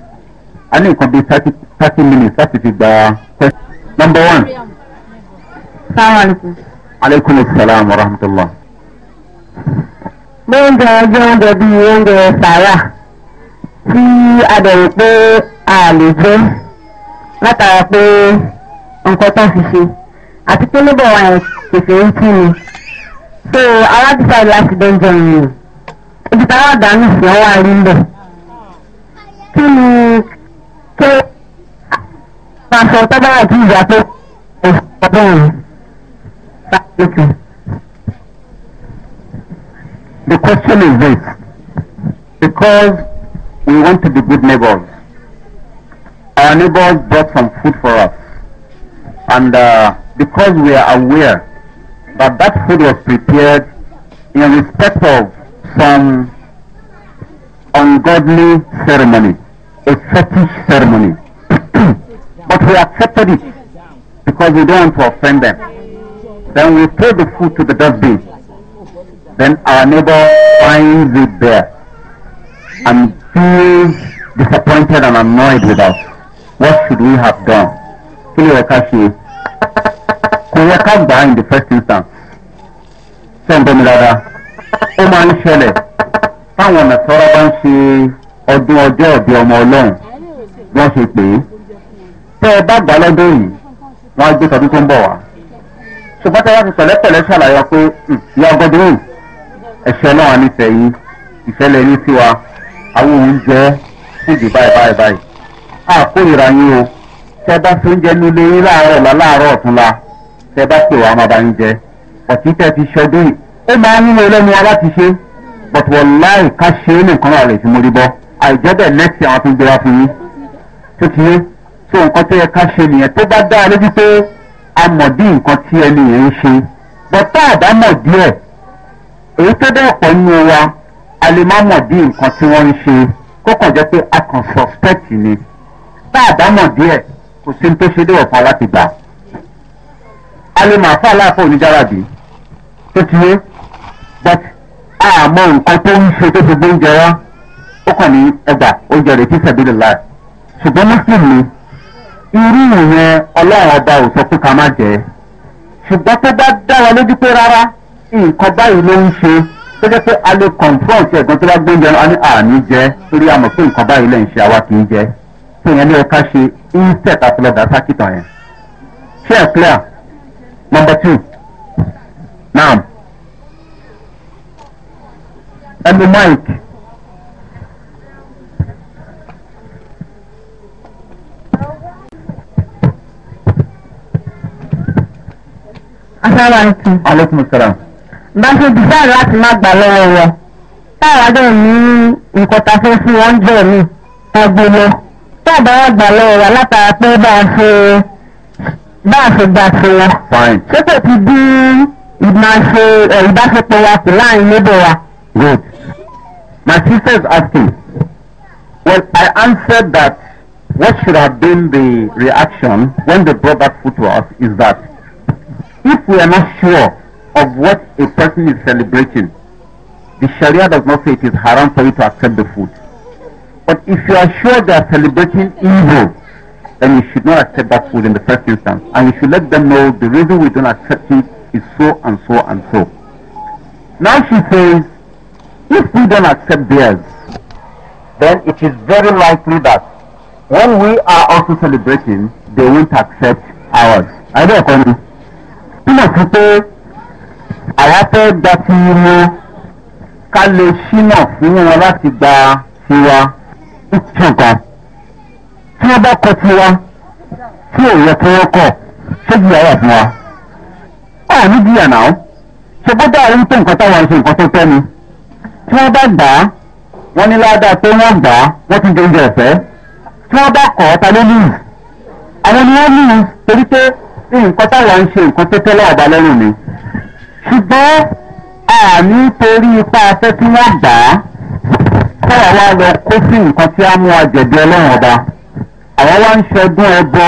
a ní nǹkan bíi thirty thirty minutes láti fi gba question. number one. salaamaleykum. aleykum salaam wa rahmatulah. mo ń jẹ ọjọ́ oúnjẹ bíi oúnjẹ sàrà tí a bẹ̀rù pé a lè jẹ́ látara pé nǹkan tó fi ṣe àti pé níbọ̀ wà yẹn kèké ń kí ni so aláàbísà láti dẹ́njọ́ yìí ibi táwọn àdánù sí ọwọ́ àrí ń bẹ̀. kí ni ké máa sọ tọ́gbà ìyá tó ọdún rẹ̀ ṣáàtìkì. The question is this because we want to be good neighbors. Our neighbors brought some food for us, and uh, because we are aware that that food was prepared in respect of some ungodly ceremony, a fetish ceremony. (clears throat) but we accepted it because we don't want to offend them. Then we throw the food to the dustbin. Then our neighbor finds it there and feels disappointed and annoyed with us. What should we have done? Kiliwekashi, Kuweka in the first instance. Send them ó máa ń ṣẹlẹ̀ táwọn bá ń ṣe ọdún ọjọ́ ọmọ ọlọ́run wọ́n ṣe pé tẹ́ ẹ bá gbà lọ́dún yìí wọ́n á gbé tọdún tó ń bọ̀ wá ṣùgbọ́n tẹ́ wá ti pẹ̀lẹ́pẹ̀lẹ́ ṣàlàyé pé hmm, ìyá ọgọ́dún ẹ̀ṣẹ̀ náà wà ní àwọn oúnjẹ báyìí báyìí yín o tẹ́ bá fi oúnjẹ yín láàárọ̀ láàárọ̀ ó máa ń wúwo lẹ́nu wa láti ṣe but wọ̀láì ká ṣe é nìkan náà rẹ̀ tí mo rí bọ́ àìjẹ́ bẹ́ẹ̀ nẹ́ẹ̀sì àwọn tó ń gbéra fún yín tó ti yé tó nǹkan tó yẹ ká ṣe nìyẹn tó bá dá a lójú pé a mọ̀ bí nǹkan tí ẹni yẹn ń ṣe but tá a bá mọ̀ díẹ̀ èyí tó dẹ́ ọ̀pọ̀ nínú wa a lè má mọ̀ bí nǹkan tí wọ́n ń ṣe kó kàn jẹ́ pé a kàn suspect ni tá a bá mọ̀ díẹ̀ kò sí ní tó ṣe déwọ̀ fún wa a lè mà fún aláàfọ̀ oníjàràbí tó ti yé but àmọ́ nǹkan tó ń ṣe tó ti gbóúnjẹ wá ó kàn ní ẹgbà oúnjẹ rẹ̀ tí sẹ̀bí lè la ṣùgbọ́n mùsùlùmí irú ìyẹn ọlọ́run ọba ò sọ pé ká má jẹ́ ṣùgbọ́n tó bá dá wa lójú pé rárá nǹkan báyìí ló ń ṣe tó jẹ́ pé a lè confront ẹ̀gbọ́n tó bá gbóúnjẹ wá ní àní jẹ́ torí àmọ̀ pé nǹkan báyìí lè ń ṣe àwa kì í jẹ́ tó yẹn ní ẹ̀ka ṣe inset àtúlọ̀dà sákìtàn yẹn. ṣé clear number two now ẹnu mike. asalaamaleykum. aleykum salaam. báṣe dísáà láti má gbà lọ́wọ́ wọn táwa dẹ̀ ní nǹkan ta fẹ́ fún wọn jẹ́ mi agbo lọ táàbà wà gbà lọ́wọ́ wa látara pé bá a ṣe bá a ṣe gbà sí wọn. ṣé kò ti dín ìbáṣepọ̀ wa kù láàrin níbẹ̀ wa. good. My sister is asking, well, I answered that what should have been the reaction when they brought that food to us is that if we are not sure of what a person is celebrating, the Sharia does not say it is haram for you to accept the food. But if you are sure they are celebrating evil, then you should not accept that food in the first instance. And you should let them know the reason we don't accept it is so and so and so. Now she says, If we don't accept theirs, then it is very likely that when we are also celebrating, they won't accept ours. I don't ni. Túmọ̀ sí pé àwa fẹ́ gba ti wo ká lè ṣínà fún wọn láti gba tiwa ìtàgà. Tí wọ́n bá kọ tiwa tí ò yẹ kí wọ́n kọ̀ ṣé jìyà wà fún wa? Ọ̀ ní jìyà náà. Ṣé bó dáa rí nǹkan táwọn ṣe nǹkan tó tẹ́ ni? tí wọ́n bá gbà á wọ́n ní ládàá pé wọ́n gbà á wọ́n ti dóúnjẹ ẹ̀fẹ́ tí wọ́n bá kọ̀ ọ́ ló lù àwọn ni wọ́n lù torí pé nǹkan táwọn ń ṣe nǹkan tó tẹ́lẹ̀ ọ̀bà lọ́rùn ni ṣùgbọ́n àmì torí ipa afẹ́ tí wọ́n gbà á káwọn wá lọ kó sí nǹkan tí á mú àjẹ̀dẹ̀ ọlọ́run ọba àwọn wá ń ṣẹdún ẹbọ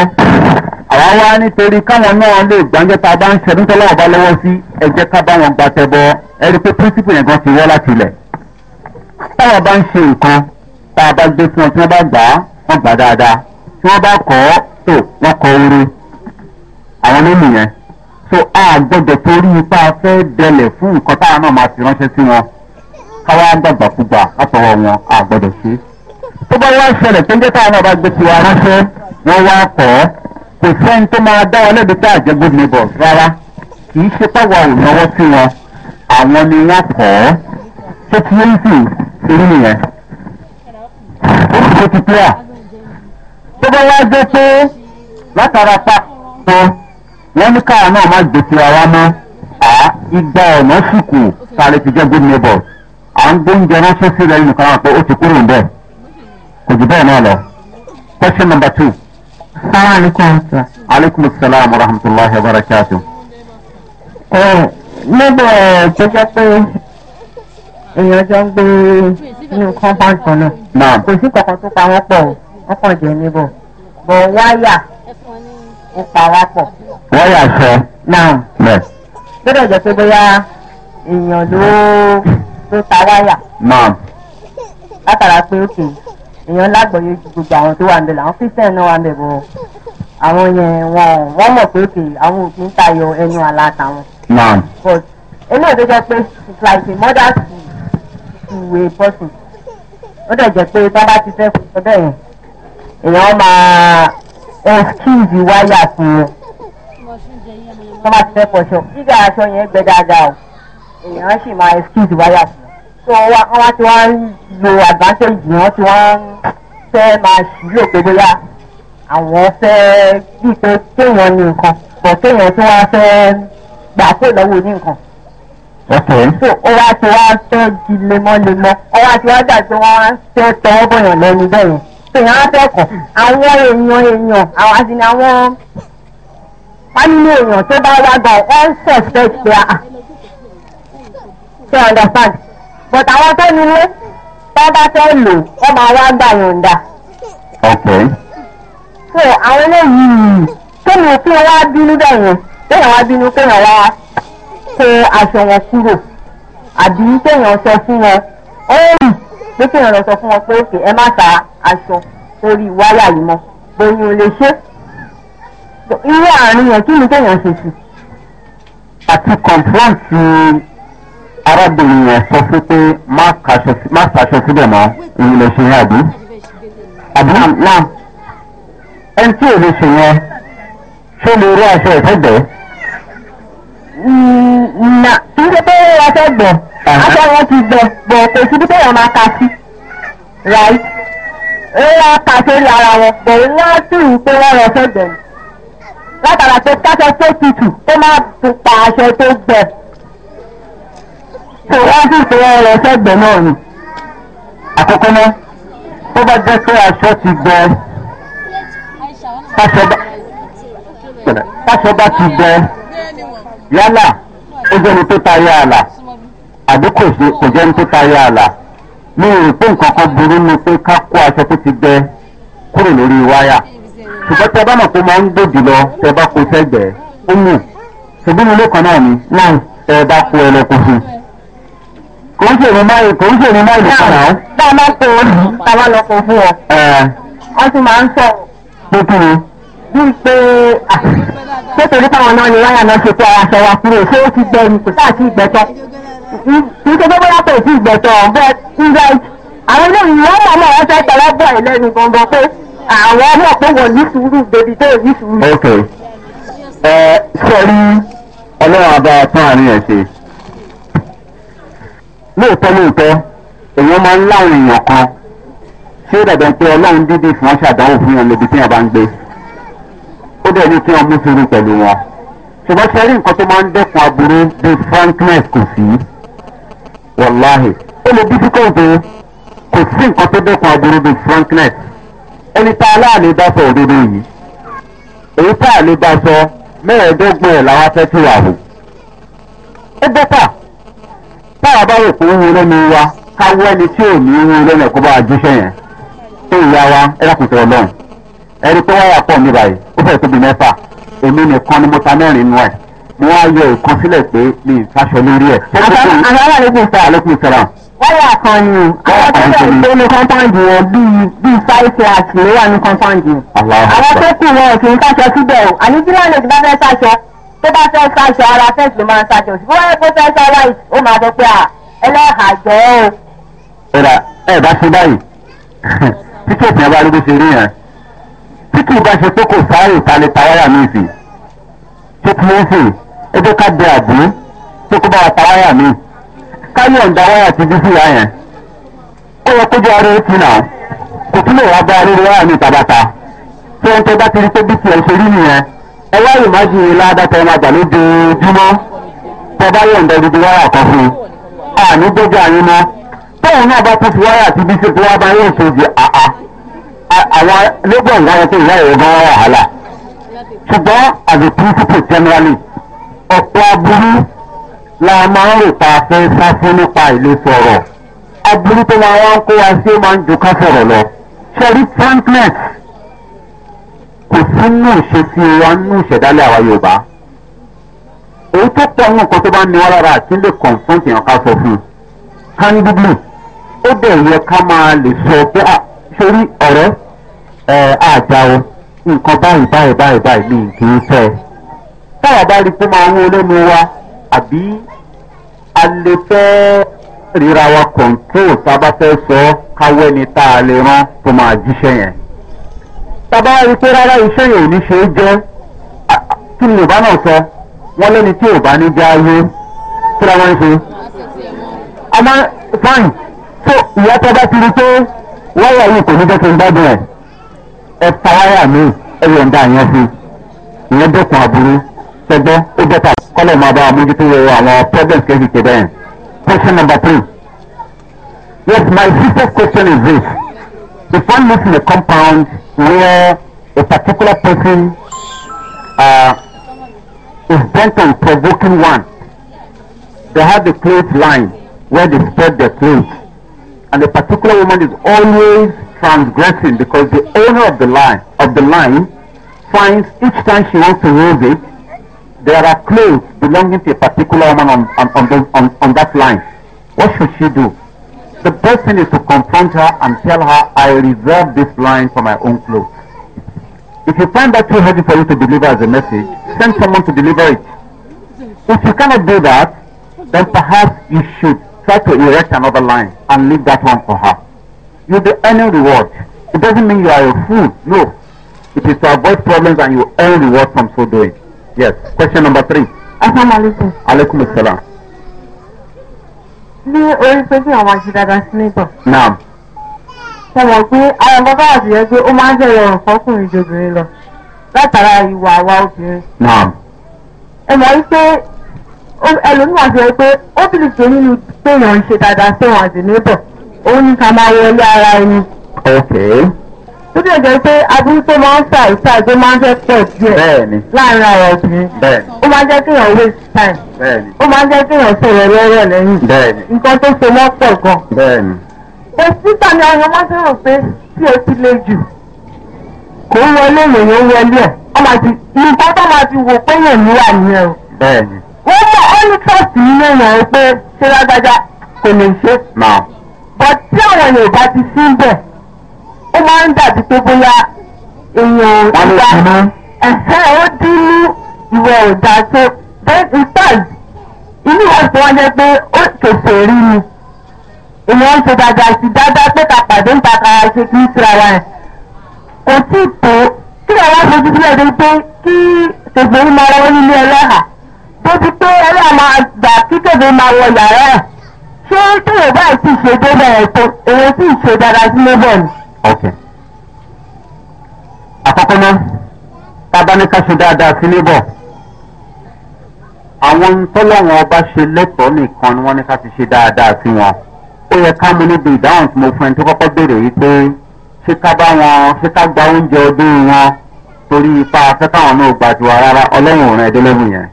àwọn wá nítorí káwọn náà lè gbàǹjẹ́ tá a bá ń ṣẹdún tọ́lọ́wọ́ bá lọ́wọ́ sí ẹ̀jẹ̀ ká bá wọn gbàtẹ́bọ ẹ̀rí pé píríncípù yẹn gan ti wọ́ láti ilẹ̀ táwọn bá ń ṣe nǹkan tá a bá gbé fún ọ tí wọ́n bá gbà á wọ́n gbà dáadáa tí wọ́n bá kọ́ ọ́ tó wọ́n kọ́ oore àwọn lónìí yẹn so a gbọ́dọ̀ torí ipá fẹ́ dẹlẹ̀ fún nǹkan táwọn náà máa fi ránṣẹ́ sí wọn káwá gbàgbàkúgbà látọwọ́ wọn a gbọ́dọ̀ ṣe tó bá wá ṣẹlẹ̀ tó ń jẹ́ táwọn náà bá gbé tiwa ránṣẹ́ wọ́n wá kọ́ kò sẹ́ni tó máa dá wọn lẹ́bi tá àjẹ́ good neighbors rárá kì í ṣe pàwọ́ ò náwó sí wọn àwọn ni wọ́n kọ́ ọ́ ṣé tí yẹn sì ṣe rí nìyẹn ó sì ṣe ti pé à tó bá wá jẹ́ pé látara pa kan wọ́n ní káà náà má gbèsè ara mọ́ à igba ọ̀nà sùkù sáré ti jẹ́ good neighbor à ń gbóúnjẹ ránṣẹ́ sí rẹ̀ nìkan àwọn pé ó ti kúrò ń bẹ̀ kò jù bẹ́ẹ̀ náà lọ. question number two. salaamaleykum. aleykum salaam wa rahmatulahi wa barakatu. ẹ níbo ẹ tó pé èèyàn jọ ń gbé inú compound kan náà kò sí kankan tó pa wọ́n pọ̀ wọ́n kàn jẹ́ níbọ̀ bọ̀ wáyà ó pa wọ́n pọ̀. wáyà sọ. náà gbọ́dọ̀ jẹ́ pé bóyá èèyàn ló ló ta wáyà. látara pé òkè èèyàn lágbọ̀ọ́yé ju gbogbo àwọn tó wà ń bẹ̀ làwọn christian náà wà ń bẹ̀ bọ̀ àwọn yẹn wọn wọ́n mọ̀ pé òkè àwọn òkè ń tayọ ẹnu àlá àtàwọn. but eléyìí tó jẹ́ pé it's like a murder to a person ó dẹ̀ jẹ́ pé tá bá ti fẹ́ fún ọ yẹn èèyàn máa excuse wáyà fún un tó bá ti fẹ́ fọṣọ gíga aṣọ yẹn gbẹ dáadáa o èèyàn sì máa excuse wáyà fún un tó wọ́n wá ti wá ń lo advantage yẹn tí wọ́n fẹ́ máa ṣílò pé bóyá àwọn fẹ́ bí pé kéèyàn ní nǹkan bọ̀ kéèyàn tí wọ́n fẹ́ gbà pé lọ́wọ́ ní nǹkan so ó wá ti wá fẹ́ di lemọ́lemọ́ ó wá ti wá dà pé wọ́n fẹ́ tọwọ́ bọ̀yàn lẹ́nu bẹ́ẹ̀ yẹn èèyàn á fẹ́kọ̀ àwọn èèyàn èèyàn àwọn àti àwọn fámìlì èèyàn tó bá wá gan ọ́ ń sẹ̀fẹ́ pé a ah, ah. ṣe understand but àwọn tó nílé tó bá fẹ́ lò ó máa wá gbà yọ̀ǹda. so àwọn eléyìí kéèyàn kí wọ́n wá bínú bẹ́ẹ̀ yẹn wá bínú kéèyàn wá kó aṣọ wọn kúrò àbí kéèyàn sọ fún wọn ó rì pé kéèyàn lọ sọ fún wọn pé òkè ẹ má ta aṣọ torí wáyà yìí mọ bóyá o lè ṣe irú àárín yẹn kí ni kéèyàn ṣe sí. àti kọ̀ǹfúrọ̀ǹsì arábìnrin yẹn sọ fún pé má ṣàṣọ síbẹ̀ mọ́ èyí lè ṣe yẹn àbí. àbí náà náà ẹni tí ò lè ṣe yẹn ṣé lè rí aṣọ ìfẹ́ bẹ́ẹ̀ kì í ṣe pé wọ́n fẹ́ gbọ̀ aṣọ wọn ti gbọ̀ bọ̀ kò sí bí téèyàn máa ka sí right ńlá ka sórí ara wọn bọ̀ ńlá sì ń pé wọ́n rọ sẹ́gbẹ̀ ni látara pé káṣọ tó tutù tó máa pa aṣọ tó gbẹ tó wọ́n sì pé wọ́n rọ sẹ́gbẹ̀ náà ni àkọ́kọ́ náà tó bá jẹ́ pé aṣọ ti gbẹ káṣọ bá ti gbẹ. yálà ó jẹ́ ní tó tayé àlà àbí kò tó tayé àlà mi ò rò pé nǹkan kan burú ni pé ká kó aṣọ tó kúrò lórí wáyà ṣùgbọ́n tí a bá mọ̀ pé máa ń bá kó ó ṣùgbọ́n ilé kan náà ni tẹ bá kó fún kò ń lọ kó fún ọ. wọ́n máa ń sọ̀rọ̀. nítorí táwọn náà ni wáyà náà ṣe pé ara aṣọ wa kúrò ṣé ó ti gbẹ ni kò sáà sí ìgbẹ́tọ́ kì í ṣe pé bóyá kò sí ìgbẹ́tọ́ ọ̀gbẹ́ ǹjẹ́ àwọn eléyìí wọ́n mọ̀ náà wọ́n fẹ́ tẹ̀lé bọ̀ ẹ̀ lẹ́nu gbọ̀ngàn pé àwọn ọmọ pé wọ́n ní sùúrù bèbí tó ní sùúrù. ok ẹ sẹ́rí ọlọ́run abá tán àárín ẹ̀ ṣe lóòótọ́ lóòótọ́ èèyàn máa ń láwọn èèyàn kan ṣé dàgbà pé ọlọ́run dídì fún ọ fún yàn ó dẹ̀ ní kí wọ́n mú sínú pẹ̀lú wọn. ṣùgbọ́n ṣe rí nǹkan tó máa ń dẹ́kun aburú bí frankness kò sí wàláhì ó lè difficult o kò sí nǹkan tó dẹ́kun aburú bí frankness ẹni tá a láàlè bá sọ òdodo yìí èyí tá a lè bá sọ mẹ́ẹ̀ẹ́dọ́gbọ̀n ẹ̀ làwọn afẹ́ tí wà wò ó dẹ́pà táwa bá rò pé ó hun lẹ́nu wa ká wọ́ ẹni tí ò ní í hun lẹ́nu ẹ̀kọ́ bá wa jíṣẹ́ yẹn tó ìyá wa ẹni tó wáyà pọ̀ mi báyìí ó fẹ́ẹ́ tóbi mẹ́fà èmi nìkan ni mo ta mẹ́rin nù ẹ̀ mo wá yọ ìkan sílẹ̀ pé mi ì fàṣọ lórí ẹ̀. àwọn aláàlẹ́kùn sọ̀rọ̀ àlẹ́kùn sọ̀rọ̀. wáyà kan ni àwọn tó bẹ̀rẹ̀ pé ní kọ́ńpáǹdì yẹn bíi bíi five flash ló wà ní kọ́ńpáǹdì. àwọn tó kù wọn ò kì í fàṣọ síbẹ̀ o àní bí láàlẹ́ ti bá fẹ́ fàṣọ tó bá fẹ́ fàṣọ ara fẹ́ ló máa fàṣọ ṣùgbọ́n wọ́n kó fẹ́ fẹ́ láì ó máa fẹ́ pé à ẹlẹ́hàjọ́ o. ẹ (laughs) tí kì í bá ṣe pé kò sáré ìtàlẹ̀ tàwáyà mi sí tó kí é jẹ́ ká bẹ àdúró tó kó bá wa tàwáyà mi káyọ̀ ń da wáyà ti dí síyà yẹn ó yẹ kó jẹ́ ara ó ti nà kò tún lè wá bá arére wáyà mi tabata tí wọ́n tẹ́ bá ti rí pé btl ṣe rí nìyẹn ẹ wá ìmájì ládàtọ̀ máa gbà lójoojúmọ́ tẹ bá yọ̀ ń dẹ gbogbo wáyà kan fún un àní gbogbo àyín mọ́ tóun náà bá tún fi wáyà ti dí sí kó wá bá yóò ṣe di àá àwọn labour and guarantee ìyá ìwé gan wàhálà ṣùgbọ́n as a principle generally ọ̀pọ̀ aburú la máa ń rò pa fẹ́ sá fún nípa ìlú sọ̀rọ̀ aburú tó máa wá ń kó wa sí ó máa ń ju ká sọ̀rọ̀ lọ ṣẹ́rí frankness kò sínú ìṣesí wa nínú ìṣẹ̀dálẹ̀ àwa yorùbá èyí tó pọ̀ ní nǹkan tó bá ní wá lára àti lè confront èèyàn ká sọ fún un candidly ó dẹ̀ yẹ ká máa lè sọ pé ah, sórí ọ̀rẹ́ ẹ̀ àjà o nǹkan báyìí báyìí báyìí báyìí mi kì í fẹ́ táwa bá rí pé máa wó lẹ́nu wa àbí a lè fẹ́ ríra wa kọ̀ǹtrol tá a bá fẹ́ sọ káwẹ́ ni tá a lè rán tó máa jíṣẹ́ yẹn tábà rí pé rárá iṣẹ́ yẹn ò ní ṣe é jẹ́ kí ni yorùbá náà sọ wọ́n lẹ́ni tí yorùbá ní jẹ́ ayé kí ni wọ́n ń ṣe. ọmọ fine so ìyá tó bá ti rí pé wáyà yìí kò ní jẹ́ kí n gbádùn ẹ̀ ẹ pa wáyà mi ẹ yọ̀ ń da àyàn sí ìyẹn dẹ́kun àbúrú tẹgbẹ́ ó bẹ́ta kọ́lẹ̀ máa bá amójútó yẹ àwọn problems kẹ́sì kẹ́ bẹ́ẹ̀. question number three yes my sister's question is this if one lives in a compound where a particular person uh, is bent on provoking one they have the clothes line where they spread their clothes and a particular woman is always transgressing because the owner of the line of the line finds each time she wants to use it there are clothes belonging to a particular woman on, on, on, the, on, on that line. What should she do? The best thing is to confront her and tell her, I reserve this line for my own clothes. If you find that too heavy for you to deliver as a message, send someone to deliver it. If you cannot do that, then perhaps you should try to erect another line and leave that one for her. You'll be earning reward. It doesn't mean you are a fool. No. It is to avoid problems and you earn reward from so doing. Yes. Question number three. Asalaamualeykum. Aleykum salaam. Ní orí pé kí àwọn àṣẹ dáadáa sí níbọ̀. Naam. Ṣé mọ̀ pé àwọn bàbá àtìyẹ́ pé ó máa ń jẹ́ ìrọ̀rùn fọkùnrin ju lọ látara ìwà àwa obìnrin. Naam. Ẹ mọ̀ wípé ẹlòmíràn ti rẹ pé ó sì lè ṣe nínú pé èèyàn ń ṣe dáadáa sẹ́wọ̀n àti níbọ̀ òun ni ká máa wọlé ara ẹni. tó dẹ̀ jẹ́ pé aburú tó máa ń ṣà ìṣà tó máa ń fẹ́ pọ̀ díẹ̀ láàrin ara obìnrin ó máa ń jẹ́ kí èèyàn waste time ó máa ń jẹ́ kí èèyàn sọ̀rọ̀ lọ́rọ̀ lẹ́yìn nǹkan tó so mọ́ pọ̀ gan. òsítà ni àwọn ọmọ sọ̀rọ̀ pé tí o ti le jù kò ń wọlé èèyàn wọlé ẹ̀ ọmọ àti nǹkan tó máa ti wò wọ́n mọ̀ ọ́nítọ́ọ̀sì ilé yẹn pé ṣé lágbájá kò lè ṣe. bọ̀ tí àwọn èèyàn bá ti sí bẹ̀ ó máa ń dàbí pé bóyá èèyàn ìgbà ẹ̀sẹ̀ ó dín ní ìwọ ọ̀dà tó then in fact inú ọ̀sẹ̀ wọn jẹ́ pé ó kèsè rí ni èèyàn ń ṣe dáadáa sí dáadáa pé ká pàdé ń takara ṣe kí ń tura wa yẹn kò tí tó kí ni àwọn afojú sílẹ̀ dé pé kí kèsè rí máa rọwọ́ nílé ẹlẹ́hàá débi pé ẹlẹ́ àmọ́ àgbà tí tèmi máa wọ yàrá ẹ̀ ṣé tèmi báyìí ti ṣe dé bẹ̀rẹ̀ tó èrè sì ṣe dára sí labour ni. ok àkọ́kọ́ náà tábánikà ṣe dáadáa sí labour àwọn tọ́lọ́wọ́n ọba ṣe lẹ́tọ̀ọ́ nìkan ni wọ́n ní ká ti ṣe dáadáa sí wọn ó yẹ ká mú níbi ìdáhùn tí mo fún ẹni tó kọ́kọ́ béèrè yìí pé ṣé ká bá wọn ṣé ká gba oúnjẹ ọdún wọn torí ipa afẹ́ káwọn náà gbàdúrà rárá ọlọ́run ò rán ẹdẹ lẹ́rù yẹn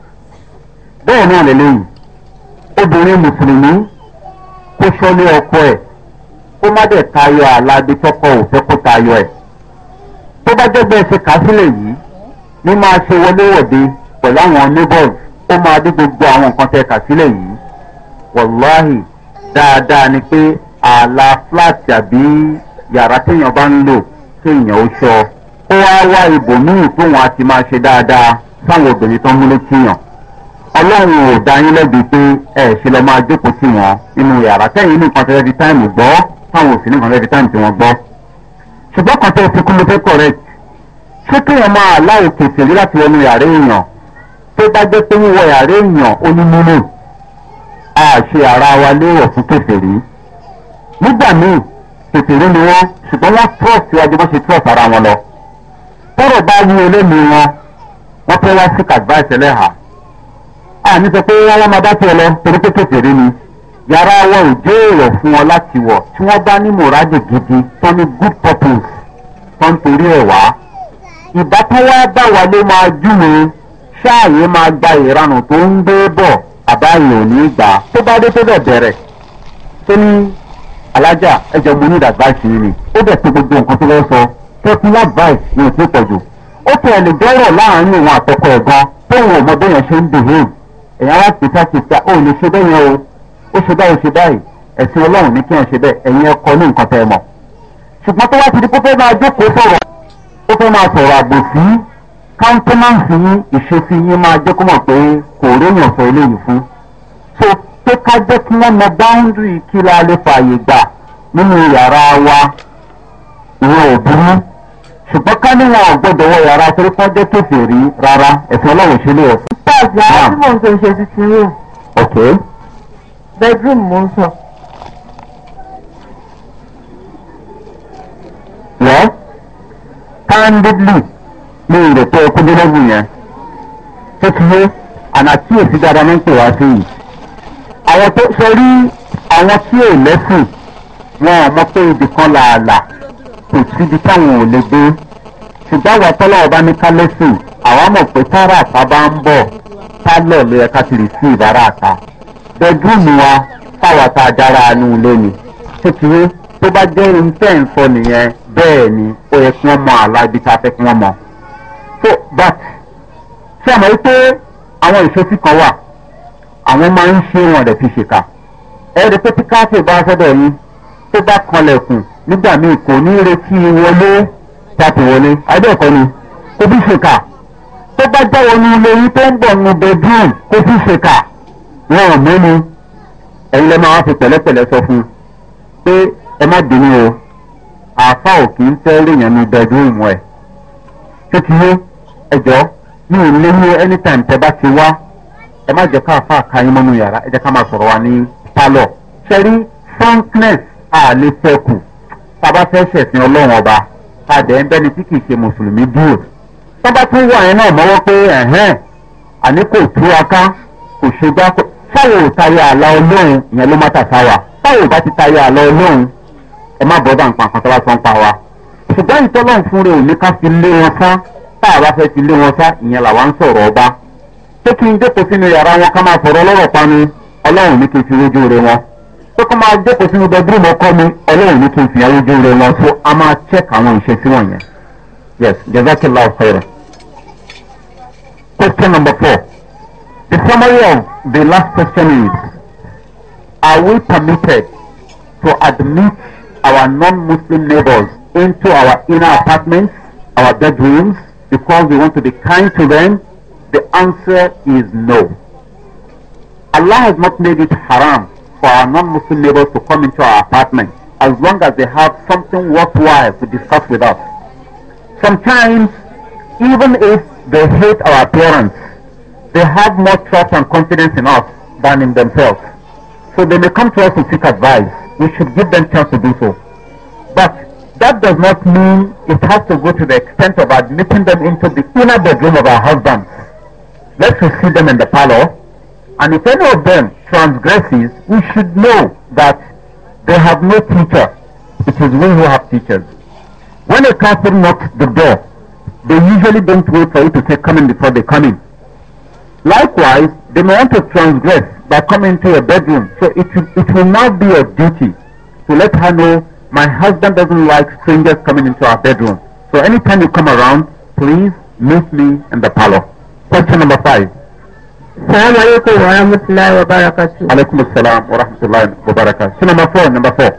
bẹ́ẹ̀ náà lè léyìn obìnrin mùsùlùmí kó sọlé ọkọ ẹ̀ kó má dẹ̀ tayọ àlàbí tọkọ ò fẹ́ kó tayọ ẹ̀ tó bá jẹ́ bẹ́ẹ̀ ṣe kà sílẹ̀ yìí ní máa ṣe wọléwọ̀de pẹ̀lú àwọn neighbors ó máa dé gbogbo àwọn nǹkan tẹ kà sílẹ̀ yìí wàláhì dáadáa ni pé ààlà fúláàtì àbí yàrá téèyàn bá ń lò kéèyàn ó ṣọ ó wá wá ibòmíì tóun á ti máa ṣe dáadáa sáwọn obìnrin tó ń múlé tíyàn ọlọ́run ò dá yín lẹ́bi pé ẹ ṣe lọ máa jókòó sí wọn nínú yàrá tẹ́yìn ní nǹkan tẹ́lẹ̀ fi táìmù gbọ́ táwọn ò sì ní nǹkan tẹ́lẹ̀ fi táìmù tí wọ́n gbọ́. ṣùgbọ́n kan tẹ́ ẹ fi kún mi fẹ́ correct ṣé kéèyàn máa láwò kèsì rí láti wọnú yàrá èèyàn tó bá jẹ́ pé wíwọ yàrá èèyàn ó ní múlò a ṣe ara wa léèwọ̀ fún kèsì rí. nígbà míì kèsì rí ni wọ́n ṣùgbọ́n wọ́n trust iwájú bó ṣe trust ara wọn lọ àní sọ pé wọ́n máa bá tiẹ̀ lọ torí pé kékeré ni yàrá wọ ìjẹ́ èrò fún ọ láti wọ̀ tí wọ́n bá ní mùrádì gidi tó ní good purpose tó ń torí ẹ̀ wá ìbátan wá bá wa ló máa júwe ṣáàyè máa gba ìranù tó ń gbé bọ̀ àbáyé ò ní gbà tó bá dé tó bẹ̀ bẹ̀rẹ̀ tó ní alájà ẹjọ mo ní advice yìí ni ó bẹ̀ tó gbogbo nǹkan tó lọ sọ personal advice ni ò tí pọ̀ jù ó tẹ̀ lè dọ́rọ̀ láàrin òun àtọkọ ẹ̀ gan tóun ò mọ ṣe ń behave èèyàn wá pè sákìsà ó lè ṣe bẹ́ẹ̀ yẹn o ó ṣe báyìí ṣe báyìí ẹ̀sìn ọlọ́run ní kí n ṣe bẹ́ẹ̀ ẹ̀yin ẹ̀kọ́ ní nǹkan tẹ́ mọ̀ ṣùgbọ́n tó wá ti di pé fẹ́ máa jókòó sọ̀rọ̀ ó fẹ́ máa sọ̀rọ̀ àgbòsí kọ́ńtẹ́náǹsì yín ìṣesí yín máa jẹ́ kó mọ̀ pé kò réyìn ọ̀sẹ̀ eléyìí fún so pé ká jẹ́ kí wọ́n mọ báńdìrì kí la lè fààyè gbà nínú yàrá wa ìwọ̀n ò burú ṣùgbọ́n ká níwọ̀n ọ̀gbọ́dọ̀ wọ yàrá torí kọ́ jẹ́ kéfèé rárá ẹ̀sìn ọlọ́run ṣe lè ọ̀fọ̀ bàjẹ́ àti mò ń sọ ìṣe tuntun room. ok. bedroom mò ń sọ. wọ́n candidly ní ìrètò ọkùnrinlẹ́gùn yẹn tó ti yé ànàkíyèsí dáadáa ní ń pè wá sí yìí. àwọn tó ṣe rí àwọn tí ò lẹ́sìn wọn ò mọ pé ibì kan làálàá kò síbi táwọn ò lè gbé. ṣùgbọ́n àwọn tọ́lọ́wọ́ ní kálẹ́sì àwọn mọ̀ pé àta bá ń bọ̀ tálọ̀ ló yẹ ti rì sí ìbára àta bẹ́ẹ̀dúùmù wa táwa ta dára anú ilé ni kékeré tó bá jẹ́ nìyẹn bẹ́ẹ̀ ni ó yẹ kí wọ́n mọ àlá ibi tá a fẹ́ kí wọ́n mọ. so but ṣé àmọ́ àwọn ìṣesí kan wà àwọn máa ń ṣe wọn rẹ̀ fi ṣèkà ẹ̀rọ pé tí bá tó bá kanlẹ̀kùn nígbà míì kò papò wọlé àbẹ́ẹ̀kọ́ ni kò fi ṣèkà tó bá jẹ́ wọnú ilé yìí tó ń bọ̀ nu bedroom kò fi ṣèkà fi sọ fún pé ẹ má dùn o àáfà ò kì í fẹ́ ríyàn nu bedroom ẹ̀ tó ti yé ẹjọ́ mi ò lé ní anytime tẹ bá ti wá ẹ má jẹ́ ká àáfà ka yín mọ́nú yàrá ẹ jẹ́ ká máa sọ̀rọ̀ wa ní pálọ̀ ṣẹ́rí frankness tá a bá fẹ́ ọlọ́run ọba tàdé ń bẹ́ni tí kì í ṣe mùsùlùmí dúró wọ́n bá tún wà náà mọ́wọ́ pé ẹ̀hẹ́n àní kò tú aká kò ò àlà ọlọ́run ìyẹn ló má ò bá àlà ọlọ́run ẹ má bọ́dà nǹkan kan tó bá sọ́n pa wa ṣùgbọ́n ìtọ́lọ́run fún rẹ̀ fi lé wọn sá tá a bá fẹ́ fi lé wọn sá ìyẹn làwa ń sọ̀rọ̀ ọba pé kí n jókòó sínú yàrá wọn ká máa sọ̀rọ̀ ọlọ́rọ̀ panu ọlọ́run ní kí n fi pé kó máa jókòó sínú bedroom ọkọ mi ọlọ́run ní kí n fìyàwó ojú rẹ wọn fún a máa check àwọn ìṣesí wọ̀nyẹn yes jazakillah khairan. question number four the summary of the last question is are we permitted to admit our non-muslim neighbors into our inner apartments our bedrooms because we want to be kind to them the answer is no allah has not made it haram for our non-Muslim neighbors to come into our apartment as long as they have something worthwhile to discuss with us. Sometimes, even if they hate our appearance, they have more trust and confidence in us than in themselves. So they may come to us to seek advice. We should give them chance to do so. But that does not mean it has to go to the extent of admitting them into the inner bedroom of our husbands. Let's receive them in the parlor And if any of them transgresses, we should know that they have no teacher. It is we who have teachers. When a kafir knocks the door, they usually don't wait for you to say come in before they come in. Likewise, they may want to transgress by coming to your bedroom. So it, it will now be your duty to let her know my husband doesn't like strangers coming into our bedroom. So anytime you come around, please meet me in the parlor. Question number five. Salamu alaikum wa rahmatulahi wa barakatu. Aleykum salaam wa rahmatulahi wa barakatu. Ṣé nọmba four nọmba four?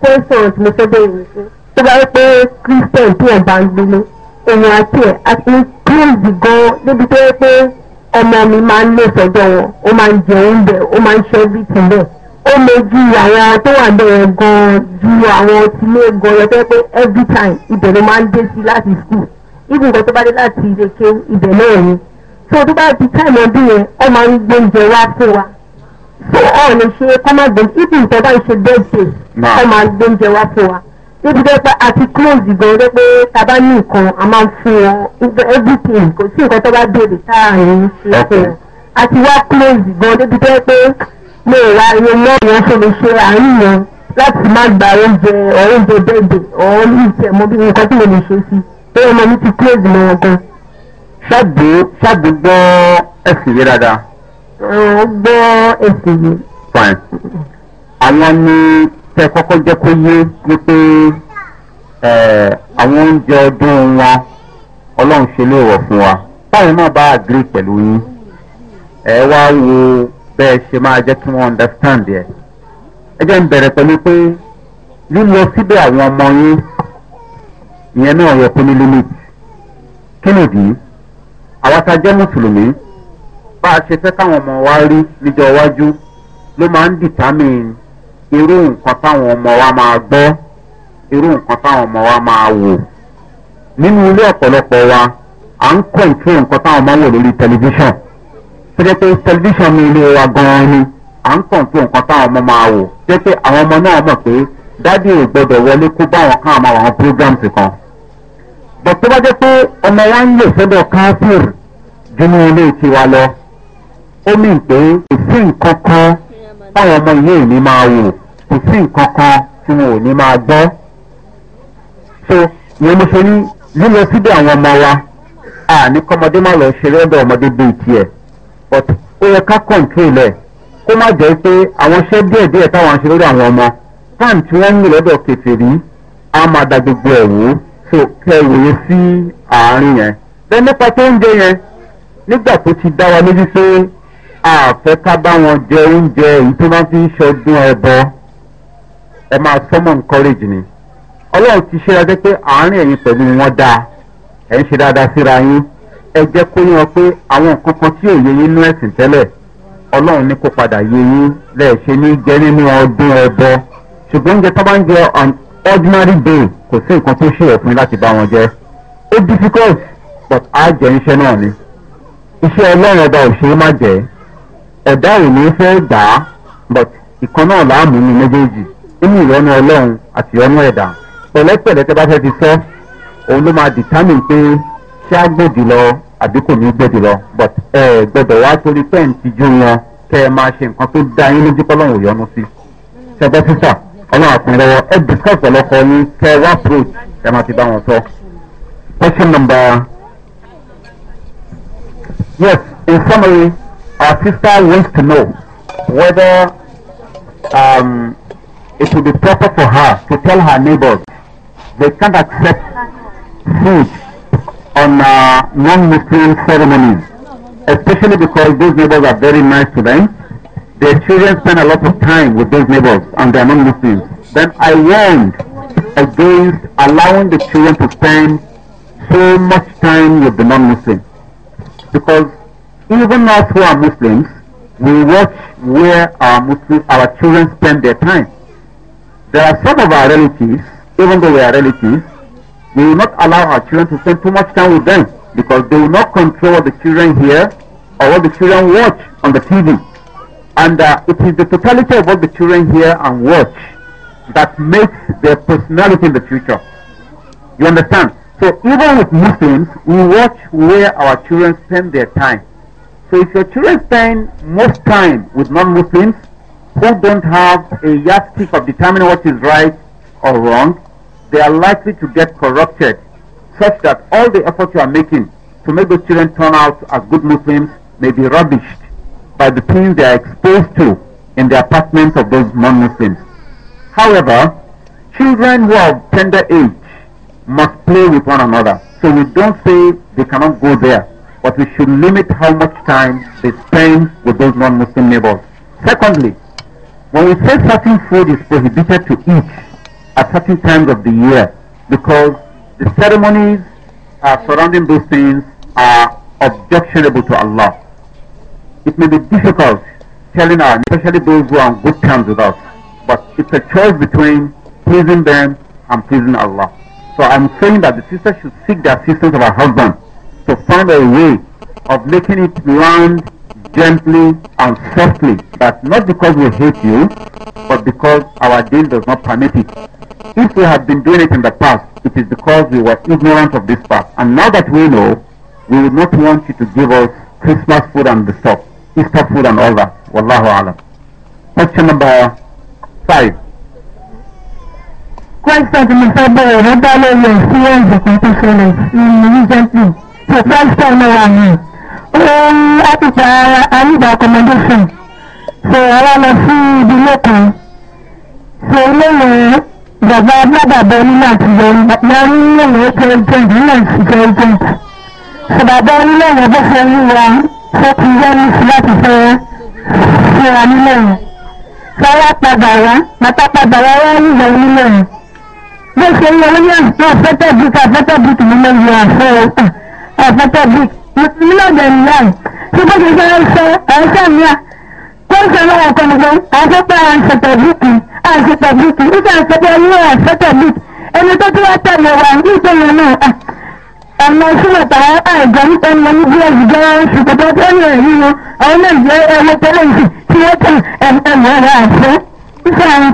Question tí mo fẹ́ bẹ̀rẹ̀ sí. Tó bá rí pé Christian tí ẹ̀ bá ń gbélé, èèyàn àti ẹ̀ àti kíndì gan-an débi tó yẹ pé ọmọ mi máa ń lò sọ́dọ̀ wọn, ó máa ń jẹ oúnjẹ, ó máa ń ṣe everything bẹ́ẹ̀. Ó lè ju àwọn tó wà bẹ̀rẹ̀ gan-an ju àwọn tí lé gan-an yẹ pé every time ibẹ̀ ló máa ń dé sí láti school. Ibùgbọ́n tó bá dé láti ilé kéwú ibẹ̀ náà ni so tó bá di táìmù ọdún yẹn ó máa ń gbé oúnjẹ wá fún wa fún ọ̀nà ṣe kọ́ máa gbé ibi ìtọ́ bá ń ṣe déédéé ó máa gbé oúnjẹ wá fún wa níbi tó pé àti close gan tó pé ta bá ní nǹkan a máa ń fún wọn everything kò sí nǹkan tó bá béèrè táàrin ṣe fún wọn àti wá close gan níbi tó pé mo ra iye mọ́ ìyẹn ṣe lè ṣe àárín yẹn láti má gba oúnjẹ oúnjẹ déédéé ọ̀hún ìṣẹ̀mọ́ bí nǹkan tí mo lè ṣe sí pé ọmọ mi ti close mọ́ wọn gan ṣàgbé ṣàgbé gbọ́ ẹ̀sìn yé dáadáa. ó gbọ́ ẹ̀sìn yé. fine àwọn ni tẹ kọ́kọ́ jẹ́ kó yé wípé àwọn oúnjẹ ọdún wọn ọlọ́run ṣe léèwọ̀ fún wa báyìí náà bá àgírí pẹ̀lú yín ẹ wá wo bẹ́ẹ̀ ṣe máa jẹ́ kí wọ́n understand ẹ̀ ẹ jẹ́ ń bẹ̀rẹ̀ pẹ̀lú pé lílọ síbẹ̀ àwọn ọmọ yín ìyẹn náà yẹ kó ní limit kí nìdí. àwa tá a jẹ́ mùsùlùmí bá a ṣe fẹ́ káwọn ọmọ wa rí níjọ iwájú ló máa ń dìtámìn irú nǹkan táwọn ọmọ wa máa gbọ́ irú nǹkan táwọn ọmọ wa máa wò nínú ilé ọ̀pọ̀lọpọ̀ wa à ń kọ̀ǹtró nǹkan táwọn máa ń wò lórí tẹlifíṣàn tó jẹ́ pé tẹlifíṣàn ní ilé wa gan-an ni à ń kọ̀ǹtró nǹkan táwọn ọmọ máa wò jẹ́ pé àwọn ọmọ náà mọ̀ pé dádì ò gbọ́dọ̀ wọlé kó bá káwọn máa wà wọn programs kan bọ̀ tó bá jẹ́ pé ọmọ wa ń lè sọ́dọ̀ káfíìr jùlọ ilé tiwa lọ ó mì pé kò sí nǹkan kan táwọn ọmọ ilé ìní máa wò kò sí nǹkan kan tí wọn ò ní máa gbọ́ so ìyẹn mo ṣe ní lílọ síbẹ̀ àwọn ọmọ wa a ní kọ́mọdé má lọ ṣeré ọ̀dọ̀ ọmọdé bíi tiẹ̀ but ó yẹ ká kọ̀ǹtírì lẹ̀ kó má jẹ́ pé àwọn iṣẹ́ díẹ̀ díẹ̀ táwọn aṣeré àwọn ọmọ táǹtì wọn ń lò lọ́dọ̀ kẹfẹ́ rí a máa da gbogbo ẹ̀ wò ó so kẹròyìn sí àárín yẹn lẹ́yìn nípa tó ń jẹ yẹn nígbà tó ti dá wa lójú pé àfẹ́ ká bá wọn jẹ oúnjẹ èyí tó máa fi ń ṣọdún ẹbọ ẹ máa sọmọ encourage ni ọlọ́run ti ṣe dájọ́ pé àárín ẹ̀yìn pẹ̀lú wọn dáa ẹ̀ ń ṣe dáadáa síra yín ẹ jẹ́ kó yín wọn pé àwọn nǹkan kan tí ò yẹ yín nú ẹ̀sìn tẹ́lẹ̀ ọlọ́run ní kó padà yé yín lẹ́ẹ̀ṣẹ́ ní jẹ́ nínú ọdún ẹbọ ṣùgbọ́n oúnjẹ tó bá ń jẹ ordinary bail kò sí nǹkan tó ṣe ẹ̀fún láti bá wọn jẹ́ ó difficult but á jẹ́ iṣẹ́ náà ni iṣẹ́ ọlọ́run ọba ò ṣe é má jẹ́ ẹ̀dá ìní fẹ́ gbà á but ìkan náà láàmú ni méjèèjì nínú ìyọnu ọlọ́run àti ìyọnu ẹ̀dá pẹ̀lẹ́pẹ̀lẹ́ tẹ́ bá fẹ́ ti sọ òun ló máa determine pé ṣé á gbèdì lọ àbí kò ní gbèdì lọ but ẹ gbẹdọ̀ wá torí pẹ́ǹtì ju wọn kẹ́ ẹ máa ṣe nǹkan tó dá yín lójú kọ́lọ́run ò yọnu sí ṣẹgbẹ́ sísà ọlọ́run àpín lọ́wọ́ ẹ discuss ọlọ́kọ yín kẹ wá approach ẹ máa ti bá wọn sọ. question number yes in summary our sister wants to know whether um, it would be proper for her to tell her neighbors they can't accept food on uh, non-Muslim ceremonies, especially because those neighbors are very nice to them. Their children spend a lot of time with those neighbors and they are not Muslims. Then I warned against allowing the children to spend so much time with the non-Muslims. Because even us who are Muslims, we watch where our Muslim, our children spend their time. There are some of our relatives, even though we are relatives, we will not allow our children to spend too much time with them because they will not control what the children hear or what the children watch on the TV. And uh, it is the totality of what the children hear and watch that makes their personality in the future. You understand? So even with Muslims, we watch where our children spend their time. So if your children spend most time with non-Muslims who don't have a yardstick of determining what is right or wrong, they are likely to get corrupted such that all the efforts you are making to make those children turn out as good Muslims may be rubbish by the things they are exposed to in the apartments of those non-Muslims. However, children who are of tender age must play with one another. So we don't say they cannot go there, but we should limit how much time they spend with those non-Muslim neighbors. Secondly, when we say certain food is prohibited to eat at certain times of the year, because the ceremonies uh, surrounding those things are objectionable to Allah. It may be difficult telling our, especially those who are on good terms with us, but it's a choice between pleasing them and pleasing Allah. So I'm saying that the sister should seek the assistance of her husband to find a way of making it land gently and softly, but not because we hate you, but because our deal does not permit it. If we have been doing it in the past, it is because we were ignorant of this path. And now that we know, we would not want you to give us Christmas food and the shop, Easter food and all that. Wallahu alam. Question number five. Question tí mo fẹ́ bẹ̀rẹ̀ ló dá lórí experience kan tó recently. So first time wà ní. Ó ń àtìpá àyíká accommodation. So àwa lọ sí ìdílé kan. So eléyìí bàbá bàbá bẹ̀rẹ̀ nígbà tí yẹn ní àwọn èèyàn ó jẹ́ agent nígbà tí bàbá onílé yẹn bó ṣe rí wa ṣé ti yẹnu sí láti fẹ́ síra nílé yẹn fọwọ́ padà wá bàtà padà wá wá nílé onílé yẹn bó ṣe rí olóyè náà fẹ́tẹ̀ bíkì àfẹ́tẹ̀ bíkì nínú ìlú àfẹ́ àfẹ́tẹ̀ bíkì nílọ̀dẹ̀ nílá yìí tí bó ṣe fẹ́ ṣe ẹ̀ṣẹ̀ mi à kó ń ṣe lọ́wọ́ kan nìkan àfẹ́pẹ́ àǹṣẹ̀tẹ̀ bíkì àǹṣẹ̀tẹ̀ bíkì nígbà àǹṣẹ̀tẹ̀ yóò àǹṣẹ̀tẹ̀ bíkì ẹni tó tún wá tẹ̀lé wa ní ìpínlẹ̀ ẹ̀mọ sílẹ̀ tààrà àìgbọ́n ẹ̀mọ ní bí ẹ̀jìjọ́ ṣùkọ́tà tẹ́lẹ̀ rí wọn àwọn náà jẹ́ ẹ̀wọ́ tẹ́lẹ̀ ìsì tí wọ́n tẹ̀ ẹ̀mọ rẹ̀ àṣẹ ìṣàǹfààní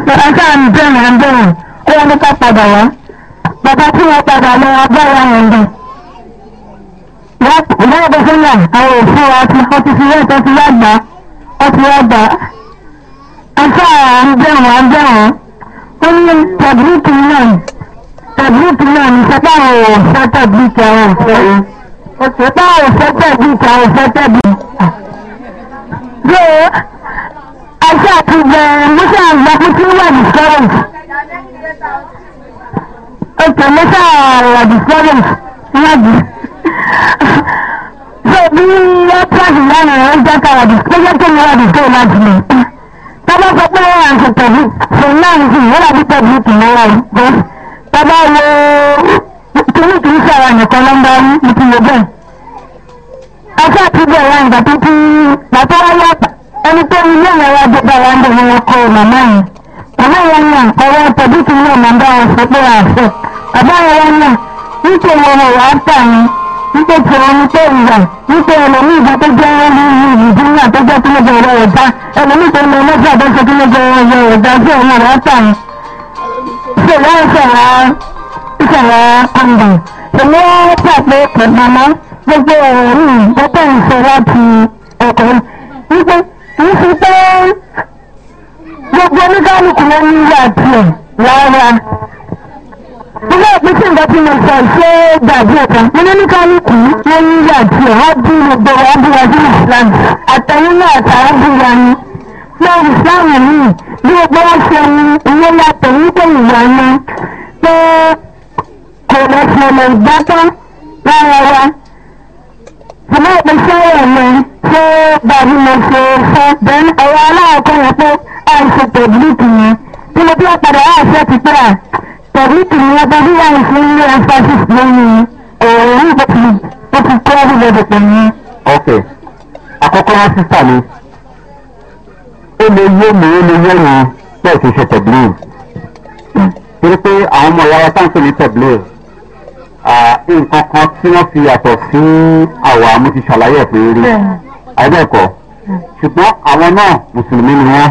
bẹ̀rẹ̀ àbẹ̀rẹ̀ kó wọn ká padà wá bàbá tí wọ́n padà lọ agbára ẹ̀ǹdà ìyá àbẹ̀sẹ̀lẹ̀ àwọn òfin wa ti wọ́n ti fi rẹ́ẹ̀tọ́ ti wá gbà ó ti wá gbà àṣà àbẹ̀rẹ̀ àbẹ̀rẹ̀ ó ní tàbí tàbílìkì náà ní sẹ́tà àwọn òfẹ́ tàbílìkì àwọn òfẹ́ sẹ́tà àwọn òfẹ́ tàbílìkì àwọn òfẹ́ tàbílìkì. Ṣé ẹṣẹ́ àti bẹ̀rẹ̀ mọ́ṣẹ́ àgbà kú sí wà ní sẹ́wọ̀n? Oṣù mọ́ṣẹ́ àwà ní sẹ́wọ̀n wájú. Ṣé bí wọ́n tíwájú lánàá ẹ̀ ń jẹ́ ká wà ní sẹ́wọ̀n tó ń wà ní sẹ́wọ̀n láti Tọ́lá sọ pé wọ́n à ń ṣe tẹ̀lé, ẹ bá wo kíní kìí sọ̀rọ̀ nìkan ló ń bá rí ní ti wo bẹ́ẹ̀. ọjọ́ àtijọ́ ìwà ìgbà tó ti bàtà wáyé àpá ẹni tó ń ilé ìyàwó àgbẹ̀dẹ wa ń bẹ̀ ní wọn kọ màmá yẹn. bàbá yẹn náà ọwọ́ tẹ̀bí ti ní ọ̀nà bá wọn fún pé àṣẹ. bàbá yẹn náà níṣẹ́ ni ọmọ wàá tà ní níṣẹ́ tí wọ́n ń pè ìwà níṣẹ́ ẹlòmí ìgbà tó jẹ́ wọn ní ìdílé àtọ́jọ́ tó lọ́jọ́ ìwà ọ̀dá ẹlòmí tó lọ́ ce za su sara àmbà pẹ̀lú pàpẹ pẹ̀lú gbogbo ẹ̀rí ìjọba ìṣẹ̀lá ti ẹ̀kọ́ wípé kì í fi pé gbogbo oníkálukú ló ní ìyá tiẹ̀ rárá. Ilé ìpínsìn nǹkan tí mo sọ ṣé dàbí ọ̀kan. Mo ní oníkálukú ló ní ìyá tiẹ̀ wá bí gbogbo wa bí wa sí Ìsìlámù. Àtẹ̀yìn náà lórí ìsáhùn mi bí o gbọ́ ṣe ilé yàtọ̀ nígbà ìyá wọn pé kò lọ sí ọmọ ìgbàgbọ́ lára wa àmọ́ ìpèsè ọ̀rọ̀ mi ṣé bàbí mo ṣe fẹ́ bẹ́ẹ̀ ọ̀rọ̀ aláàkọ́ yẹn pé à ń ṣe tẹ̀blíìkì yẹn tí mo bí ọ̀padà á ṣe ti pé à tẹ̀blíìkì yẹn bẹ́ẹ̀ bí wà ń fi ilé emphasis lórí òórùn bó ti kọ́ ọ́ bí lọ́dọ̀ pẹ̀lú. ok àkọ́kọ́ wọn sísà mi ó lè yé mi ó lè yé mi bẹ́ẹ̀ ti ṣe tẹ̀blé torí pé àwọn ọmọ ìyára táǹkì ní tẹ̀blé nǹkan kan tí wọ́n fi yàtọ̀ sí àwa mo ti ṣàlàyé ẹ̀ pé rí àìbẹ́ẹ̀kọ́ ṣùgbọ́n àwọn náà mùsùlùmí ni wọ́n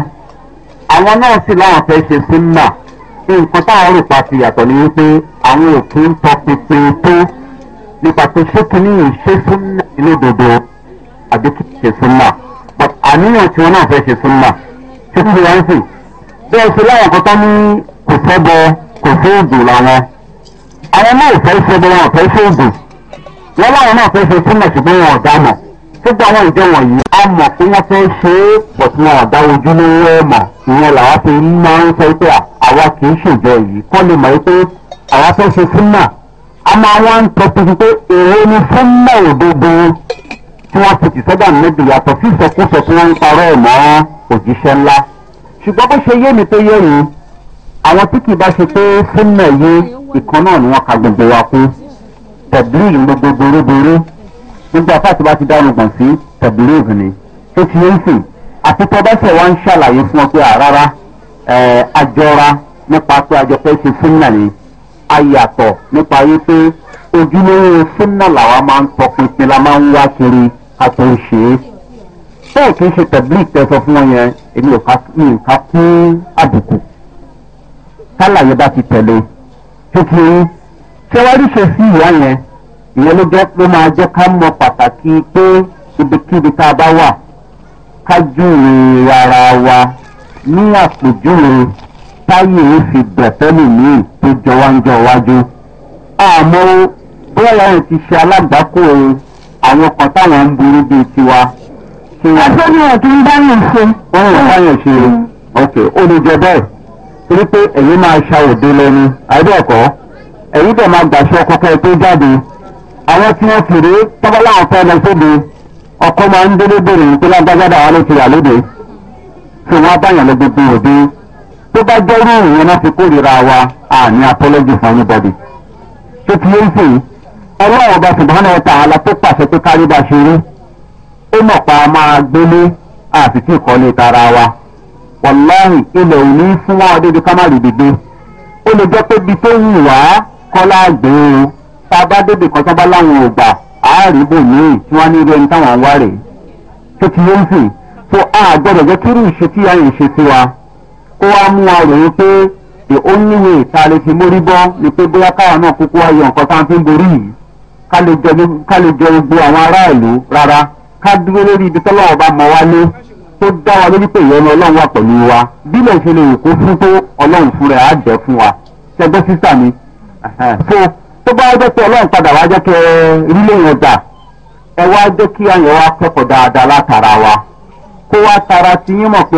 àwọn náà sì láwọn fẹ́ ṣe sínú nǹkan táwọn rò pa ti yàtọ̀ ni wípé àwọn òkè ń tọ pinpin tó nípa pé ṣé kìíní ìṣe sínú ilé òdodo àbí kìí ṣe sínú náà but àníyàn tí wọn náà fẹ́ ṣe súnmọ́ ṣé kí wọ́n sì bẹ́ẹ̀ ṣe láwọn kan tán ní kò sẹ́bọ kò sóògùn làwọn àwọn náà fẹ́ sẹ́bọ wọn fẹ́ sóògùn wọn láwọn náà fẹ́ ṣe súnmọ́ ṣùgbọ́n wọn ò dá gbogbo àwọn ìjọ wọ̀nyí a mọ̀ pé wọ́n fẹ́ ṣe é pọ̀ tí wọn ò dá ojú lówó ẹ̀ mọ̀ ìyẹn làwọn fi máa ń sọ pé àwa kì í ṣèjọ yìí kọ́ lè mọ̀ pé àwa fẹ́ ṣe súnmọ́ a máa wá ń tọ́ pinpin pé èrò ni súnmọ́ òdodo tí wọ́n fi tìsọ́dà níbi yàtọ̀ sí ìsọkúsọ tí wọ́n ń parọ́ ẹ̀ mọ́ òjíṣẹ́ ńlá ṣùgbọ́n bó ṣe yé mi tó yé yìí àwọn tí kì í bá ṣe pé súnmọ̀ yé ìkan náà ni wọ́n ka gbogbo wa kú tẹ̀bílì ìlú gbogbo rúburú nígbà fáti bá ti dánu gbọ̀n sí tẹ̀bílì ìlú ni ó ti yé sìn àti tó bá ṣe wá ń ṣàlàyé fún ọ pé àrárá àjọra ojúlówó súnà làwa máa ń tọpinpin la máa ń wá kiri àti òṣè bẹ́ẹ̀ kì í ṣe tẹ̀blík tẹ̀sọ fún wọn yẹn èmi ò ká mi ò ká kún àbùkù tálàyé bá ti tẹ̀lé tuntun ṣé wàá rí ṣe sí ìyá yẹn ìyẹn ló jẹ́ pé máa jẹ́ ká mọ pàtàkì pé ibikíbi tá a bá wà ká júwe ara wa ní àpèjúwe táyé fi bẹ̀tẹ́lì míì tó jọ wá ń jọ wájú àmọ́ bóyá ya rẹ̀ ti ṣe alágbàákò àwọn kan táwọn ń burú bíi tiwa. ẹgbẹ́ ni ẹ̀ bá yàn ṣe. ok ó jẹ bẹ́ẹ̀ torí pé máa ṣa òde lẹ́nu máa gbàṣọ kọ́kọ́ tó jáde àwọn tí wọ́n fèrè fẹ́ lọ sóde ọkọ máa ń délé bèrè wa ló ti rà lóde tí wọ́n á báyàn lọ gbogbo òde tó bá jẹ́rú ìyẹn náà fi wa àní apọ́lọ́jì fún tó ọlọ́run ọba ṣùgbọ́n ẹ̀ta àlà tó pàṣẹ pé kárí bá ṣe rí ó mọ̀ pa máa gbélé àti tí ìkọ́lé tara wa wàláhì ilẹ̀ ò ní fún wọn débi ká má rí dìde ó lè jẹ́ pé bí tó wù wá kọ́lá gbé o tá a bá débi kan tó bá láwọn ò gbà bò míì tí wọ́n ní irú ẹni táwọn ń wá rè tó ti yóò sìn tó a gbọ́dọ̀ jẹ́ kí ìṣe tí àyè ṣe sí wa kó wá mú wa rò pé the only way tá a lè fi mórí bọ́ ni pé bóyá káwọn náà kúkú wá yọ nǹkan tá a fi ń borí yìí ká lè jọ gbogbo àwọn aráàlú rárá ká dúró lórí ibi ọba wá lé tó dá wa lórí pé ìyọnu ọlọ́run wà pẹ̀lú wa bílẹ̀ ṣe lè kó fún tó ọlọ́run fún rẹ̀ á jẹ́ fún wa ṣẹgbẹ́ mi so tó bá jẹ́ pé ọlọ́run padà wá jẹ́ rí lẹ́yìn ọjà ẹ wá jẹ́ kí wa kẹ́kọ̀ọ́ dáadáa látara wa kó wá tara ti yín mọ̀ pé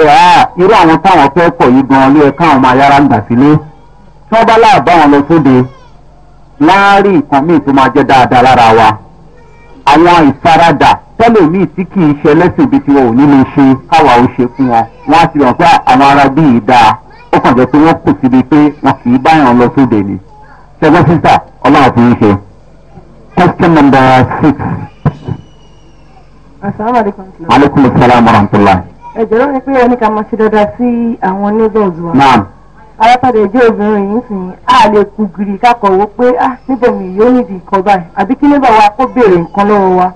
irú àwọn táwọn fẹ́ pọ̀ yìí gan-an ló lọ sóde láàárín nǹkan míì tó máa jẹ́ dáadáa lára wa àwọn ìfaradà tẹ́lòmíì tí kì í ṣe lẹ́sìn bíi tiwọn ò ní lè ṣe káwa ò ṣe fún wọn wọ́n á ti rọ̀ pé àwọn ará bí yìí dáa ó kàn jẹ́ pé wọ́n kù síbi pé wọn kì í báyàn lọ sóde ni ṣẹ́gbọ́n sísà ọlọ́run fi ń ṣe. question number six. asalaamualeykum. aleykum salaam wa rahmatulah. ẹ̀jẹ̀ ló ní pé wọ́n ká máa ṣe dáadáa sí àwọn neighbors wa arápàdé ìjọ obìnrin yìí sì ń á ah, lè ku giri kákọ̀wé pé á ah, níbo mi yóò nídìí nǹkan báyìí àbí kí nígbà wa kó béèrè nǹkan lọ́wọ́ wa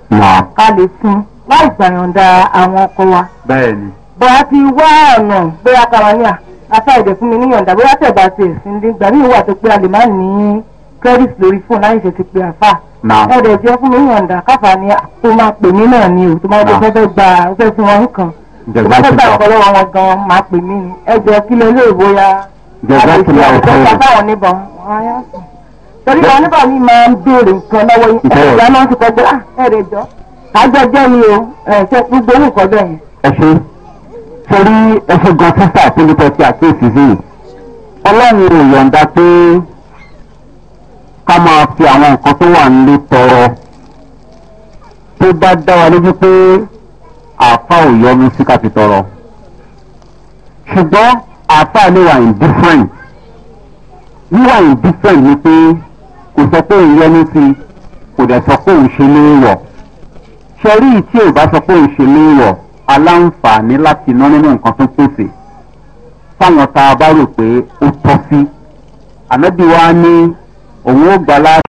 ká lè fún láì gbàyànda àwọn ọkọ wa. bẹ́ẹ̀ni. bọ̀ ti wá ọ̀nà bóyá kára ní à ah, afá fún mi níyànda bóyá tẹ̀ bá ti èsì ní gbà míì tó pé a lè má ní credit lórí fóònù láì ṣe ti pé àfà. ẹ̀dẹ̀ jẹ́ fún mi níyànda káfà ni tó máa pè mí náà ni o tó máa tó fẹ́ gba fẹ́ fún wọn nǹkan. tó bá fẹ́ gbà ọ̀pọ̀lọpọ̀ wọn gan-an máa pè mí ni ẹ̀jọ̀ kí lè lóòbó jẹ̀dọ́kìlá ọ̀fẹ́ rẹ̀. àbẹ̀tí àwọn oníbọn wọn á yà sùn. torí àwọn oníbọn mi máa ń béèrè nǹkan lọ́wọ́ yín ẹ̀rọ náà ti kọjá ah, ẹ̀rẹ̀ jọ. àjọjọ́ ni o ẹ̀ṣẹ̀ gbogbo owó nǹkan bẹ́ẹ̀. ẹ ṣe torí ẹṣẹ gan sísá tó lè tọ́sí àkéèsì sí i ọlọ́run ò yọ̀ǹda pé ká máa fi àwọn nǹkan tó wà nílé tọrọ tó bá dá wa lójú pé àáfà ò yọnu sí ká fi tọrọ ṣùgbọ́n àáfàá lè wà indifferent wíwà indifferent ni pé kò sọ pé òun yẹnu sí i kò dẹ̀ sọ pé òun ṣe léèwọ̀ ṣẹ́rí tí ò bá sọ pé òun ṣe léèwọ̀ aláǹfààní láti ná nínú nǹkan tó pèsè fáwọn tá a bá rò pé ó tọ́ sí ànábì wa ní òun ó gbà láti.